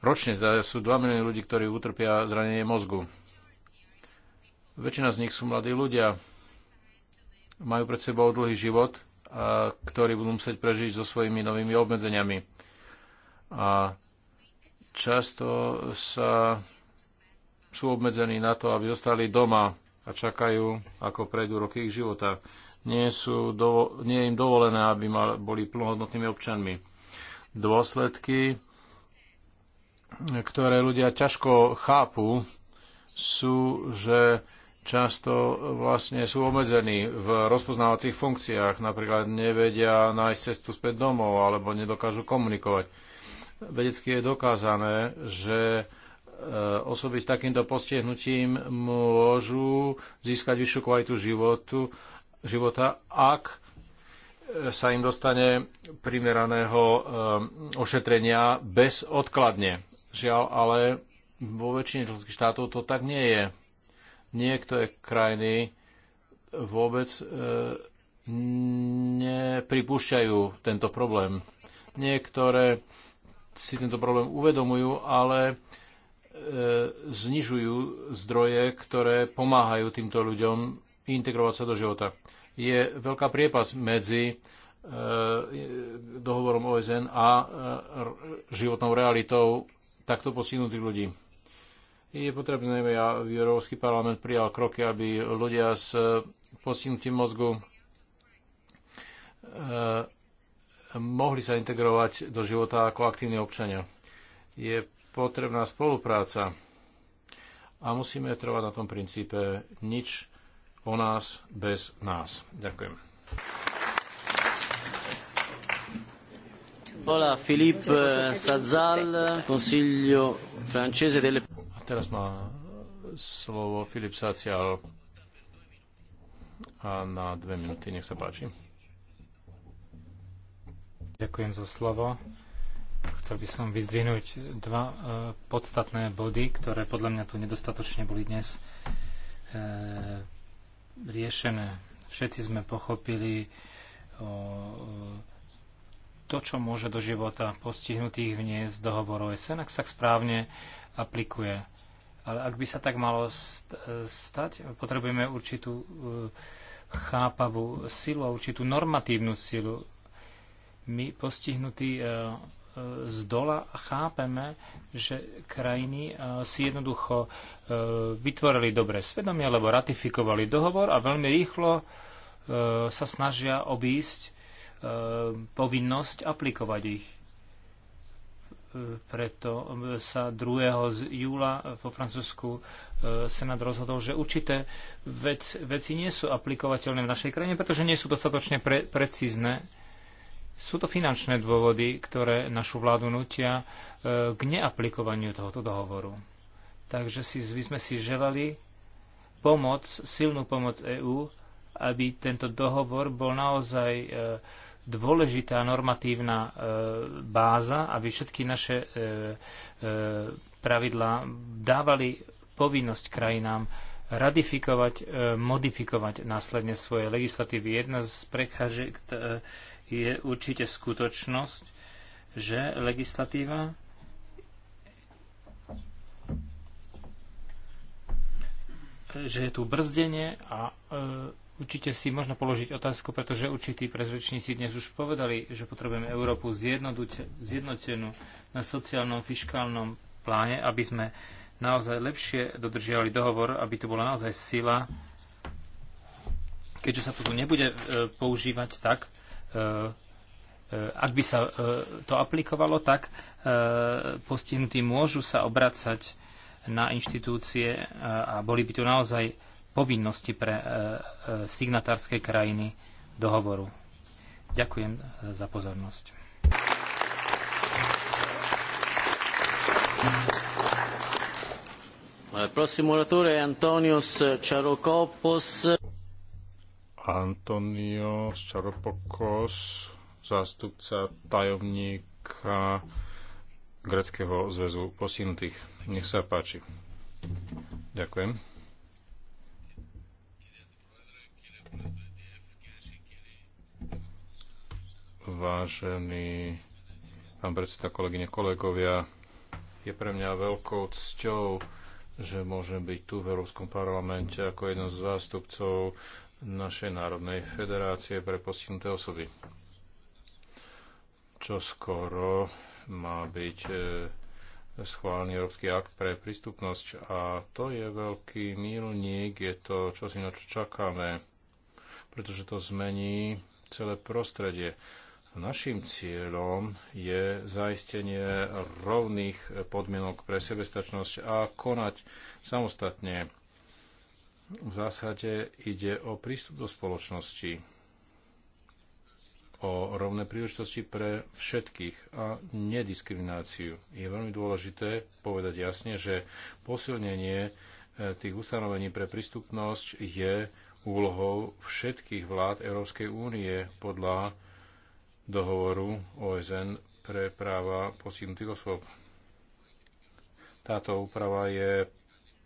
ročne, teda sú 2 milióny ľudí, ktorí utrpia zranenie mozgu. Väčšina z nich sú mladí ľudia, majú pred sebou dlhý život, a, ktorý budú musieť prežiť so svojimi novými obmedzeniami. A často sa sú obmedzení na to, aby zostali doma a čakajú, ako prejdú roky ich života. Nie, sú dovo- nie je im dovolené, aby mal, boli plnohodnotnými občanmi. Dôsledky, ktoré ľudia ťažko chápu, sú, že často vlastne sú obmedzení v rozpoznávacích funkciách. Napríklad nevedia nájsť cestu späť domov alebo nedokážu komunikovať. Vedecky je dokázané, že E, osoby s takýmto postihnutím môžu získať vyššiu kvalitu životu, života, ak sa im dostane primeraného e, ošetrenia bezodkladne. Žiaľ, ale vo väčšine členských štátov to tak nie je. Niektoré krajiny vôbec e, nepripúšťajú tento problém. Niektoré si tento problém uvedomujú, ale E, znižujú zdroje, ktoré pomáhajú týmto ľuďom integrovať sa do života. Je veľká priepas medzi e, dohovorom OSN a e, životnou realitou takto postihnutých ľudí. Je potrebné, aby Európsky parlament prijal kroky, aby ľudia s postihnutím mozgu mohli sa integrovať do života ako aktívni občania. Je potrebná spolupráca. A musíme trvať na tom princípe nič o nás bez nás. Ďakujem. Hola, Philippe eh, Sazal, Consiglio francese delle... A teraz má slovo Filip Sacial a na dve minúty, nech sa páči. Ďakujem za slovo. Chcel by som vyzdvihnúť dva e, podstatné body, ktoré podľa mňa tu nedostatočne boli dnes e, riešené. Všetci sme pochopili e, to, čo môže do života postihnutých vniesť dohovor OSN, ak sa správne aplikuje. Ale ak by sa tak malo stať, potrebujeme určitú chápavú silu a určitú normatívnu silu. My postihnutí z dola a chápeme, že krajiny e, si jednoducho e, vytvorili dobré svedomie, lebo ratifikovali dohovor a veľmi rýchlo e, sa snažia obísť povinnosť aplikovať ich. Preto sa 2. júla vo Francúzsku Senát rozhodol, že určité vec, veci nie sú aplikovateľné v našej krajine, pretože nie sú dostatočne pre, precízne sú to finančné dôvody, ktoré našu vládu nutia e, k neaplikovaniu tohoto dohovoru. Takže si, by sme si želali pomoc, silnú pomoc EÚ, aby tento dohovor bol naozaj e, dôležitá normatívna e, báza, aby všetky naše pravidlá dávali povinnosť krajinám ratifikovať, modifikovať následne svoje legislatívy. Jedna z prekážek je určite skutočnosť, že legislatíva že je tu brzdenie a e, určite si možno položiť otázku, pretože určití prezrečníci dnes už povedali, že potrebujeme Európu zjednotenú na sociálnom, fiškálnom pláne, aby sme naozaj lepšie dodržiavali dohovor, aby to bola naozaj sila, keďže sa to tu nebude e, používať tak, Eh, ak by sa eh, to aplikovalo, tak eh, postihnutí môžu sa obracať na inštitúcie a boli by tu naozaj povinnosti pre signatárske krajiny dohovoru. Ďakujem za pozornosť. Prosím, oratore Antonios Antonio Šaropokos, zástupca tajomníka Greckého zväzu posinutých. Nech sa páči. Ďakujem. Vážený pán predseda, kolegyne, kolegovia, je pre mňa veľkou cťou, že môžem byť tu v Európskom parlamente ako jeden z zástupcov našej Národnej federácie pre postihnuté osoby. Čo skoro má byť e, schválený Európsky akt pre prístupnosť a to je veľký milník, je to si na čo čakáme, pretože to zmení celé prostredie. Našim cieľom je zaistenie rovných podmienok pre sebestačnosť a konať samostatne v zásade ide o prístup do spoločnosti, o rovné príležitosti pre všetkých a nediskrimináciu. Je veľmi dôležité povedať jasne, že posilnenie e, tých ustanovení pre prístupnosť je úlohou všetkých vlád Európskej únie podľa dohovoru OSN pre práva postihnutých osôb. Táto úprava je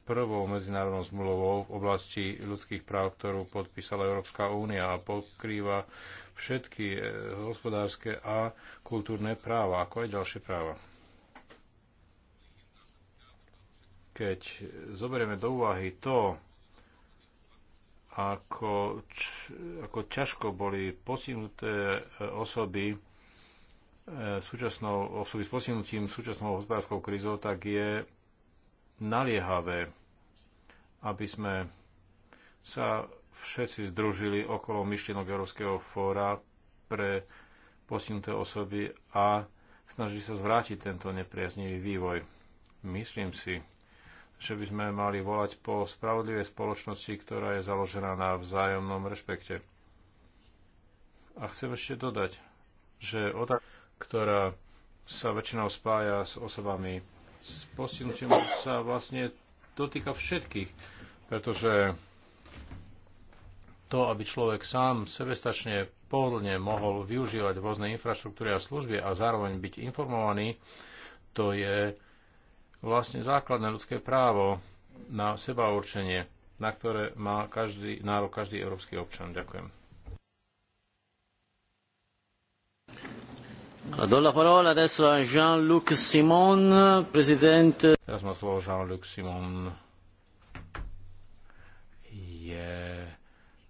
prvou medzinárodnou zmluvou v oblasti ľudských práv, ktorú podpísala Európska únia a pokrýva všetky e, hospodárske a kultúrne práva, ako aj ďalšie práva. Keď zoberieme do úvahy to, ako, č, ako ťažko boli posunuté e, osoby e, súčasnou, osoby s posunutím súčasnou hospodárskou krízou, tak je naliehavé, aby sme sa všetci združili okolo myšlienok Európskeho fóra pre postihnuté osoby a snažili sa zvrátiť tento nepriaznivý vývoj. Myslím si, že by sme mali volať po spravodlivej spoločnosti, ktorá je založená na vzájomnom rešpekte. A chcem ešte dodať, že otázka, ktorá sa väčšinou spája s osobami s postihnutím sa vlastne dotýka všetkých, pretože to, aby človek sám sebestačne pohodlne mohol využívať rôzne infraštruktúry a služby a zároveň byť informovaný, to je vlastne základné ľudské právo na seba určenie, na ktoré má každý nárok, každý európsky občan. Ďakujem. Jean-Luc Simon, prezident... Teraz má slovo Jean-Luc Simon. Je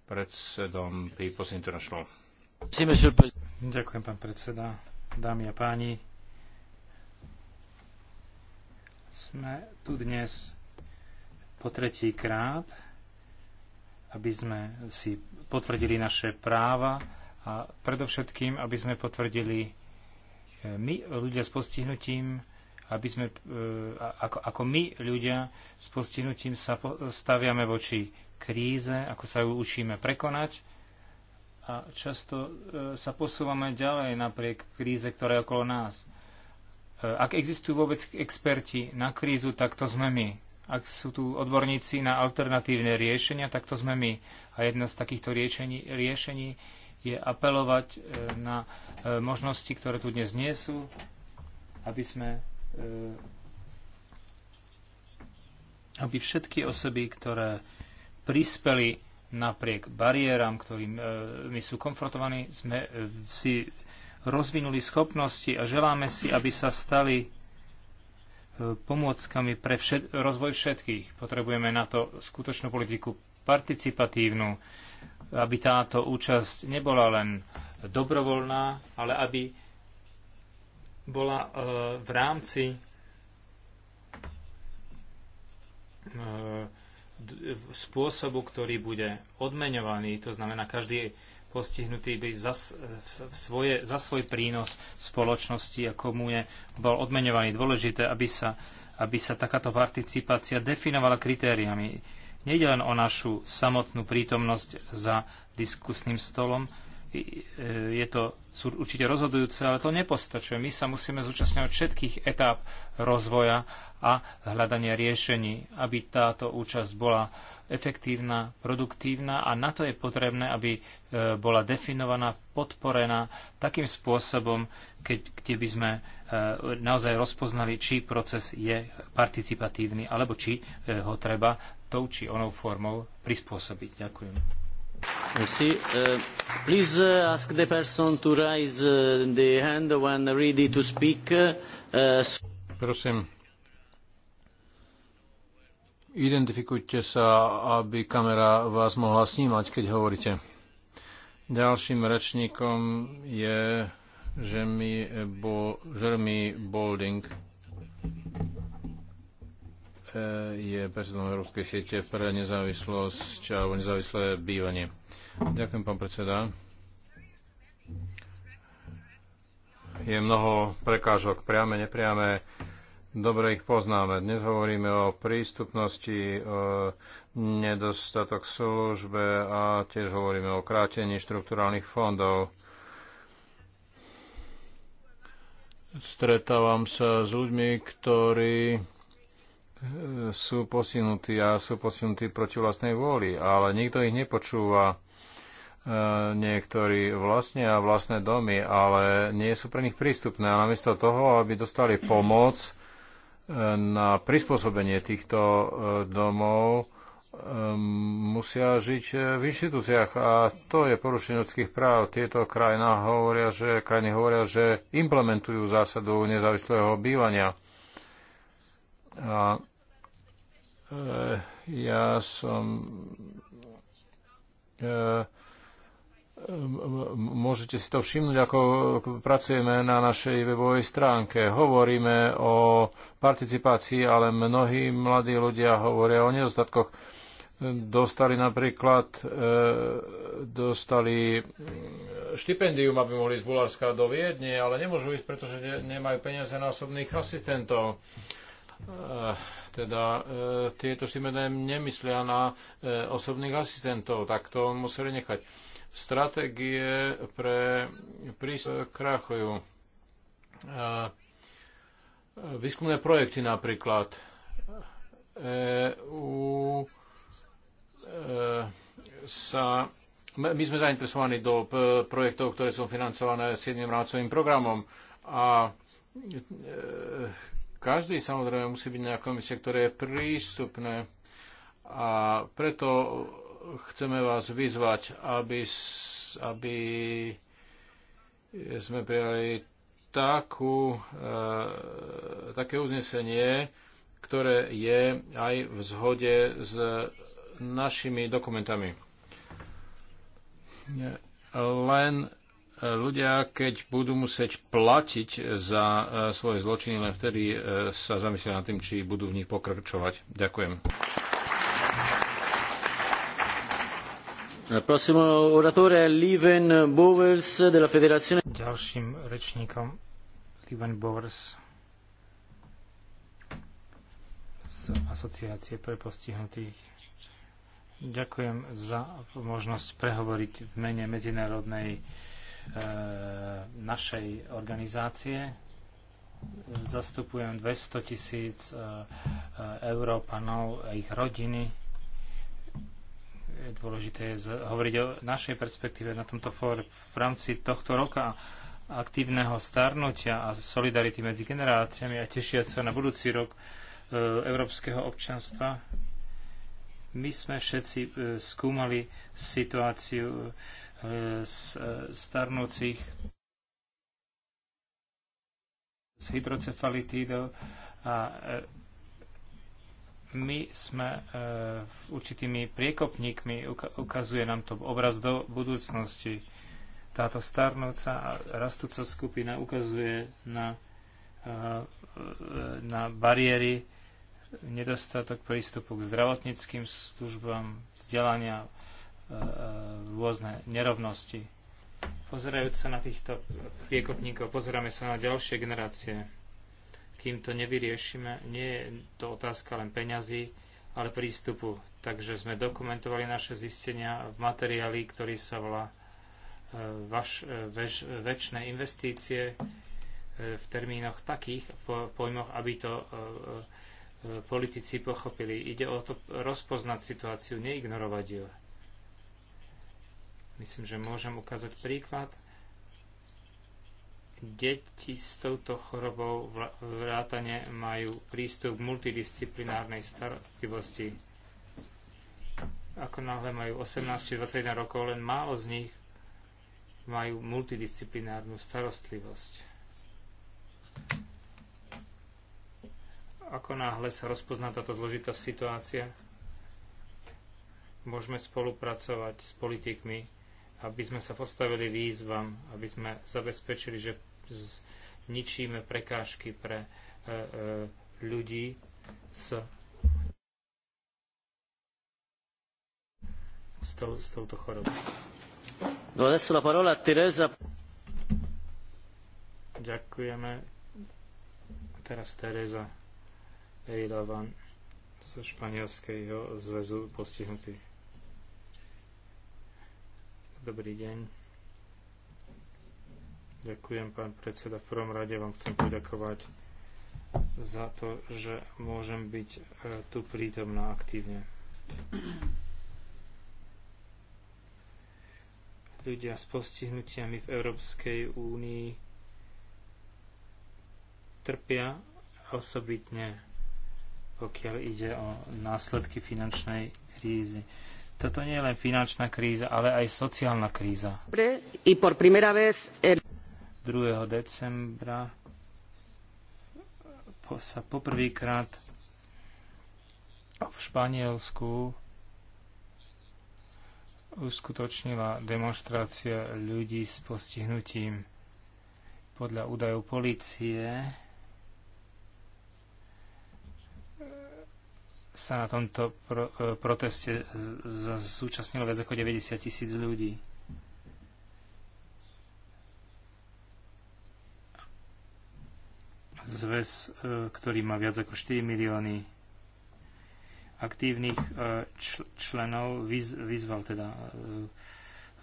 predsedom People's International. Ďakujem, pán predseda. Dámy a páni, sme tu dnes po tretí krát, aby sme si potvrdili naše práva a predovšetkým, aby sme potvrdili my, ľudia s postihnutím, aby sme, e, ako, ako my, ľudia s postihnutím, sa staviame voči kríze, ako sa ju učíme prekonať a často e, sa posúvame ďalej napriek kríze, ktorá je okolo nás. E, ak existujú vôbec experti na krízu, tak to sme my. Ak sú tu odborníci na alternatívne riešenia, tak to sme my. A jedno z takýchto riešení, riešení je apelovať e, na e, možnosti, ktoré tu dnes nie sú, aby sme e, aby všetky osoby, ktoré prispeli napriek bariéram, ktorým my sú konfrontovaní, sme si rozvinuli schopnosti a želáme si, aby sa stali pomôckami pre všet, rozvoj všetkých. Potrebujeme na to skutočnú politiku participatívnu, aby táto účasť nebola len dobrovoľná, ale aby bola e, v rámci e, spôsobu, ktorý bude odmeňovaný, to znamená, každý postihnutý by za, svoje, za svoj prínos spoločnosti a je bol odmeňovaný. Dôležité, aby sa, aby sa takáto participácia definovala kritériami Nejde len o našu samotnú prítomnosť za diskusným stolom, e, je to sú určite rozhodujúce, ale to nepostačuje. My sa musíme zúčastňovať všetkých etáp rozvoja a hľadania riešení, aby táto účasť bola efektívna, produktívna a na to je potrebné, aby e, bola definovaná, podporená takým spôsobom, keď, kde by sme e, naozaj rozpoznali, či proces je participatívny alebo či ho treba tou či onou formou prispôsobiť. Ďakujem. Merci. Uh, please uh, ask the person to raise uh, the hand when ready to speak. Uh, Prosím, identifikujte sa, aby kamera vás mohla snímať, keď hovoríte. Ďalším rečníkom je Jeremy, Bo, Jeremy Bolding je predsedom Európskej siete pre nezávislosť alebo nezávislé bývanie. Ďakujem, pán predseda. Je mnoho prekážok, priame, nepriame. Dobre ich poznáme. Dnes hovoríme o prístupnosti, o nedostatok službe a tiež hovoríme o krátení štrukturálnych fondov. Stretávam sa s ľuďmi, ktorí sú posunutí a sú posunutí proti vlastnej vôli, ale nikto ich nepočúva. E, niektorí vlastne a vlastné domy, ale nie sú pre nich prístupné. A namiesto toho, aby dostali pomoc e, na prispôsobenie týchto e, domov, musia žiť v inštitúciách a to je porušenie ľudských práv. Tieto krajina hovoria, že, krajiny hovoria, že implementujú zásadu nezávislého bývania. A Eh, ja som... Eh, môžete si to všimnúť, ako pracujeme na našej webovej stránke. Hovoríme o participácii, ale mnohí mladí ľudia hovoria o nedostatkoch. Dostali napríklad eh, dostali mm, štipendium, aby mohli z Bulharska do Viedne, ale nemôžu ísť, pretože nemajú peniaze na osobných asistentov teda e, tieto Šimené nemyslia na e, osobných asistentov, tak to museli nechať. Stratégie pre prísť krachujú. E, výskumné projekty napríklad. e, e sa my sme zainteresovaní do e, projektov, ktoré sú financované s jedným rámcovým programom a e, každý samozrejme musí byť nejaká komisia, ktoré je prístupné a preto chceme vás vyzvať, aby, aby sme prijali takú, e, také uznesenie, ktoré je aj v zhode s našimi dokumentami. Len ľudia, keď budú musieť platiť za e, svoje zločiny, len vtedy e, sa zamyslia nad tým, či budú v nich pokračovať. Ďakujem. Ďalším rečníkom Liven Bowers z Asociácie pre postihnutých. Ďakujem za možnosť prehovoriť v mene Medzinárodnej uh, Eh, našej organizácie. Zastupujem 200 tisíc eh, eh, Európanov a ich rodiny. Je dôležité je hovoriť o našej perspektíve na tomto fóre v rámci tohto roka aktívneho starnutia a solidarity medzi generáciami a tešiať sa na budúci rok európskeho občanstva. My sme všetci skúmali situáciu starnúcich z hydrocefalitídov a e, my sme e, určitými priekopníkmi, ukazuje nám to obraz do budúcnosti. Táto starnúca a rastúca skupina ukazuje na, e, na bariéry, nedostatok prístupu k zdravotníckým službám, vzdelania, E, e, rôzne nerovnosti. Pozerajúc sa na týchto priekopníkov, pozeráme sa na ďalšie generácie. Kým to nevyriešime, nie je to otázka len peňazí, ale prístupu. Takže sme dokumentovali naše zistenia v materiáli, ktorý sa volá e, vaš, väž, väčšie investície v termínoch takých po, pojmoch, aby to politici pochopili. Ide o to rozpoznať situáciu, neignorovať ju. Myslím, že môžem ukázať príklad. Deti s touto chorobou vrátane majú prístup k multidisciplinárnej starostlivosti. Ako náhle majú 18 či 21 rokov, len málo z nich majú multidisciplinárnu starostlivosť. Ako náhle sa rozpozná táto zložitá situácia, môžeme spolupracovať s politikmi aby sme sa postavili výzvam, aby sme zabezpečili, že zničíme prekážky pre e, e, ľudí s, s, tou, s touto chorobou. Teresa. Ďakujeme. Teraz Teresa Eilavan zo Španielského zväzu postihnutých. Dobrý deň. Ďakujem, pán predseda. V prvom rade vám chcem poďakovať za to, že môžem byť e, tu prítomná aktívne. Ľudia s postihnutiami v Európskej únii trpia osobitne, pokiaľ ide o následky finančnej krízy. Toto nie je len finančná kríza, ale aj sociálna kríza. 2. decembra sa poprvýkrát v Španielsku uskutočnila demonstrácia ľudí s postihnutím podľa údajov policie sa na tomto pro, e, proteste zúčastnilo viac ako 90 tisíc ľudí. Zväz, e, ktorý má viac ako 4 milióny aktívnych e, členov, vyzval teda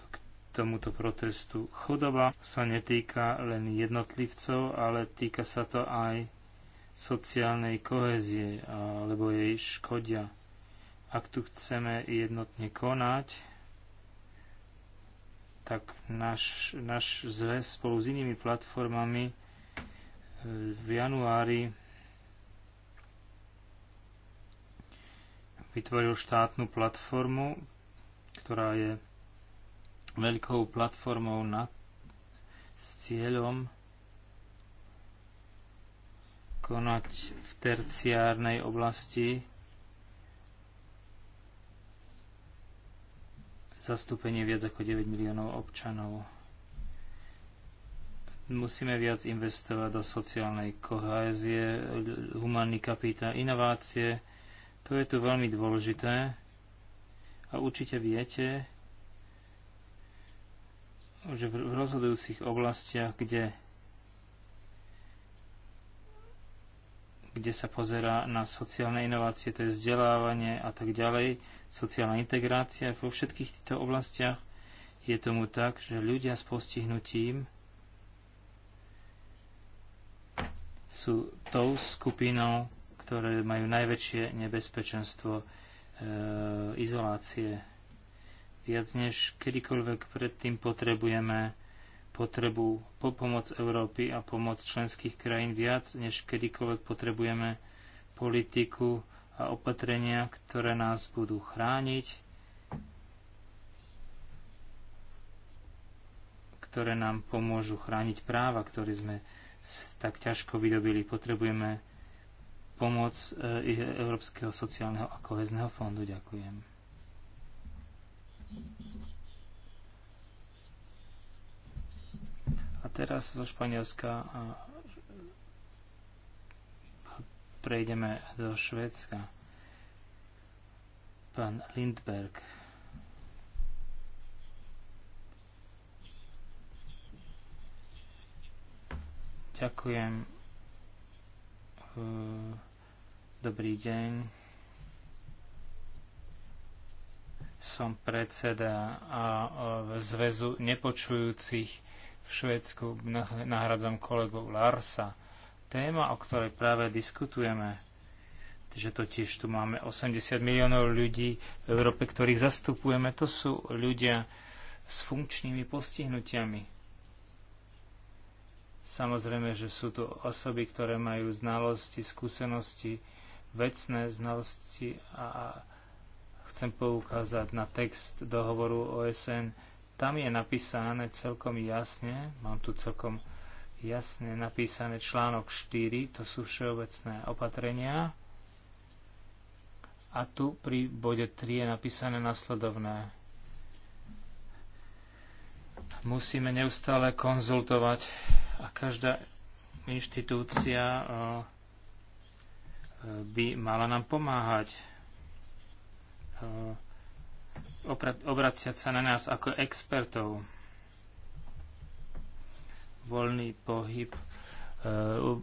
k tomuto protestu. Chodoba sa netýka len jednotlivcov, ale týka sa to aj sociálnej kohezie alebo jej škodia. Ak tu chceme jednotne konať, tak náš, náš zväz spolu s inými platformami e, v januári vytvoril štátnu platformu, ktorá je veľkou platformou na, s cieľom konať v terciárnej oblasti zastúpenie viac ako 9 miliónov občanov. Musíme viac investovať do sociálnej kohézie, humánny kapitál, inovácie. To je tu veľmi dôležité. A určite viete, že v rozhodujúcich oblastiach, kde kde sa pozerá na sociálne inovácie, to je vzdelávanie a tak ďalej, sociálna integrácia. Vo všetkých týchto oblastiach je tomu tak, že ľudia s postihnutím sú tou skupinou, ktoré majú najväčšie nebezpečenstvo e, izolácie. Viac než kedykoľvek predtým potrebujeme potrebu po pomoc Európy a pomoc členských krajín viac, než kedykoľvek potrebujeme politiku a opatrenia, ktoré nás budú chrániť, ktoré nám pomôžu chrániť práva, ktoré sme tak ťažko vydobili. Potrebujeme pomoc eh, Európskeho sociálneho a kohezného fondu. Ďakujem. A teraz zo Španielska prejdeme do Švédska. Pán Lindberg. Ďakujem. Eh, dobrý deň. Som predseda a eh, zväzu nepočujúcich v Švedsku. Nahradzam kolegu Larsa. Téma, o ktorej práve diskutujeme, že totiž tu máme 80 miliónov ľudí v Európe, ktorých zastupujeme, to sú ľudia s funkčnými postihnutiami. Samozrejme, že sú tu osoby, ktoré majú znalosti, skúsenosti, vecné znalosti a chcem poukázať na text dohovoru OSN tam je napísané celkom jasne, mám tu celkom jasne napísané článok 4, to sú všeobecné opatrenia. A tu pri bode 3 je napísané nasledovné. Musíme neustále konzultovať a každá inštitúcia e, e, by mala nám pomáhať e, obraciať sa na nás ako expertov. Voľný pohyb, e,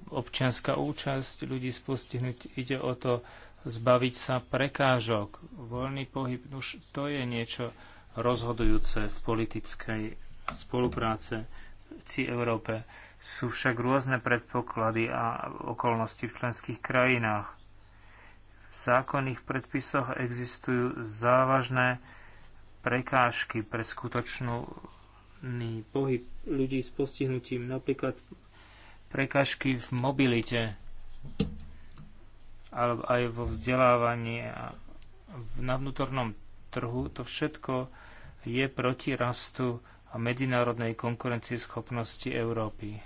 občianská účasť ľudí s ide o to zbaviť sa prekážok. Voľný pohyb, už to je niečo rozhodujúce v politickej spolupráce v Európe. Sú však rôzne predpoklady a okolnosti v členských krajinách. V zákonných predpisoch existujú závažné prekážky pre skutočný pohyb ľudí s postihnutím, napríklad prekážky v mobilite, alebo aj vo vzdelávaní a na vnútornom trhu, to všetko je proti rastu a medzinárodnej konkurencieschopnosti Európy.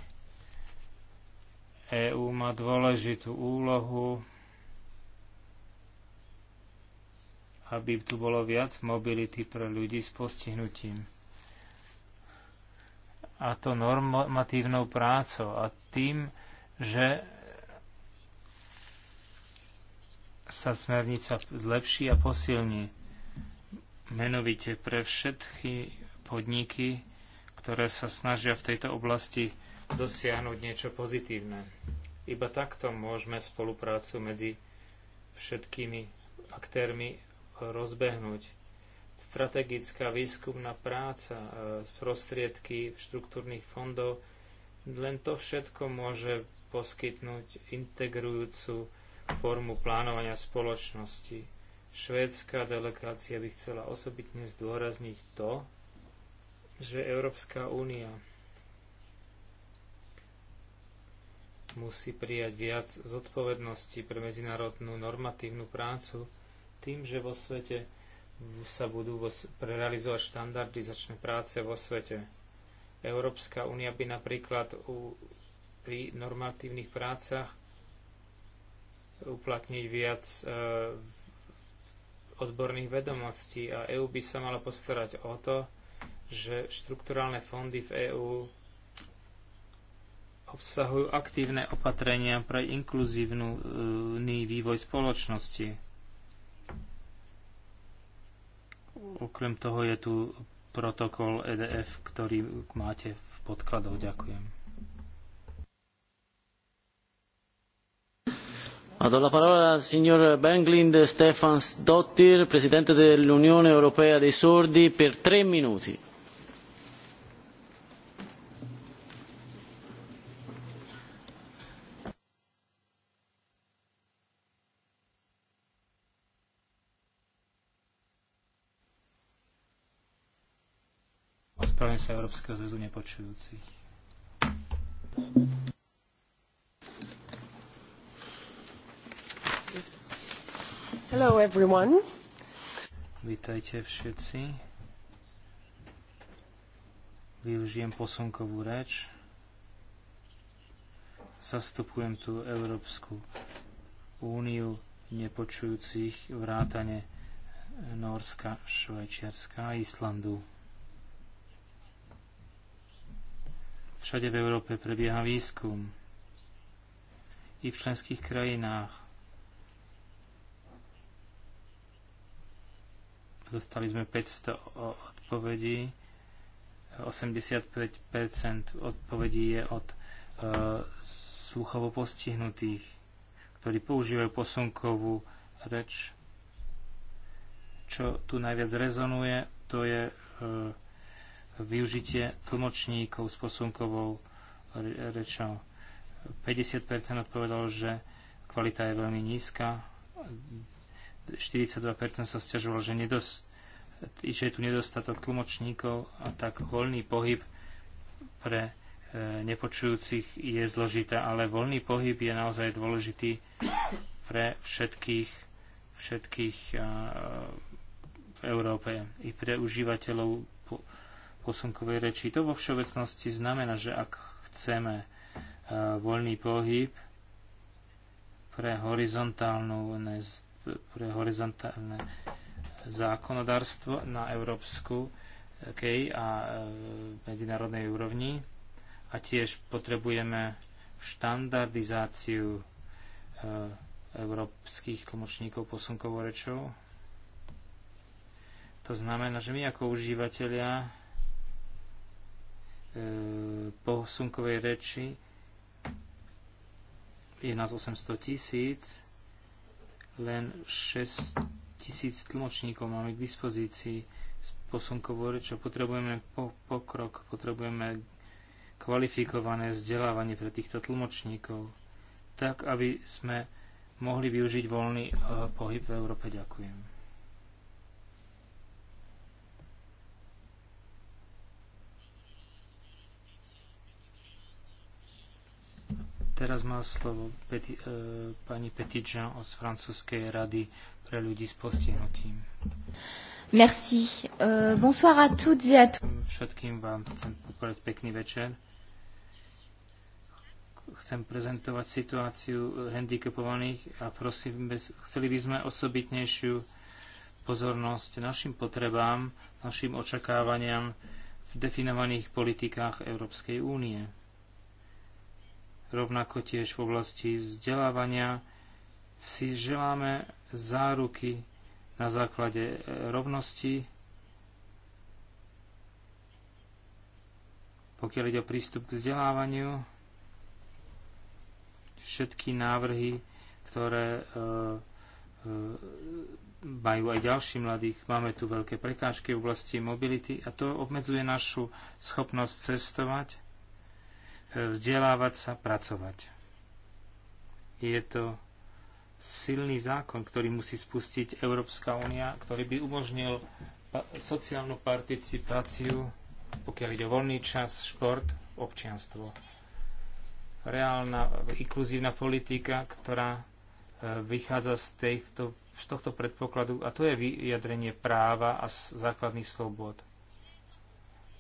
EÚ má dôležitú úlohu aby tu bolo viac mobility pre ľudí s postihnutím. A to normatívnou prácou a tým, že sa smernica zlepší a posilní. Menovite pre všetky podniky, ktoré sa snažia v tejto oblasti dosiahnuť niečo pozitívne. Iba takto môžeme spoluprácu medzi všetkými aktérmi rozbehnúť. Strategická výskumná práca, e, prostriedky štruktúrnych fondov, len to všetko môže poskytnúť integrujúcu formu plánovania spoločnosti. Švédska delegácia by chcela osobitne zdôrazniť to, že Európska únia musí prijať viac zodpovednosti pre medzinárodnú normatívnu prácu, tým, že vo svete sa budú realizovať štandardizačné práce vo svete. Európska únia by napríklad u, pri normatívnych prácach uplatniť viac e, odborných vedomostí a EÚ by sa mala postarať o to, že štrukturálne fondy v EÚ obsahujú aktívne opatrenia pre inkluzívny e, vývoj spoločnosti. Okrem toho je tu protokol EDF, ktorý máte v podkladoch. Ďakujem. Ha dato la parola al signor Benglind Stefans Dottir, presidente dell'Unione Europea dei Sordi, per tre minuti. sa Európskeho zväzu nepočujúcich. Hello everyone. Vítajte všetci. Využijem posunkovú reč. Zastupujem tu Európsku úniu nepočujúcich vrátane Norska, Švajčiarska a Islandu. Všade v Európe prebieha výskum. I v členských krajinách. Dostali sme 500 odpovedí. 85% odpovedí je od e, sluchovo postihnutých, ktorí používajú posunkovú reč. Čo tu najviac rezonuje, to je e, využitie tlmočníkov s posunkovou rečou. 50% odpovedalo, že kvalita je veľmi nízka. 42% sa stiažovalo, že, nedost, že je tu nedostatok tlmočníkov a tak voľný pohyb pre e, nepočujúcich je zložité, ale voľný pohyb je naozaj dôležitý pre všetkých, všetkých v Európe i pre užívateľov posunkovej reči. To vo všeobecnosti znamená, že ak chceme e, voľný pohyb pre horizontálnu pre horizontálne zákonodárstvo na európsku okay, a e, medzinárodnej úrovni a tiež potrebujeme štandardizáciu e, európskych tlmočníkov posunkovou rečou. To znamená, že my ako užívateľia E, posunkovej reči. Je nás 800 tisíc, len 6 tisíc tlmočníkov máme k dispozícii z posunkovou rečou. Potrebujeme po, pokrok, potrebujeme kvalifikované vzdelávanie pre týchto tlmočníkov, tak aby sme mohli využiť voľný e, pohyb v Európe. Ďakujem. Teraz má slovo Peti, e, pani Petitjean z francúzskej rady pre ľudí s postihnutím. Merci. Uh, bonsoir à toutes et à tous. Všetkým vám chcem popoľať pekný večer. Chcem prezentovať situáciu handicapovaných a prosím, chceli by sme osobitnejšiu pozornosť našim potrebám, našim očakávaniam v definovaných politikách Európskej únie rovnako tiež v oblasti vzdelávania, si želáme záruky na základe e, rovnosti, pokiaľ ide o prístup k vzdelávaniu, všetky návrhy, ktoré e, e, majú aj ďalší mladých. Máme tu veľké prekážky v oblasti mobility a to obmedzuje našu schopnosť cestovať vzdelávať sa, pracovať. Je to silný zákon, ktorý musí spustiť Európska únia, ktorý by umožnil sociálnu participáciu, pokiaľ ide o voľný čas, šport, občianstvo. Reálna inkluzívna politika, ktorá e, vychádza z, tejto, z tohto predpokladu a to je vyjadrenie práva a základných slobod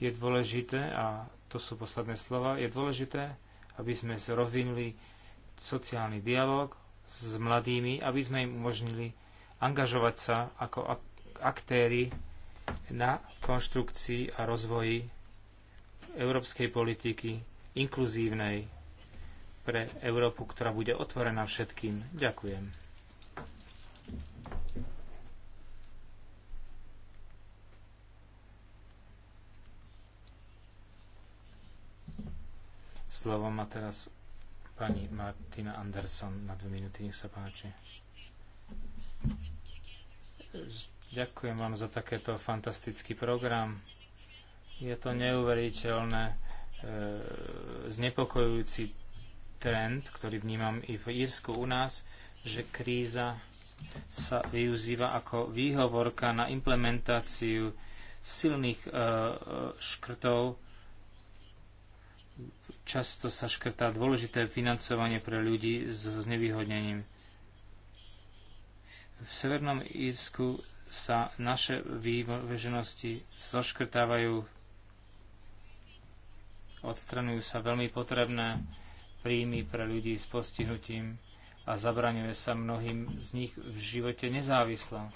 je dôležité, a to sú posledné slova, je dôležité, aby sme zrovinili sociálny dialog s mladými, aby sme im umožnili angažovať sa ako aktéry na konštrukcii a rozvoji európskej politiky inkluzívnej pre Európu, ktorá bude otvorená všetkým. Ďakujem. Slovo má teraz pani Martina Anderson na dve minúty, nech sa páči. Ďakujem vám za takéto fantastický program. Je to neuveriteľné, e, znepokojujúci trend, ktorý vnímam i v Írsku u nás, že kríza sa využíva ako výhovorka na implementáciu silných e, e škrtov často sa škrtá dôležité financovanie pre ľudí s znevýhodnením. V Severnom Írsku sa naše výveženosti zoškrtávajú, odstraňujú sa veľmi potrebné príjmy pre ľudí s postihnutím a zabraňuje sa mnohým z nich v živote nezávislo.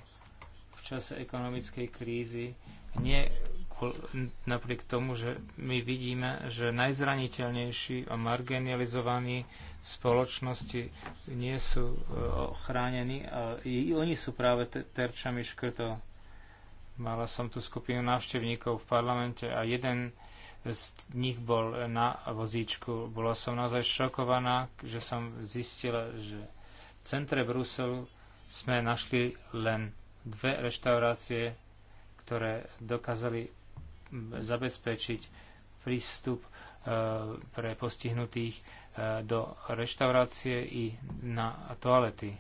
V čase ekonomickej krízy nie napriek tomu, že my vidíme, že najzraniteľnejší a marginalizovaní v spoločnosti nie sú e, ochránení. a oni sú práve terčami škrtov. Mala som tu skupinu návštevníkov v parlamente a jeden z nich bol na vozíčku. Bola som naozaj šokovaná, že som zistila, že v centre Bruselu sme našli len dve reštaurácie, ktoré dokázali zabezpečiť prístup e, pre postihnutých e, do reštaurácie i na toalety.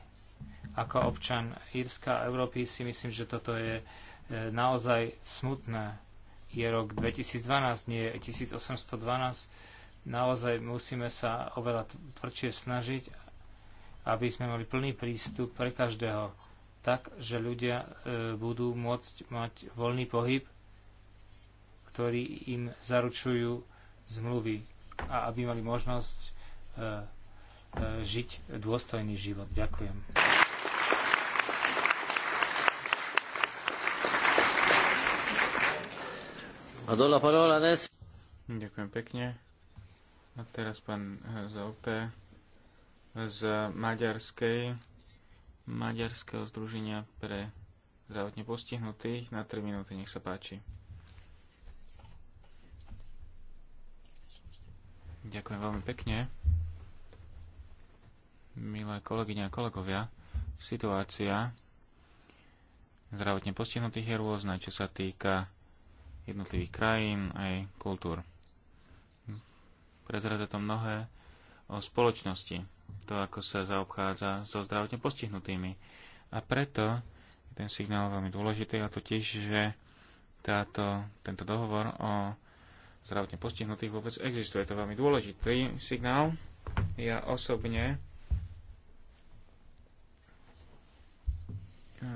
Ako občan Írska a Európy si myslím, že toto je e, naozaj smutné. Je rok 2012, nie 1812. Naozaj musíme sa oveľa tvrdšie snažiť, aby sme mali plný prístup pre každého, tak, že ľudia budú môcť mať voľný pohyb ktorí im zaručujú zmluvy a aby mali možnosť e, e, žiť dôstojný život. Ďakujem. Ďakujem pekne. A teraz pán e, Zaupe z Maďarskej, Maďarského združenia pre zdravotne postihnutých na 3 minúty. Nech sa páči. Ďakujem veľmi pekne. Milé kolegyne a kolegovia, situácia zdravotne postihnutých je rôzna, čo sa týka jednotlivých krajín aj kultúr. Prezradza to mnohé o spoločnosti, to ako sa zaobchádza so zdravotne postihnutými. A preto je ten signál veľmi dôležitý a totiž, že táto, tento dohovor o zdravotne postihnutých vôbec existuje. To je veľmi dôležitý signál. Ja osobne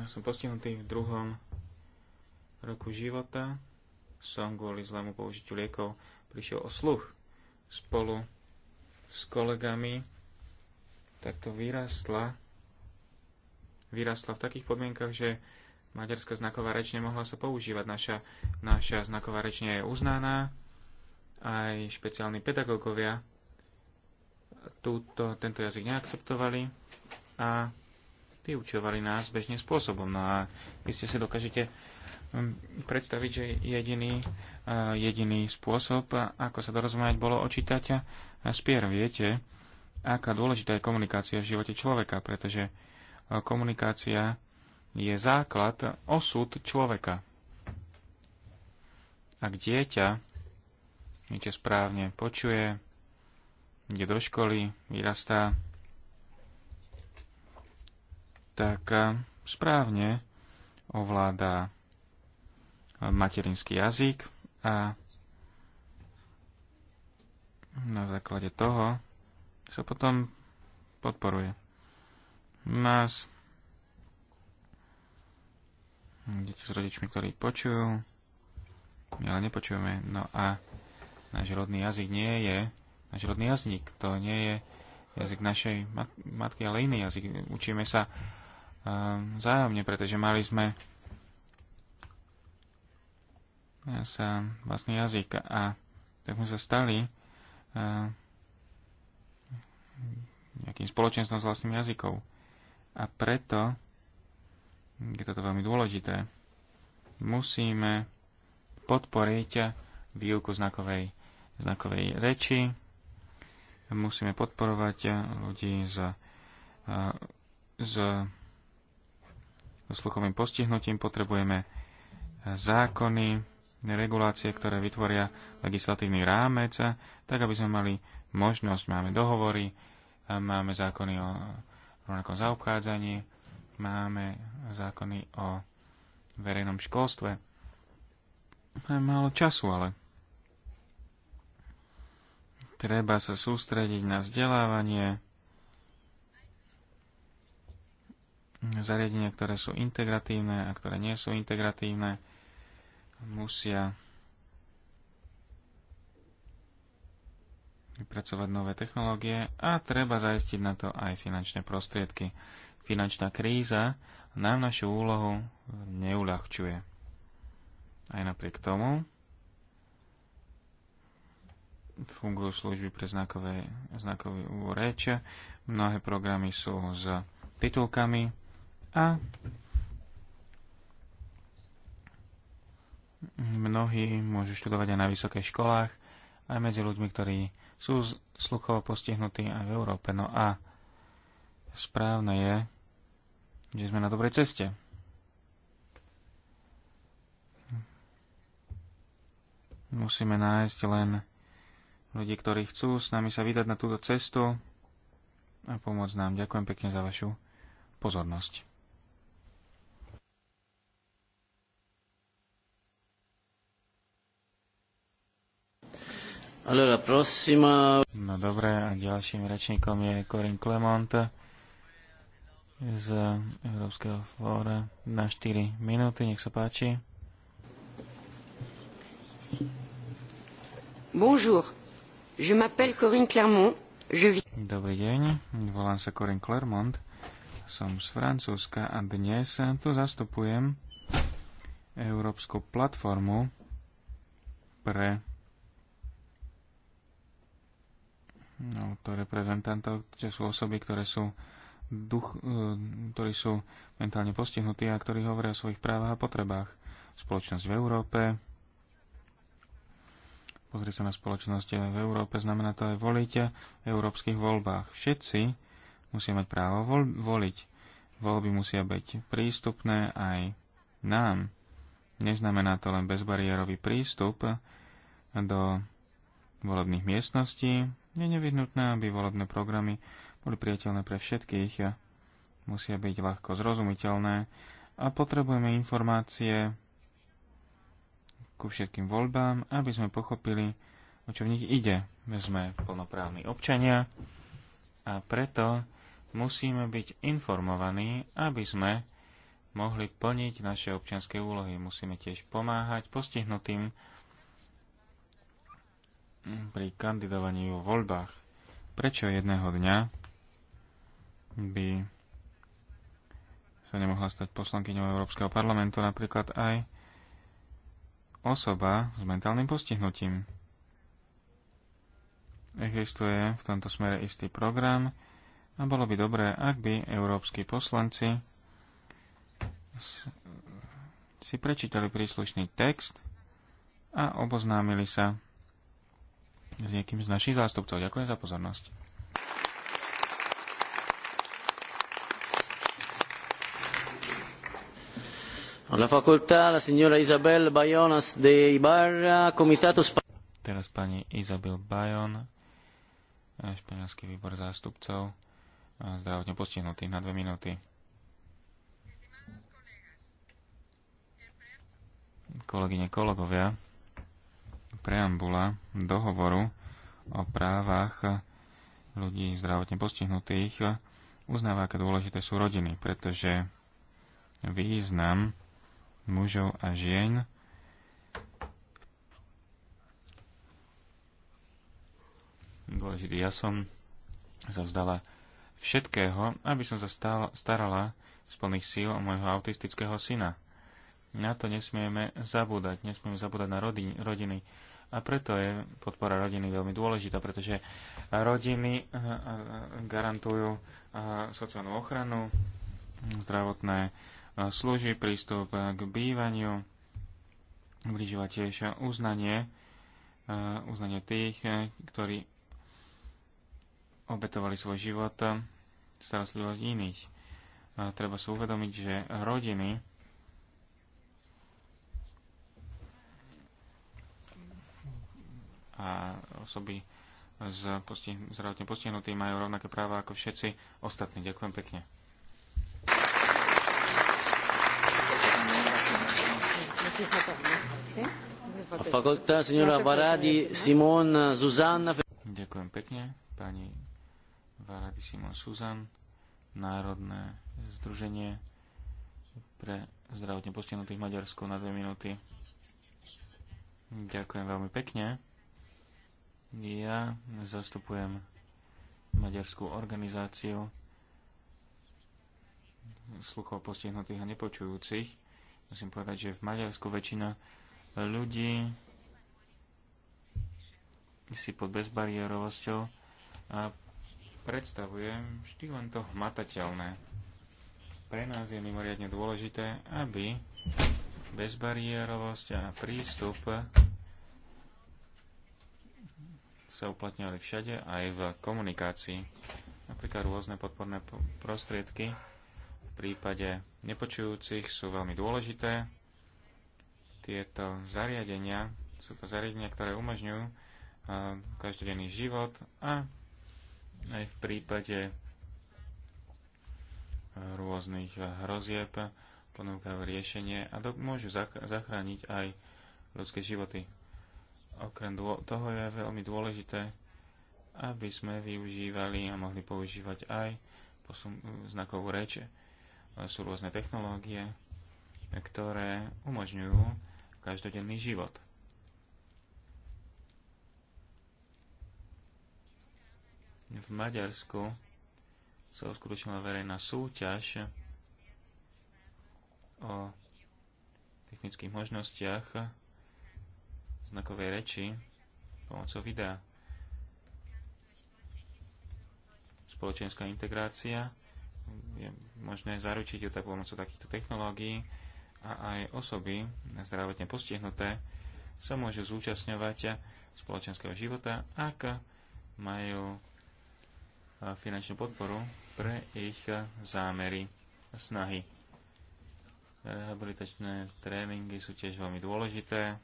som postihnutý v druhom roku života. Som kvôli zlému použitiu liekov prišiel o sluch spolu s kolegami. Takto vyrastla vyrastla v takých podmienkach, že maďarská znaková reč nemohla sa používať. Naša, naša znaková reč nie je uznána, aj špeciálni pedagógovia túto, tento jazyk neakceptovali a vyučovali nás bežným spôsobom. No a vy ste si dokážete hm, predstaviť, že jediný, eh, jediný spôsob, ako sa dorozumieť, bolo očítať a spier. Viete, aká dôležitá je komunikácia v živote človeka, pretože eh, komunikácia je základ, osud človeka. Ak dieťa dieťa správne počuje, ide do školy, vyrastá, tak eh, správne ovláda eh, materinský jazyk a na základe toho sa potom podporuje. Nás deti s rodičmi, ktorí počujú, ale nepočujeme. No a Náš rodný jazyk nie je, náš rodný jazyk to nie je jazyk našej mat- matky, ale iný jazyk. Učíme sa um, vzájomne, pretože mali sme ja sa vlastný jazyk a tak sme sa stali uh, nejakým spoločenstvom s vlastným jazykom. A preto je toto veľmi dôležité. Musíme podporiť výuku znakovej znakovej reči. Musíme podporovať ľudí s, s sluchovým postihnutím. Potrebujeme zákony, regulácie, ktoré vytvoria legislatívny rámec, tak aby sme mali možnosť, máme dohovory, máme zákony o rovnakom zaobchádzaní, máme zákony o verejnom školstve. Máme málo času, ale Treba sa sústrediť na vzdelávanie, zariadenia, ktoré sú integratívne a ktoré nie sú integratívne, musia vypracovať nové technológie a treba zaistiť na to aj finančné prostriedky. Finančná kríza nám našu úlohu neuľahčuje. Aj napriek tomu fungujú služby pre znakové, znakovú reče. Mnohé programy sú s titulkami a mnohí môžu študovať aj na vysokých školách, aj medzi ľuďmi, ktorí sú sluchovo postihnutí aj v Európe. No a správne je, že sme na dobrej ceste. Musíme nájsť len ľudí, ktorí chcú s nami sa vydať na túto cestu a pomôcť nám. Ďakujem pekne za vašu pozornosť. No dobré, a ďalším rečníkom je Corinne Clement z Európskeho fóra na 4 minúty. Nech sa páči. Bonjour. Je m'appelle Corinne Clermont. Je... Dobrý deň, volám sa Corinne Clermont. Som z Francúzska a dnes tu zastupujem Európsku platformu pre no, to reprezentantov, čo sú osoby, ktoré sú duch, e, ktorí sú mentálne postihnutí a ktorí hovoria o svojich právach a potrebách. Spoločnosť v Európe, pozri sa na spoločnosť v Európe znamená to aj voliť v európskych voľbách. Všetci musia mať právo voliť. Voľby musia byť prístupné aj nám. Neznamená to len bezbariérový prístup do volebných miestností. Je nevyhnutné, aby volebné programy boli priateľné pre všetkých, musia byť ľahko zrozumiteľné a potrebujeme informácie ku všetkým voľbám, aby sme pochopili, o čo v nich ide. My sme plnoprávni občania a preto musíme byť informovaní, aby sme mohli plniť naše občianske úlohy. Musíme tiež pomáhať postihnutým pri kandidovaní vo voľbách. Prečo jedného dňa by sa nemohla stať poslankyňou Európskeho parlamentu napríklad aj osoba s mentálnym postihnutím. Existuje v tomto smere istý program a bolo by dobré, ak by európsky poslanci si prečítali príslušný text a oboznámili sa s niekým z našich zástupcov. Ďakujem za pozornosť. La facoltà la signora Isabel Bayonas de Ibarra, Comitato Spaniolo. Teraz pani Isabel Bayon, eh, Španielský výbor zástupcov eh, zdravotne postihnutý na dve minúty. Kolegyne, kolegovia, preambula dohovoru o právach ľudí zdravotne postihnutých uznáva, aké dôležité sú rodiny, pretože význam mužov a žien. Dôležitý, ja som sa vzdala všetkého, aby som sa starala z plných síl o môjho autistického syna. Na to nesmieme zabúdať, nesmieme zabúdať na rodin, rodiny. A preto je podpora rodiny veľmi dôležitá, pretože rodiny eh, eh, garantujú eh, sociálnu ochranu, zdravotné slúži prístup k bývaniu, ubližila tiež uznanie, uznanie tých, ktorí obetovali svoj život starostlivosť iných. Treba si uvedomiť, že rodiny a osoby s zdravotne postihnutí majú rovnaké práva ako všetci ostatní. Ďakujem pekne. Fakulta signora Varadi Simon Zuzanna. Ďakujem pekne, pani Varadi Simon Suzan, Národné združenie pre zdravotne postihnutých Maďarsku na dve minúty. Ďakujem veľmi pekne. Ja zastupujem maďarskú organizáciu sluchov postihnutých a nepočujúcich Musím povedať, že v Maďarsku väčšina ľudí si pod bezbariérovosťou a predstavuje vždy len to hmatateľné. Pre nás je mimoriadne dôležité, aby bezbariérovosť a prístup sa uplatňovali všade, aj v komunikácii. Napríklad rôzne podporné prostriedky prípade nepočujúcich sú veľmi dôležité. Tieto zariadenia sú to zariadenia, ktoré umožňujú každodenný život a aj v prípade rôznych hrozieb ponúkajú riešenie a môžu zachrániť aj ľudské životy. Okrem toho je veľmi dôležité, aby sme využívali a mohli používať aj posun- znakovú reče sú rôzne technológie, ktoré umožňujú každodenný život. V Maďarsku sa uskutočnila verejná súťaž o technických možnostiach znakovej reči pomocou videa. Spoločenská integrácia je možné zaručiť ju tak pomocou takýchto technológií a aj osoby zdravotne postihnuté sa môžu zúčastňovať spoločenského života, ak majú e, finančnú podporu pre ich zámery a snahy. Rehabilitačné tréningy sú tiež veľmi dôležité,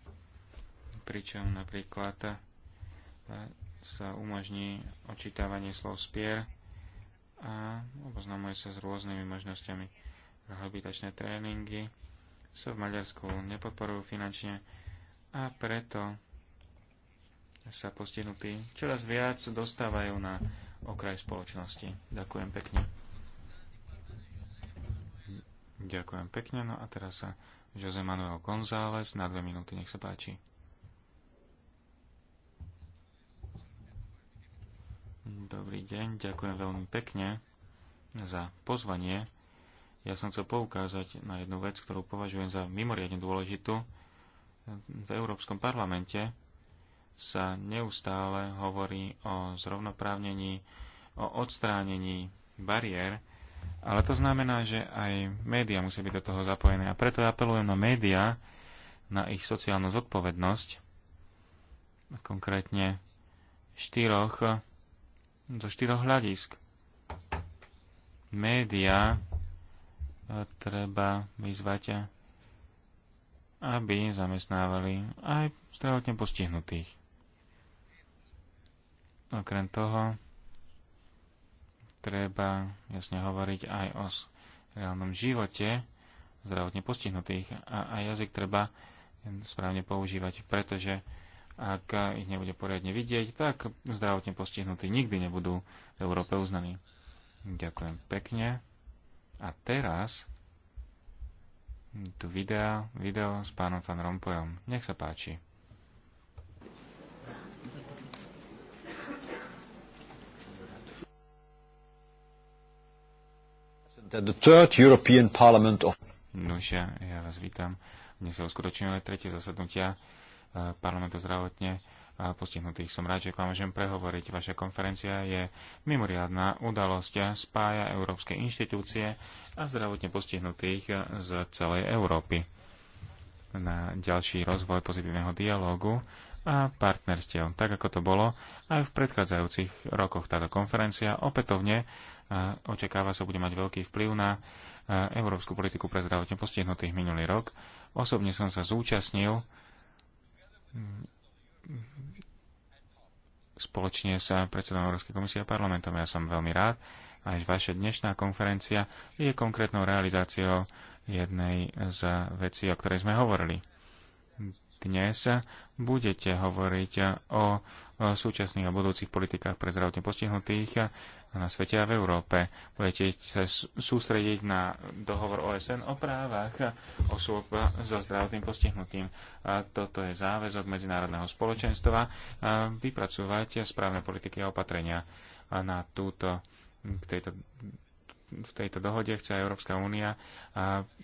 pričom napríklad e, sa umožní očítavanie slov spier a oboznamuje sa s rôznymi možnosťami. Rehabilitačné tréningy sa v Maďarsku nepodporujú finančne a preto sa postihnutí čoraz viac dostávajú na okraj spoločnosti. Ďakujem pekne. Ďakujem pekne. No a teraz sa Jose Manuel González na dve minúty, nech sa páči. Dobrý deň, ďakujem veľmi pekne za pozvanie. Ja som chcel poukázať na jednu vec, ktorú považujem za mimoriadne dôležitú. V Európskom parlamente sa neustále hovorí o zrovnoprávnení, o odstránení bariér, ale to znamená, že aj médiá musia byť do toho zapojené. A preto apelujem na médiá, na ich sociálnu zodpovednosť, konkrétne štyroch zo štyroch hľadisk. Média e, treba vyzvať, aby zamestnávali aj zdravotne postihnutých. Okrem toho treba jasne hovoriť aj o reálnom živote zdravotne postihnutých a, a jazyk treba správne používať, pretože ak ich nebude poriadne vidieť, tak zdravotne postihnutí nikdy nebudú v Európe uznaní. Ďakujem pekne. A teraz tu video, video s pánom Van Rompuyom. Nech sa páči. The third European Parliament of... ja vás vítam. Dnes sa uskutočňuje tretie zasadnutia parlamentu zdravotne postihnutých. Som rád, že k vám môžem prehovoriť. Vaša konferencia je mimoriadná udalosť, spája európske inštitúcie a zdravotne postihnutých z celej Európy na ďalší rozvoj pozitívneho dialógu a partnerstiev, tak ako to bolo aj v predchádzajúcich rokoch. Táto konferencia opätovne očakáva sa bude mať veľký vplyv na európsku politiku pre zdravotne postihnutých minulý rok. Osobne som sa zúčastnil spoločne sa predsedom Európskej komisie a parlamentom. Ja som veľmi rád. Aj vaša dnešná konferencia je konkrétnou realizáciou jednej z vecí, o ktorej sme hovorili dnes budete hovoriť o súčasných a budúcich politikách pre zdravotne postihnutých na svete a v Európe. Budete sa sústrediť na dohovor OSN o právach osôb so zdravotným postihnutým. A toto je záväzok medzinárodného spoločenstva a vypracovať správne politiky a opatrenia na túto k tejto v tejto dohode chce Európska únia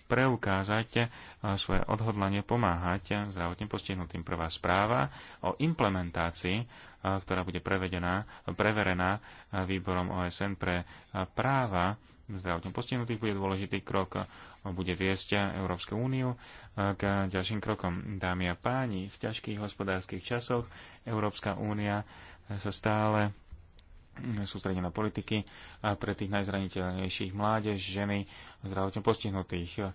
preukázať svoje odhodlanie pomáhať zdravotne postihnutým. Prvá správa o implementácii, ktorá bude prevedená, preverená výborom OSN pre práva zdravotne postihnutých, bude dôležitý krok. Bude viesť Európsku úniu k ďalším krokom. Dámy a páni, v ťažkých hospodárskych časoch Európska únia sa stále sústredené na politiky pre tých najzraniteľnejších mládež, ženy, zdravotne postihnutých.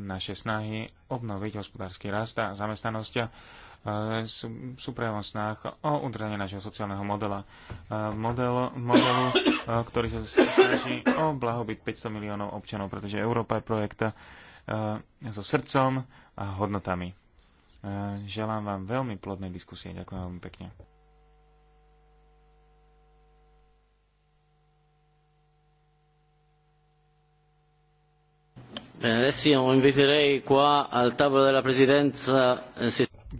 Naše snahy obnoviť hospodársky rast a zamestnanosť sú, sú prejavom snah o udržanie nášho sociálneho modela. Model, modelu, ktorý sa snaží o blahobyt 500 miliónov občanov, pretože Európa je projekt so srdcom a hodnotami. Želám vám veľmi plodnej diskusie. Ďakujem veľmi pekne. Eh, eh,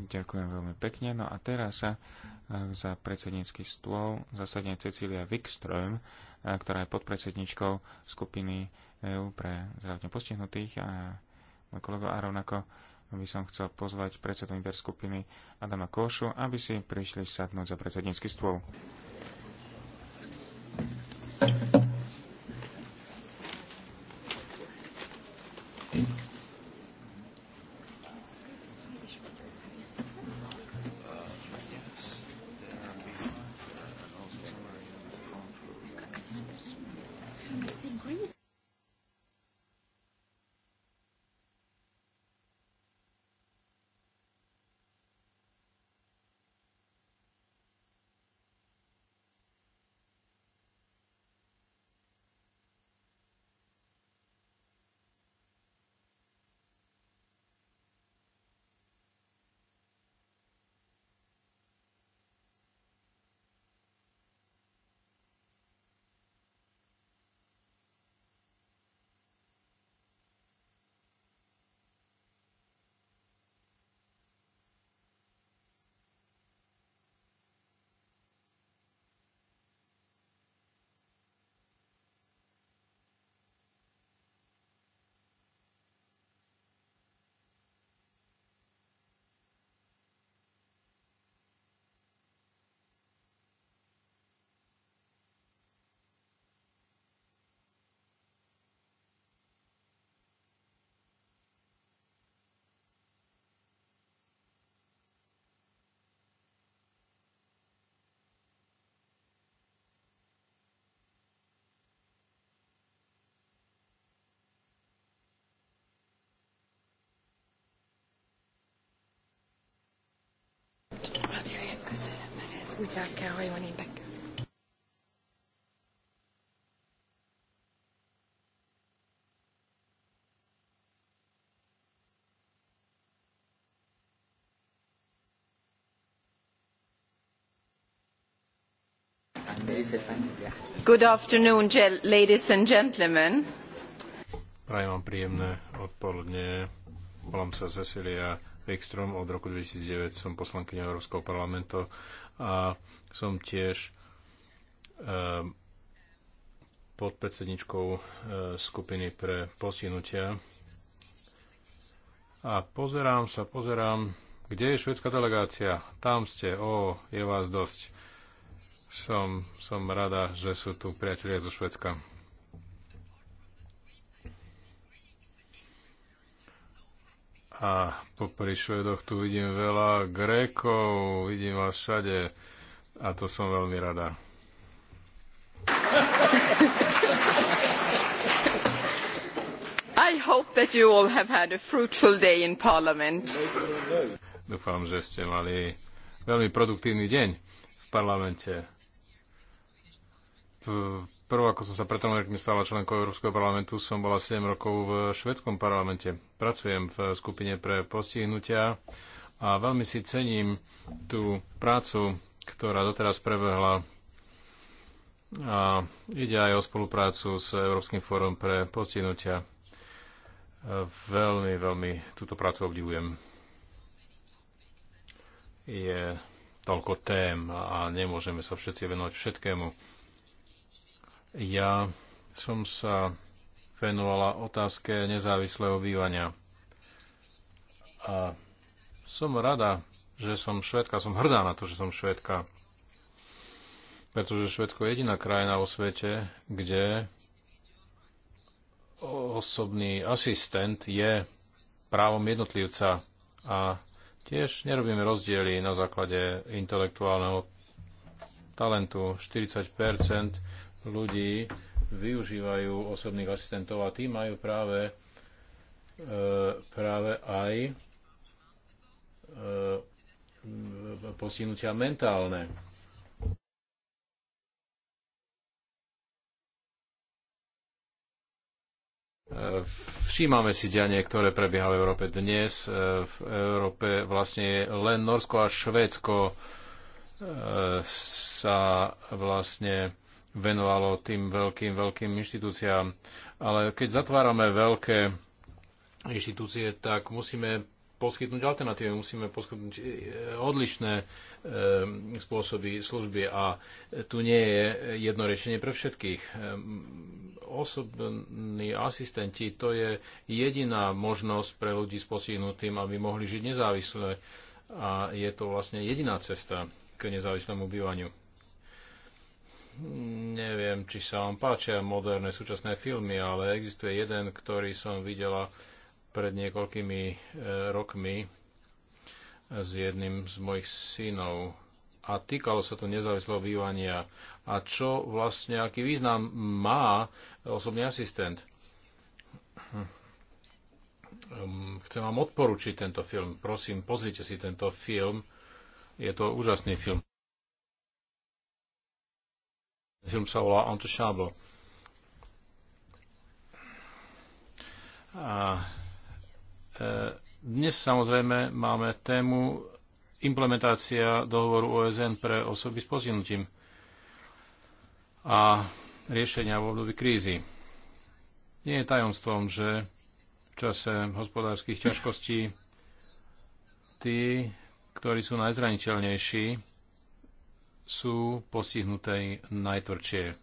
Ďakujem veľmi pekne. No a teraz sa eh, za predsednícky stôl zasadne Cecília Wikström, ktorá je podpredsedničkou skupiny EU pre zdravotne postihnutých a môj kolego a rovnako by som chcel pozvať predsedu interskupiny Adama Košu, aby si prišli sadnúť za predsednícky stôl. Uitrákká hajónének. Good afternoon, ladies and gentlemen. Prajem vám príjemné odpoludne. Volám sa Cecilia Ekstrom. Od roku 2009 som poslankyňa Európskeho parlamentu a som tiež eh, podpredsedničkou eh, skupiny pre postihnutia. A pozerám sa, pozerám, kde je švedská delegácia? Tam ste, o, je vás dosť. Som, som rada, že sú tu priatelia zo Švedska. A popri Švedoch tu vidím veľa Grékov, vidím vás všade a to som veľmi rada. I hope that you all have had a fruitful day in Parliament. Dúfam, že ste mali veľmi produktívny deň v parlamente prvú, ako som sa pred rokmi stala členkou Európskeho parlamentu, som bola 7 rokov v švedskom parlamente. Pracujem v skupine pre postihnutia a veľmi si cením tú prácu, ktorá doteraz prebehla. A ide aj o spoluprácu s Európskym fórum pre postihnutia. Veľmi, veľmi túto prácu obdivujem. Je toľko tém a nemôžeme sa všetci venovať všetkému ja som sa venovala otázke nezávislého bývania. A som rada, že som švedka, som hrdá na to, že som švedka. Pretože Švedko je jediná krajina vo svete, kde osobný asistent je právom jednotlivca a tiež nerobíme rozdiely na základe intelektuálneho talentu. 40 ľudí využívajú osobných asistentov a tí majú práve, e, práve aj e, postihnutia mentálne. Všímame si dianie, ktoré prebieha v Európe dnes. E, v Európe vlastne len Norsko a Švédsko sa vlastne venovalo tým veľkým, veľkým inštitúciám. Ale keď zatvárame veľké inštitúcie, tak musíme poskytnúť alternatívy, musíme poskytnúť e, e, odlišné e, spôsoby služby a tu nie je jedno riešenie pre všetkých. Osobní asistenti to je jediná možnosť pre ľudí s postihnutým, aby mohli žiť nezávisle a je to vlastne jediná cesta k nezávislému bývaniu neviem, či sa vám páčia moderné súčasné filmy, ale existuje jeden, ktorý som videla pred niekoľkými e, rokmi s jedným z mojich synov. A týkalo sa to nezávislého bývania. A čo vlastne, aký význam má osobný asistent? Hm. Hm, chcem vám odporučiť tento film. Prosím, pozrite si tento film. Je to úžasný film. Film sa volá Untouchable. A e, dnes samozrejme máme tému implementácia dohovoru OSN pre osoby s postihnutím a riešenia v období krízy. Nie je tajomstvom, že v čase hospodárskych ťažkostí tí, ktorí sú najzraniteľnejší, sú postihnuté najtvrdšie.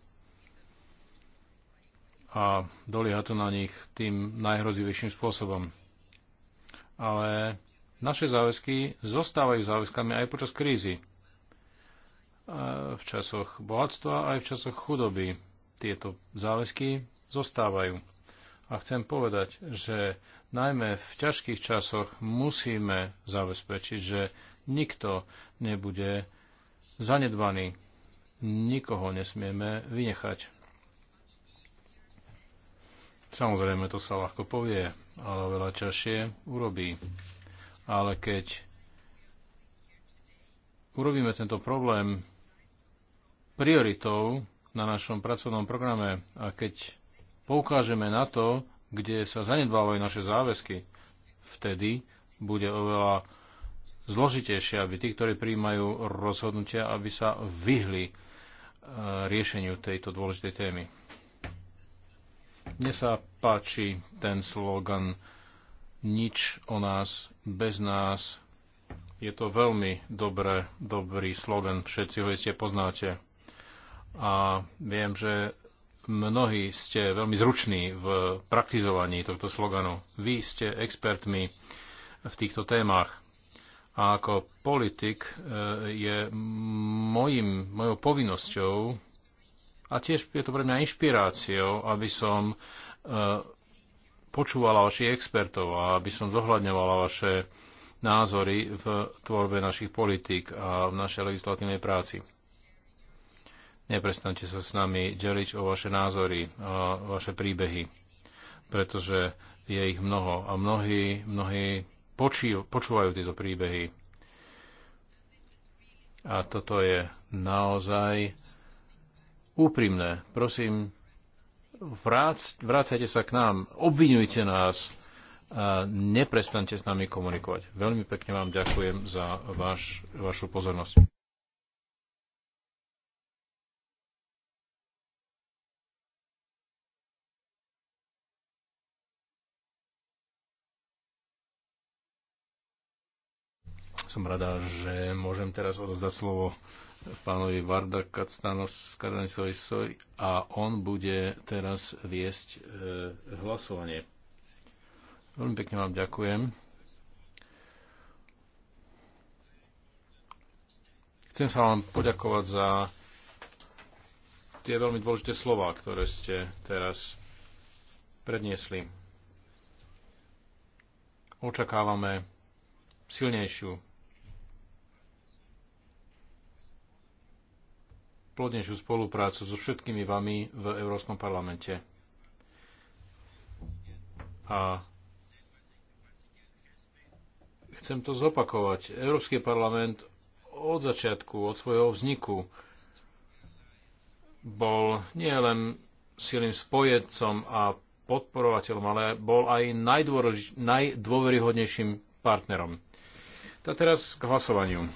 A dolieha to na nich tým najhrozivejším spôsobom. Ale naše záväzky zostávajú záväzkami aj počas krízy. A v časoch bohatstva aj v časoch chudoby tieto záväzky zostávajú. A chcem povedať, že najmä v ťažkých časoch musíme zabezpečiť, že nikto nebude zanedbaný. Nikoho nesmieme vynechať. Samozrejme, to sa ľahko povie, ale veľa ťažšie urobí. Ale keď urobíme tento problém prioritou na našom pracovnom programe a keď poukážeme na to, kde sa zanedbávajú naše záväzky, vtedy bude oveľa zložitejšie, aby tí, ktorí príjmajú rozhodnutia, aby sa vyhli e, riešeniu tejto dôležitej témy. Mne sa páči ten slogan Nič o nás, bez nás. Je to veľmi dobré, dobrý slogan, všetci ho iste poznáte. A viem, že mnohí ste veľmi zruční v praktizovaní tohto sloganu. Vy ste expertmi v týchto témach. A ako politik e, je mojim, mojou povinnosťou a tiež je to pre mňa inšpiráciou, aby som e, počúvala vašich expertov a aby som zohľadňovala vaše názory v tvorbe našich politik a v našej legislatívnej práci. Neprestante sa s nami deliť o vaše názory a vaše príbehy, pretože je ich mnoho a mnohí, mnohí počúvajú tieto príbehy. A toto je naozaj úprimné. Prosím, vrác, vrácajte sa k nám, obvinujte nás a neprestante s nami komunikovať. Veľmi pekne vám ďakujem za vaš, vašu pozornosť. Som rada, že môžem teraz odozdať slovo pánovi Varda Kactanovi Soj a on bude teraz viesť e, hlasovanie. Veľmi pekne vám ďakujem. Chcem sa vám poďakovať za tie veľmi dôležité slova, ktoré ste teraz predniesli. Očakávame silnejšiu plodnejšiu spoluprácu so všetkými vami v Európskom parlamente. A chcem to zopakovať. Európsky parlament od začiatku, od svojho vzniku bol nielen silným spojencom a podporovateľom, ale bol aj najdôveryhodnejším partnerom. Tak teraz k hlasovaniu.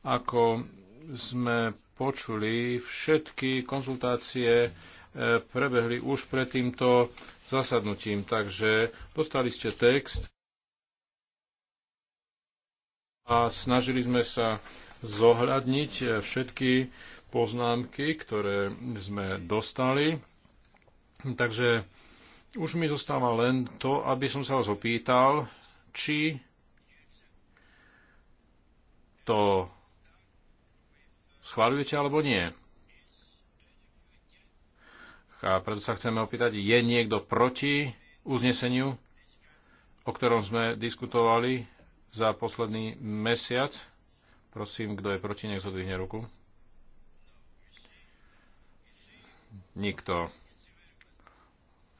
Ako sme počuli, všetky konzultácie e, prebehli už pred týmto zasadnutím, takže dostali ste text a snažili sme sa zohľadniť všetky poznámky, ktoré sme dostali. Takže už mi zostáva len to, aby som sa vás opýtal, či to Schváľujete alebo nie? A preto sa chceme opýtať, je niekto proti uzneseniu, o ktorom sme diskutovali za posledný mesiac? Prosím, kto je proti, nech zodvihne ruku. Nikto.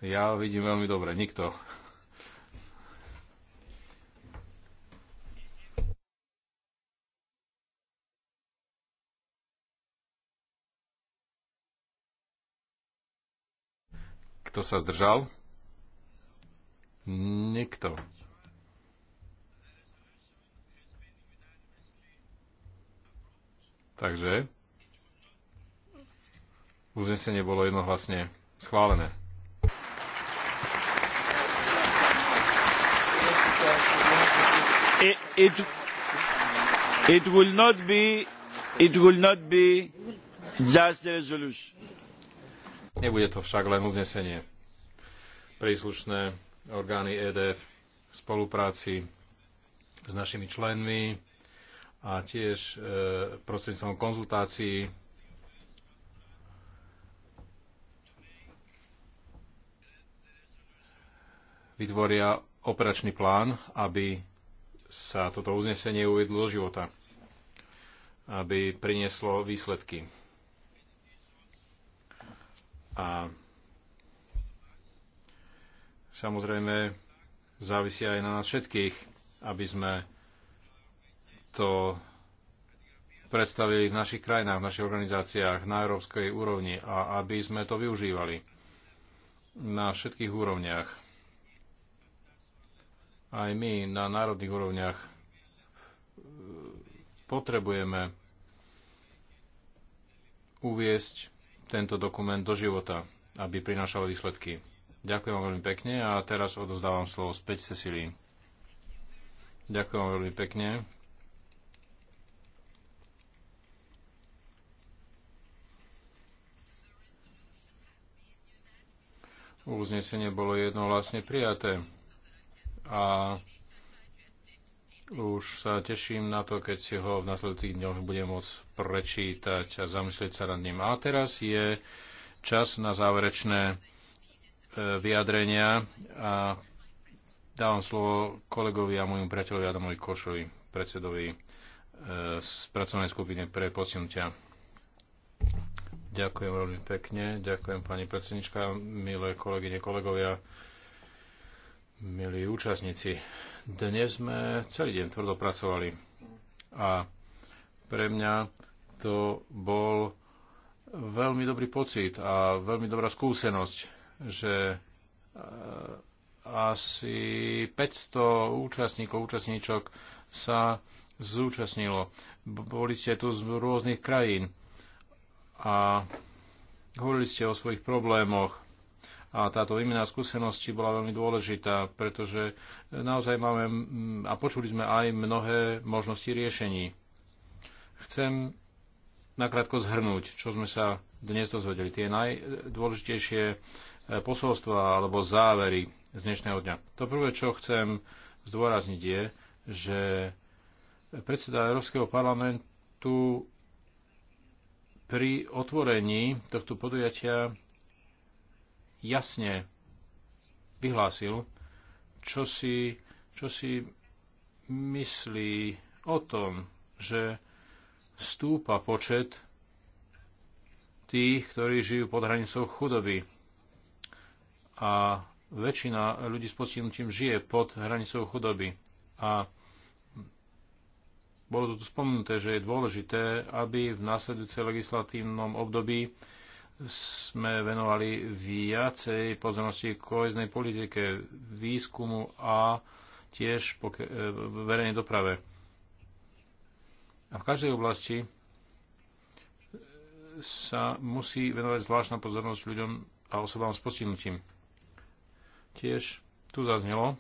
Ja vidím veľmi dobre, nikto. Kto sa zdržal? Nikto. Takže uznesenie bolo jednohlasne schválené. It, it, it will not be it will not be just a resolution. Nebude to však len uznesenie. Príslušné orgány EDF v spolupráci s našimi členmi a tiež e, prostredníctvom konzultácií vytvoria operačný plán, aby sa toto uznesenie uvedlo do života, aby prinieslo výsledky. A samozrejme závisí aj na nás všetkých, aby sme to predstavili v našich krajinách, v našich organizáciách na európskej úrovni a aby sme to využívali na všetkých úrovniach. Aj my na národných úrovniach e, potrebujeme uviesť tento dokument do života, aby prinášal výsledky. Ďakujem vám veľmi pekne a teraz odozdávam slovo späť Cecilii. Ďakujem vám veľmi pekne. Uznesenie bolo jednohlasne prijaté a už sa teším na to, keď si ho v nasledujúcich dňoch budem môcť prečítať a zamyslieť sa nad ním. A teraz je čas na záverečné e, vyjadrenia a dávam slovo kolegovi a môjmu priateľovi Adamovi Košovi, predsedovi e, z pracovnej skupiny pre posunutia. Ďakujem veľmi pekne, ďakujem pani predsednička, milé kolegyne, kolegovia, milí účastníci. Dnes sme celý deň tvrdo pracovali a pre mňa to bol veľmi dobrý pocit a veľmi dobrá skúsenosť, že eh, asi 500 účastníkov, účastníčok sa zúčastnilo. Boli ste tu z rôznych krajín a hovorili ste o svojich problémoch a táto výmena skúseností bola veľmi dôležitá, pretože naozaj máme a počuli sme aj mnohé možnosti riešení. Chcem nakrátko zhrnúť, čo sme sa dnes dozvedeli. Tie najdôležitejšie e, posolstva alebo závery z dnešného dňa. To prvé, čo chcem zdôrazniť je, že predseda Európskeho parlamentu pri otvorení tohto podujatia jasne vyhlásil, čo si, čo si myslí o tom, že stúpa počet tých, ktorí žijú pod hranicou chudoby. A väčšina ľudí s postihnutím žije pod hranicou chudoby. A bolo to tu spomenuté, že je dôležité, aby v následujúcej legislatívnom období sme venovali viacej pozornosti koheznej politike, výskumu a tiež e, verejnej doprave. A v každej oblasti sa musí venovať zvláštna pozornosť ľuďom a osobám s postihnutím. Tiež tu zaznelo,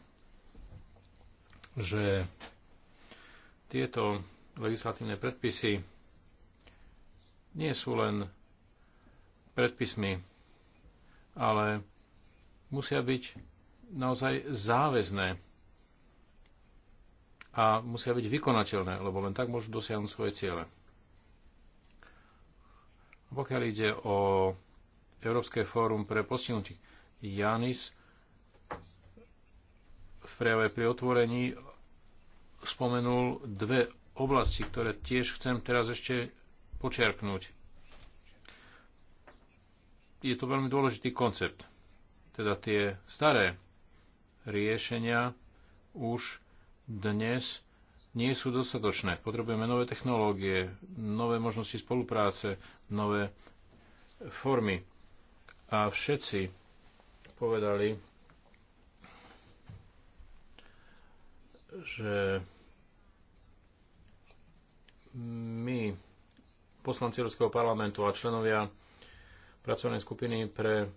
že tieto legislatívne predpisy nie sú len predpismi, ale musia byť naozaj záväzné a musia byť vykonateľné, lebo len tak môžu dosiahnuť svoje ciele. Pokiaľ ide o Európske fórum pre postihnutí, Janis v prejave pri otvorení spomenul dve oblasti, ktoré tiež chcem teraz ešte počerknúť je to veľmi dôležitý koncept. Teda tie staré riešenia už dnes nie sú dostatočné. Potrebujeme nové technológie, nové možnosti spolupráce, nové formy. A všetci povedali, že my, poslanci Európskeho parlamentu a členovia pracovnej skupiny pre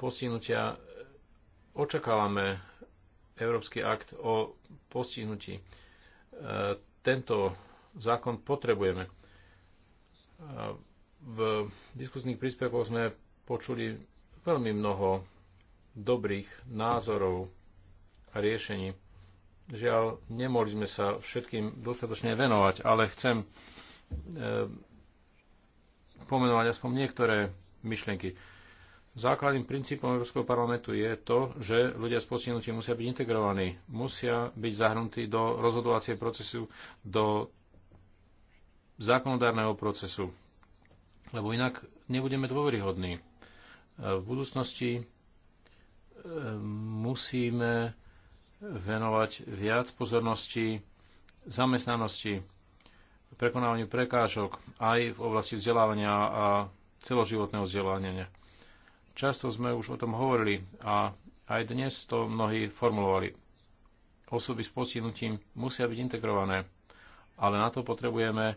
postihnutia očakávame Európsky akt o postihnutí. E, tento zákon potrebujeme. E, v diskusných príspevkoch sme počuli veľmi mnoho dobrých názorov a riešení. Žiaľ, nemohli sme sa všetkým dostatočne venovať, ale chcem e, pomenovať aspoň niektoré myšlienky. Základným princípom Európskeho parlamentu je to, že ľudia s postihnutím musia byť integrovaní, musia byť zahrnutí do rozhodovacieho procesu, do zákonodárneho procesu, lebo inak nebudeme dôveryhodní. E, v budúcnosti e, musíme venovať viac pozornosti zamestnanosti prekonávaniu prekážok aj v oblasti vzdelávania a celoživotného vzdelávania. Často sme už o tom hovorili a aj dnes to mnohí formulovali. Osoby s postihnutím musia byť integrované, ale na to potrebujeme e,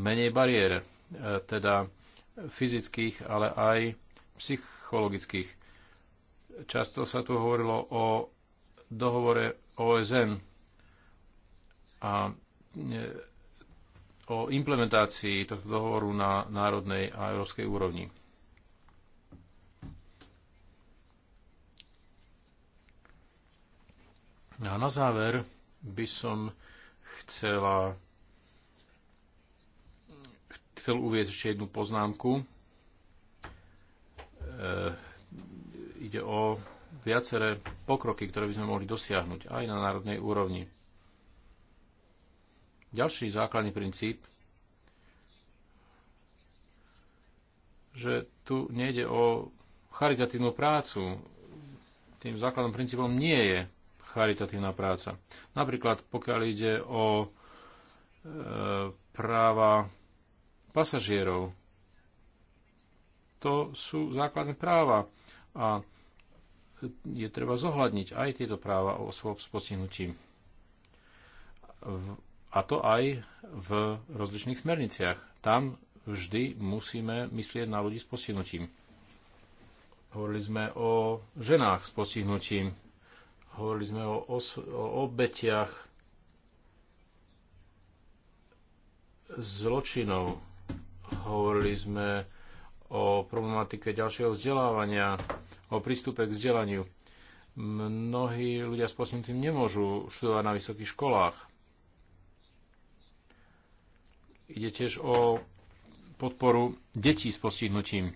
menej bariér, e, teda fyzických, ale aj psychologických. Často sa tu hovorilo o dohovore OSN a e, o implementácii tohto dohovoru na národnej a európskej úrovni. A na záver by som chcela chcel uviezť ešte jednu poznámku. E, ide o viaceré pokroky, ktoré by sme mohli dosiahnuť aj na národnej úrovni. Ďalší základný princíp, že tu nejde o charitatívnu prácu. Tým základným princípom nie je charitatívna práca. Napríklad pokiaľ ide o e, práva pasažierov, to sú základné práva a je treba zohľadniť aj tieto práva o s spostihnutí. A to aj v rozličných smerniciach. Tam vždy musíme myslieť na ľudí s postihnutím. Hovorili sme o ženách s postihnutím, hovorili sme o, os- o obetiach zločinov, hovorili sme o problematike ďalšieho vzdelávania, o prístupe k vzdelaniu. Mnohí ľudia s postihnutím nemôžu študovať na vysokých školách Ide tiež o podporu detí s postihnutím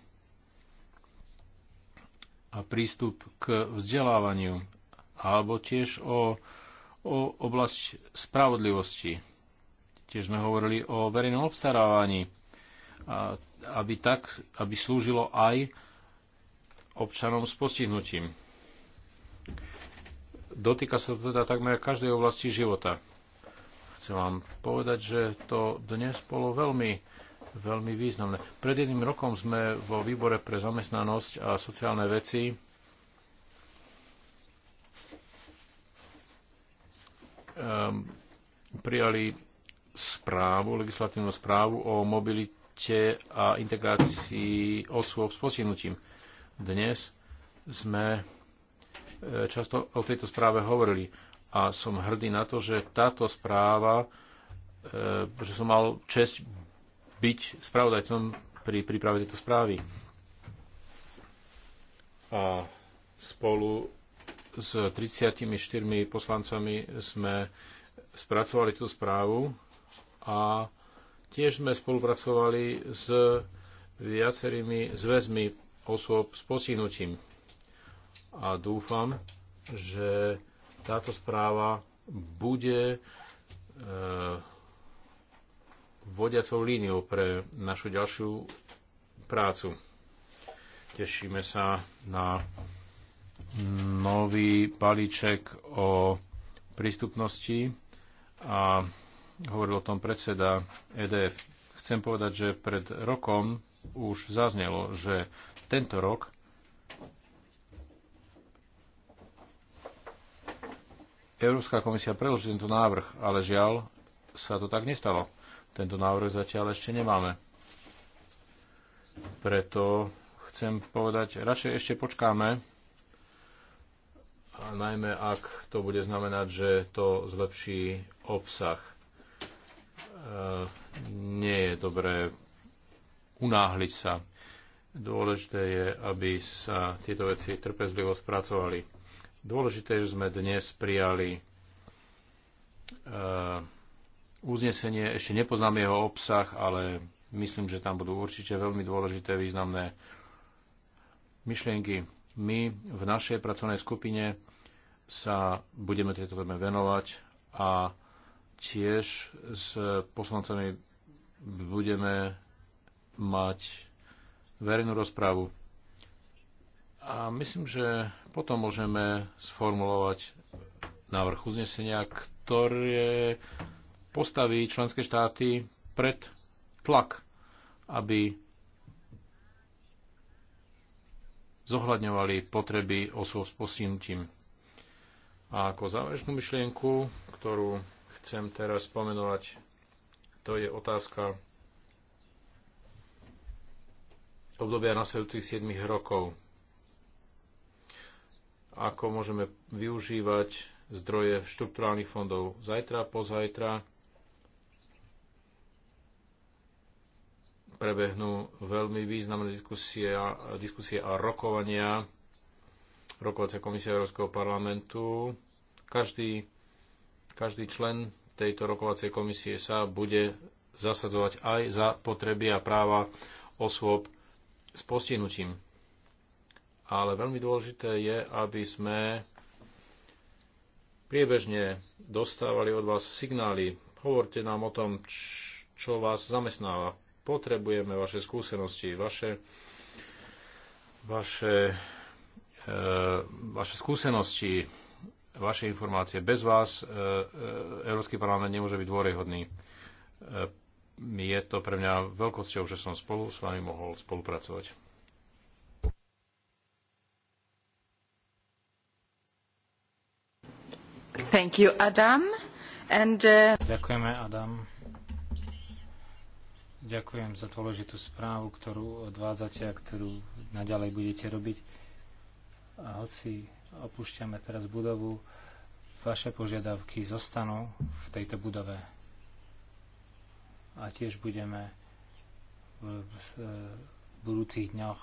a prístup k vzdelávaniu, alebo tiež o, o oblasť spravodlivosti. Tiež sme hovorili o verejnom obstarávaní, a, aby, tak, aby slúžilo aj občanom s postihnutím. Dotýka sa to teda takmer každej oblasti života. Chcem vám povedať, že to dnes bolo veľmi, veľmi významné. Pred jedným rokom sme vo výbore pre zamestnanosť a sociálne veci um, prijali správu, legislatívnu správu o mobilite a integrácii osôb s postihnutím. Dnes sme e, často o tejto správe hovorili a som hrdý na to, že táto správa, e, že som mal čest byť spravodajcom pri príprave tejto správy. A spolu s 34 poslancami sme spracovali tú správu a tiež sme spolupracovali s viacerými zväzmi osôb s postihnutím. A dúfam, že táto správa bude e, vodiacou líniou pre našu ďalšiu prácu. Tešíme sa na nový balíček o prístupnosti a hovoril o tom predseda EDF. Chcem povedať, že pred rokom už zaznelo, že tento rok Európska komisia predloží tento návrh, ale žiaľ sa to tak nestalo. Tento návrh zatiaľ ešte nemáme. Preto chcem povedať, radšej ešte počkáme, a najmä ak to bude znamenať, že to zlepší obsah. E, nie je dobré unáhliť sa. Dôležité je, aby sa tieto veci trpezlivo spracovali Dôležité, že sme dnes prijali e, uznesenie. Ešte nepoznám jeho obsah, ale myslím, že tam budú určite veľmi dôležité, významné myšlienky. My v našej pracovnej skupine sa budeme tieto téme venovať a tiež s poslancami budeme mať verejnú rozprávu. A myslím, že potom môžeme sformulovať návrh uznesenia, ktoré postaví členské štáty pred tlak, aby zohľadňovali potreby osôb s postihnutím. A ako záverečnú myšlienku, ktorú chcem teraz spomenovať, to je otázka obdobia nasledujúcich 7 rokov ako môžeme využívať zdroje štrukturálnych fondov zajtra, pozajtra. Prebehnú veľmi významné diskusie, diskusie a rokovania rokovacia komisia Európskeho parlamentu. Každý, každý člen tejto rokovacej komisie sa bude zasadzovať aj za potreby a práva osôb s postihnutím ale veľmi dôležité je, aby sme priebežne dostávali od vás signály. Hovorte nám o tom, čo vás zamestnáva. Potrebujeme vaše skúsenosti, vaše, vaše, e, vaše skúsenosti, vaše informácie. Bez vás e, e, Európsky parlament nemôže byť dôrejhodný. E, je to pre mňa veľkosťou, že som spolu s vami mohol spolupracovať. Uh, Ďakujeme, Adam. Ďakujem za dôležitú správu, ktorú odvádzate a ktorú naďalej budete robiť. A hoci opúšťame teraz budovu, vaše požiadavky zostanú v tejto budove. A tiež budeme v budúcich dňoch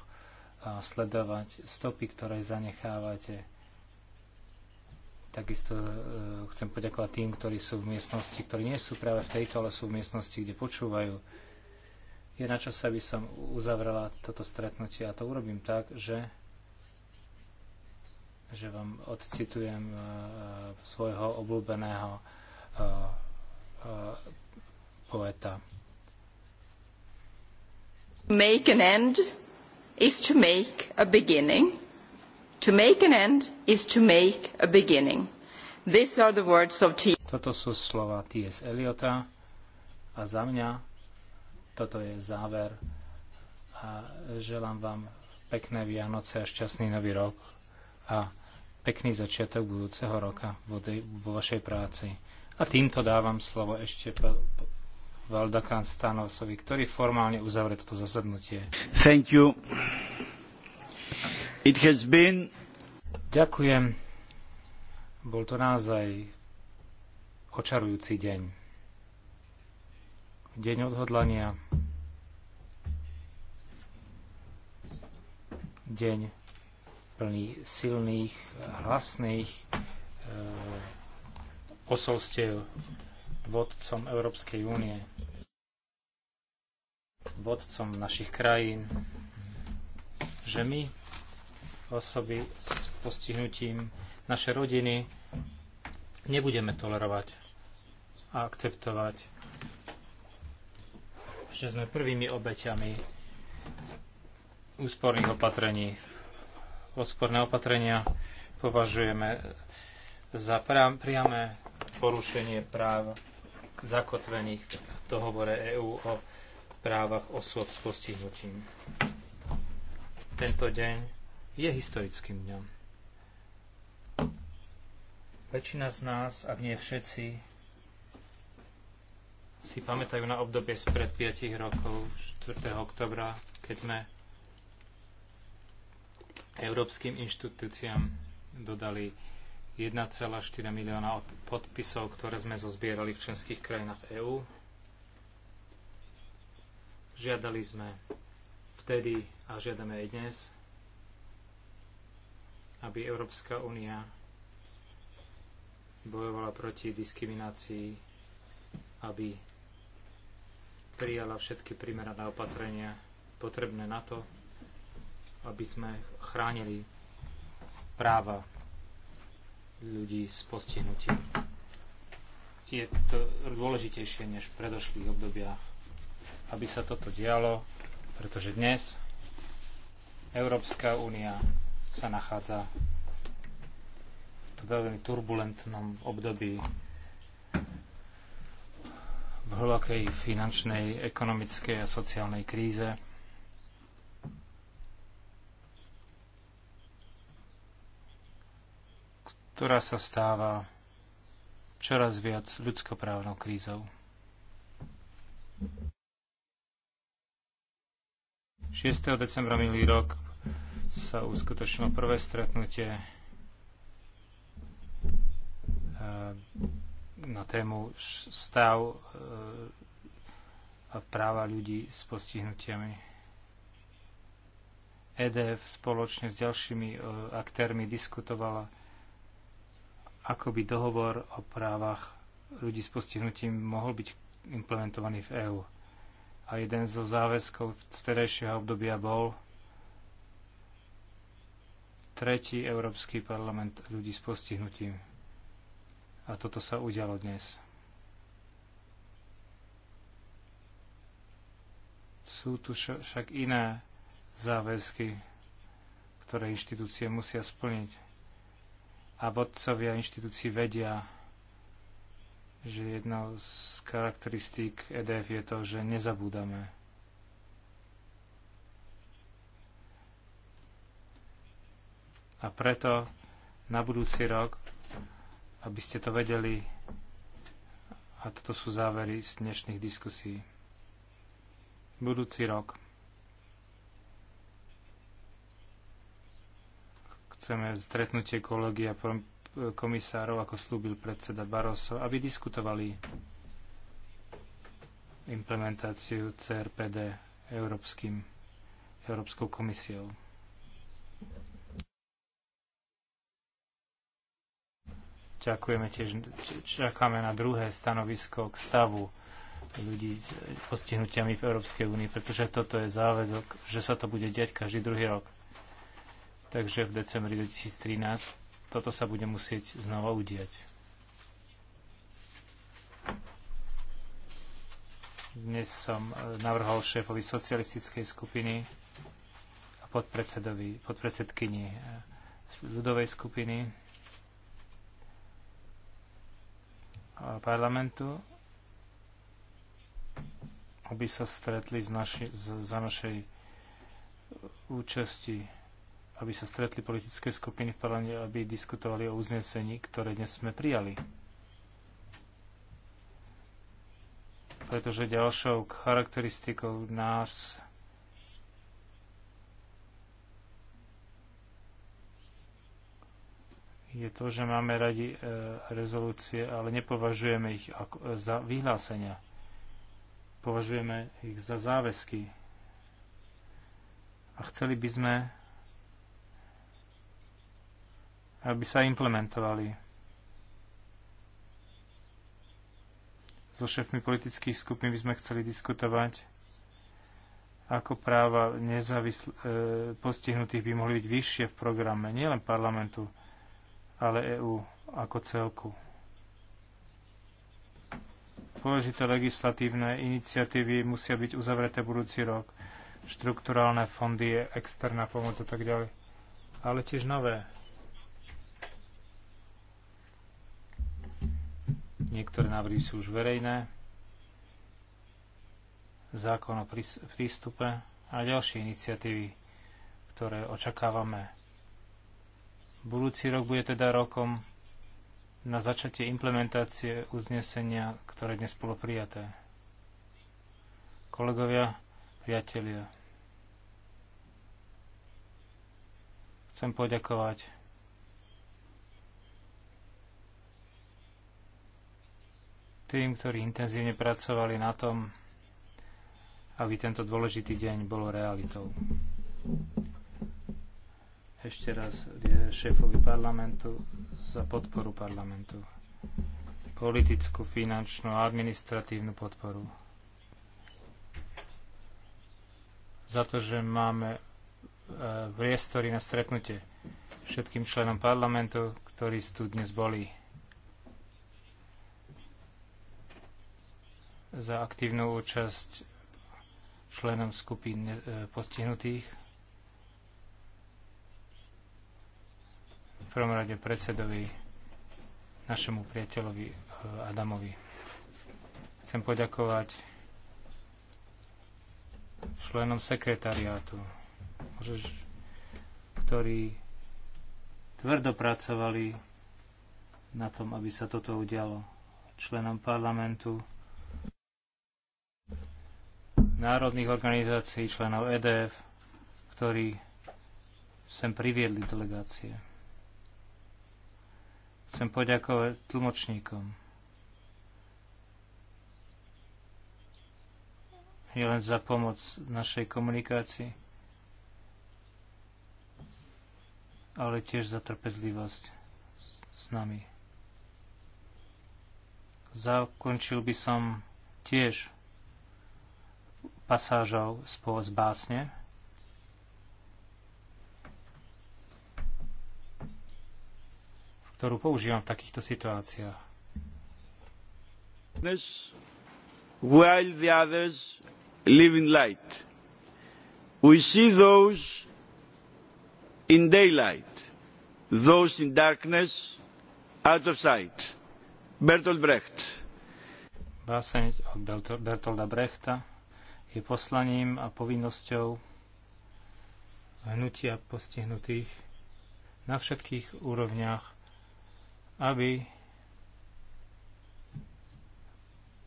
sledovať stopy, ktoré zanechávate Takisto e, chcem poďakovať tým, ktorí sú v miestnosti, ktorí nie sú práve v tejto, ale sú v miestnosti, kde počúvajú. Je na čas, aby som uzavrela toto stretnutie a to urobím tak, že, že vám odcitujem e, e, svojho obľúbeného poeta. Make an end is to make a beginning to make an end is to make a beginning. These are the words of T. Toto sú slova T.S. Eliota a za mňa toto je záver a želám vám pekné Vianoce a šťastný nový rok a pekný začiatok budúceho roka vo vašej práci. A týmto dávam slovo ešte Valdakán Stanovsovi, ktorý formálne uzavrie toto zasadnutie. Thank you. Been... Ďakujem. Bol to naozaj očarujúci deň. Deň odhodlania. Deň plný silných, hlasných e, posolstiev vodcom Európskej únie, vodcom našich krajín, že my osoby s postihnutím, naše rodiny. Nebudeme tolerovať a akceptovať, že sme prvými obeťami úsporných opatrení. Úsporné opatrenia považujeme za priame porušenie práv zakotvených v dohovore EÚ o právach osôb s postihnutím. Tento deň je historickým dňom. Väčšina z nás, ak nie všetci, si pamätajú na obdobie spred 5 rokov, 4. oktobra, keď sme európskym inštitúciám dodali 1,4 milióna podpisov, ktoré sme zozbierali v členských krajinách EÚ. Žiadali sme vtedy a žiadame aj dnes aby Európska únia bojovala proti diskriminácii, aby prijala všetky primerané opatrenia potrebné na to, aby sme chránili práva ľudí s postihnutím. Je to dôležitejšie než v predošlých obdobiach, aby sa toto dialo, pretože dnes Európska únia sa nachádza v veľmi turbulentnom období v hlbokej finančnej, ekonomickej a sociálnej kríze. ktorá sa stáva čoraz viac ľudskoprávnou krízou. 6. decembra minulý rok sa uskutočnilo prvé stretnutie eh, na tému stav eh, a práva ľudí s postihnutiami. EDF spoločne s ďalšími eh, aktérmi diskutovala, ako by dohovor o právach ľudí s postihnutím mohol byť implementovaný v EÚ. A jeden zo záväzkov z terejšieho obdobia bol, tretí Európsky parlament ľudí s postihnutím. A toto sa udialo dnes. Sú tu však iné záväzky, ktoré inštitúcie musia splniť. A vodcovia inštitúcií vedia, že jednou z charakteristík EDF je to, že nezabúdame A preto na budúci rok, aby ste to vedeli, a toto sú závery z dnešných diskusí, budúci rok chceme stretnutie kolegia komisárov, ako slúbil predseda Barroso, aby diskutovali implementáciu CRPD Európskym, Európskou komisiou. Ďakujeme tiež, čakáme na druhé stanovisko k stavu ľudí s postihnutiami v Európskej únii, pretože toto je záväzok, že sa to bude diať každý druhý rok. Takže v decembri 2013 toto sa bude musieť znova udiať. Dnes som e, navrhol šéfovi socialistickej skupiny a podpredsedovi, podpredsedkyni e, ľudovej skupiny parlamentu, aby sa stretli z naši, z, za našej účasti, aby sa stretli politické skupiny v parlamente, aby diskutovali o uznesení, ktoré dnes sme prijali. Pretože ďalšou charakteristikou nás je to, že máme radi e, rezolúcie, ale nepovažujeme ich e, za vyhlásenia. Považujeme ich za záväzky. A chceli by sme, aby sa implementovali. So šéfmi politických skupín by sme chceli diskutovať, ako práva nezávisl- e, postihnutých by mohli byť vyššie v programe, nielen parlamentu, ale EÚ ako celku. Dôležité legislatívne iniciatívy musia byť uzavreté budúci rok. Štrukturálne fondy, externá pomoc a tak ďalej. Ale tiež nové. Niektoré návrhy sú už verejné. Zákon o prístupe a ďalšie iniciatívy, ktoré očakávame Budúci rok bude teda rokom na začatie implementácie uznesenia, ktoré dnes bolo prijaté. Kolegovia, priatelia, chcem poďakovať tým, ktorí intenzívne pracovali na tom, aby tento dôležitý deň bol realitou ešte raz šéfovi parlamentu za podporu parlamentu. Politickú, finančnú a administratívnu podporu. Za to, že máme e, priestory na stretnutie všetkým členom parlamentu, ktorí tu dnes boli. Za aktívnu účasť členom skupín e, postihnutých prvom rade predsedovi, našemu priateľovi eh, Adamovi. Chcem poďakovať členom sekretariátu, ktorí tvrdo pracovali na tom, aby sa toto udialo. Členom parlamentu, národných organizácií, členov EDF, ktorí sem priviedli delegácie. Chcem poďakovať tlmočníkom. Je len za pomoc našej komunikácii, ale tiež za trpezlivosť s nami. Zakončil by som tiež pasážov z básne. ktorú používam v takýchto situáciách. While the others live in light. We see those in daylight, those in darkness, out of sight. Bertolt Brecht. Báseň od Bertolda Brechta je poslaním a povinnosťou hnutia postihnutých na všetkých úrovniach aby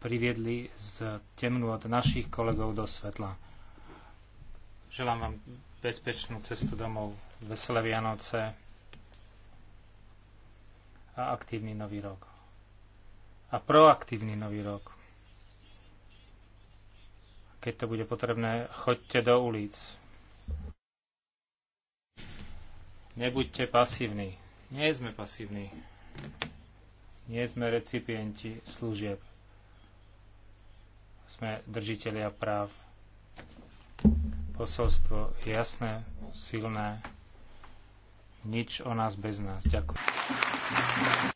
priviedli z temnú od našich kolegov do svetla. Želám vám bezpečnú cestu domov, veselé Vianoce a aktívny nový rok. A proaktívny nový rok. Keď to bude potrebné, choďte do ulic. Nebuďte pasívni. Nie sme pasívni. Nie sme recipienti služieb. Sme držiteľia práv. Posolstvo jasné, silné. Nič o nás bez nás. Ďakujem.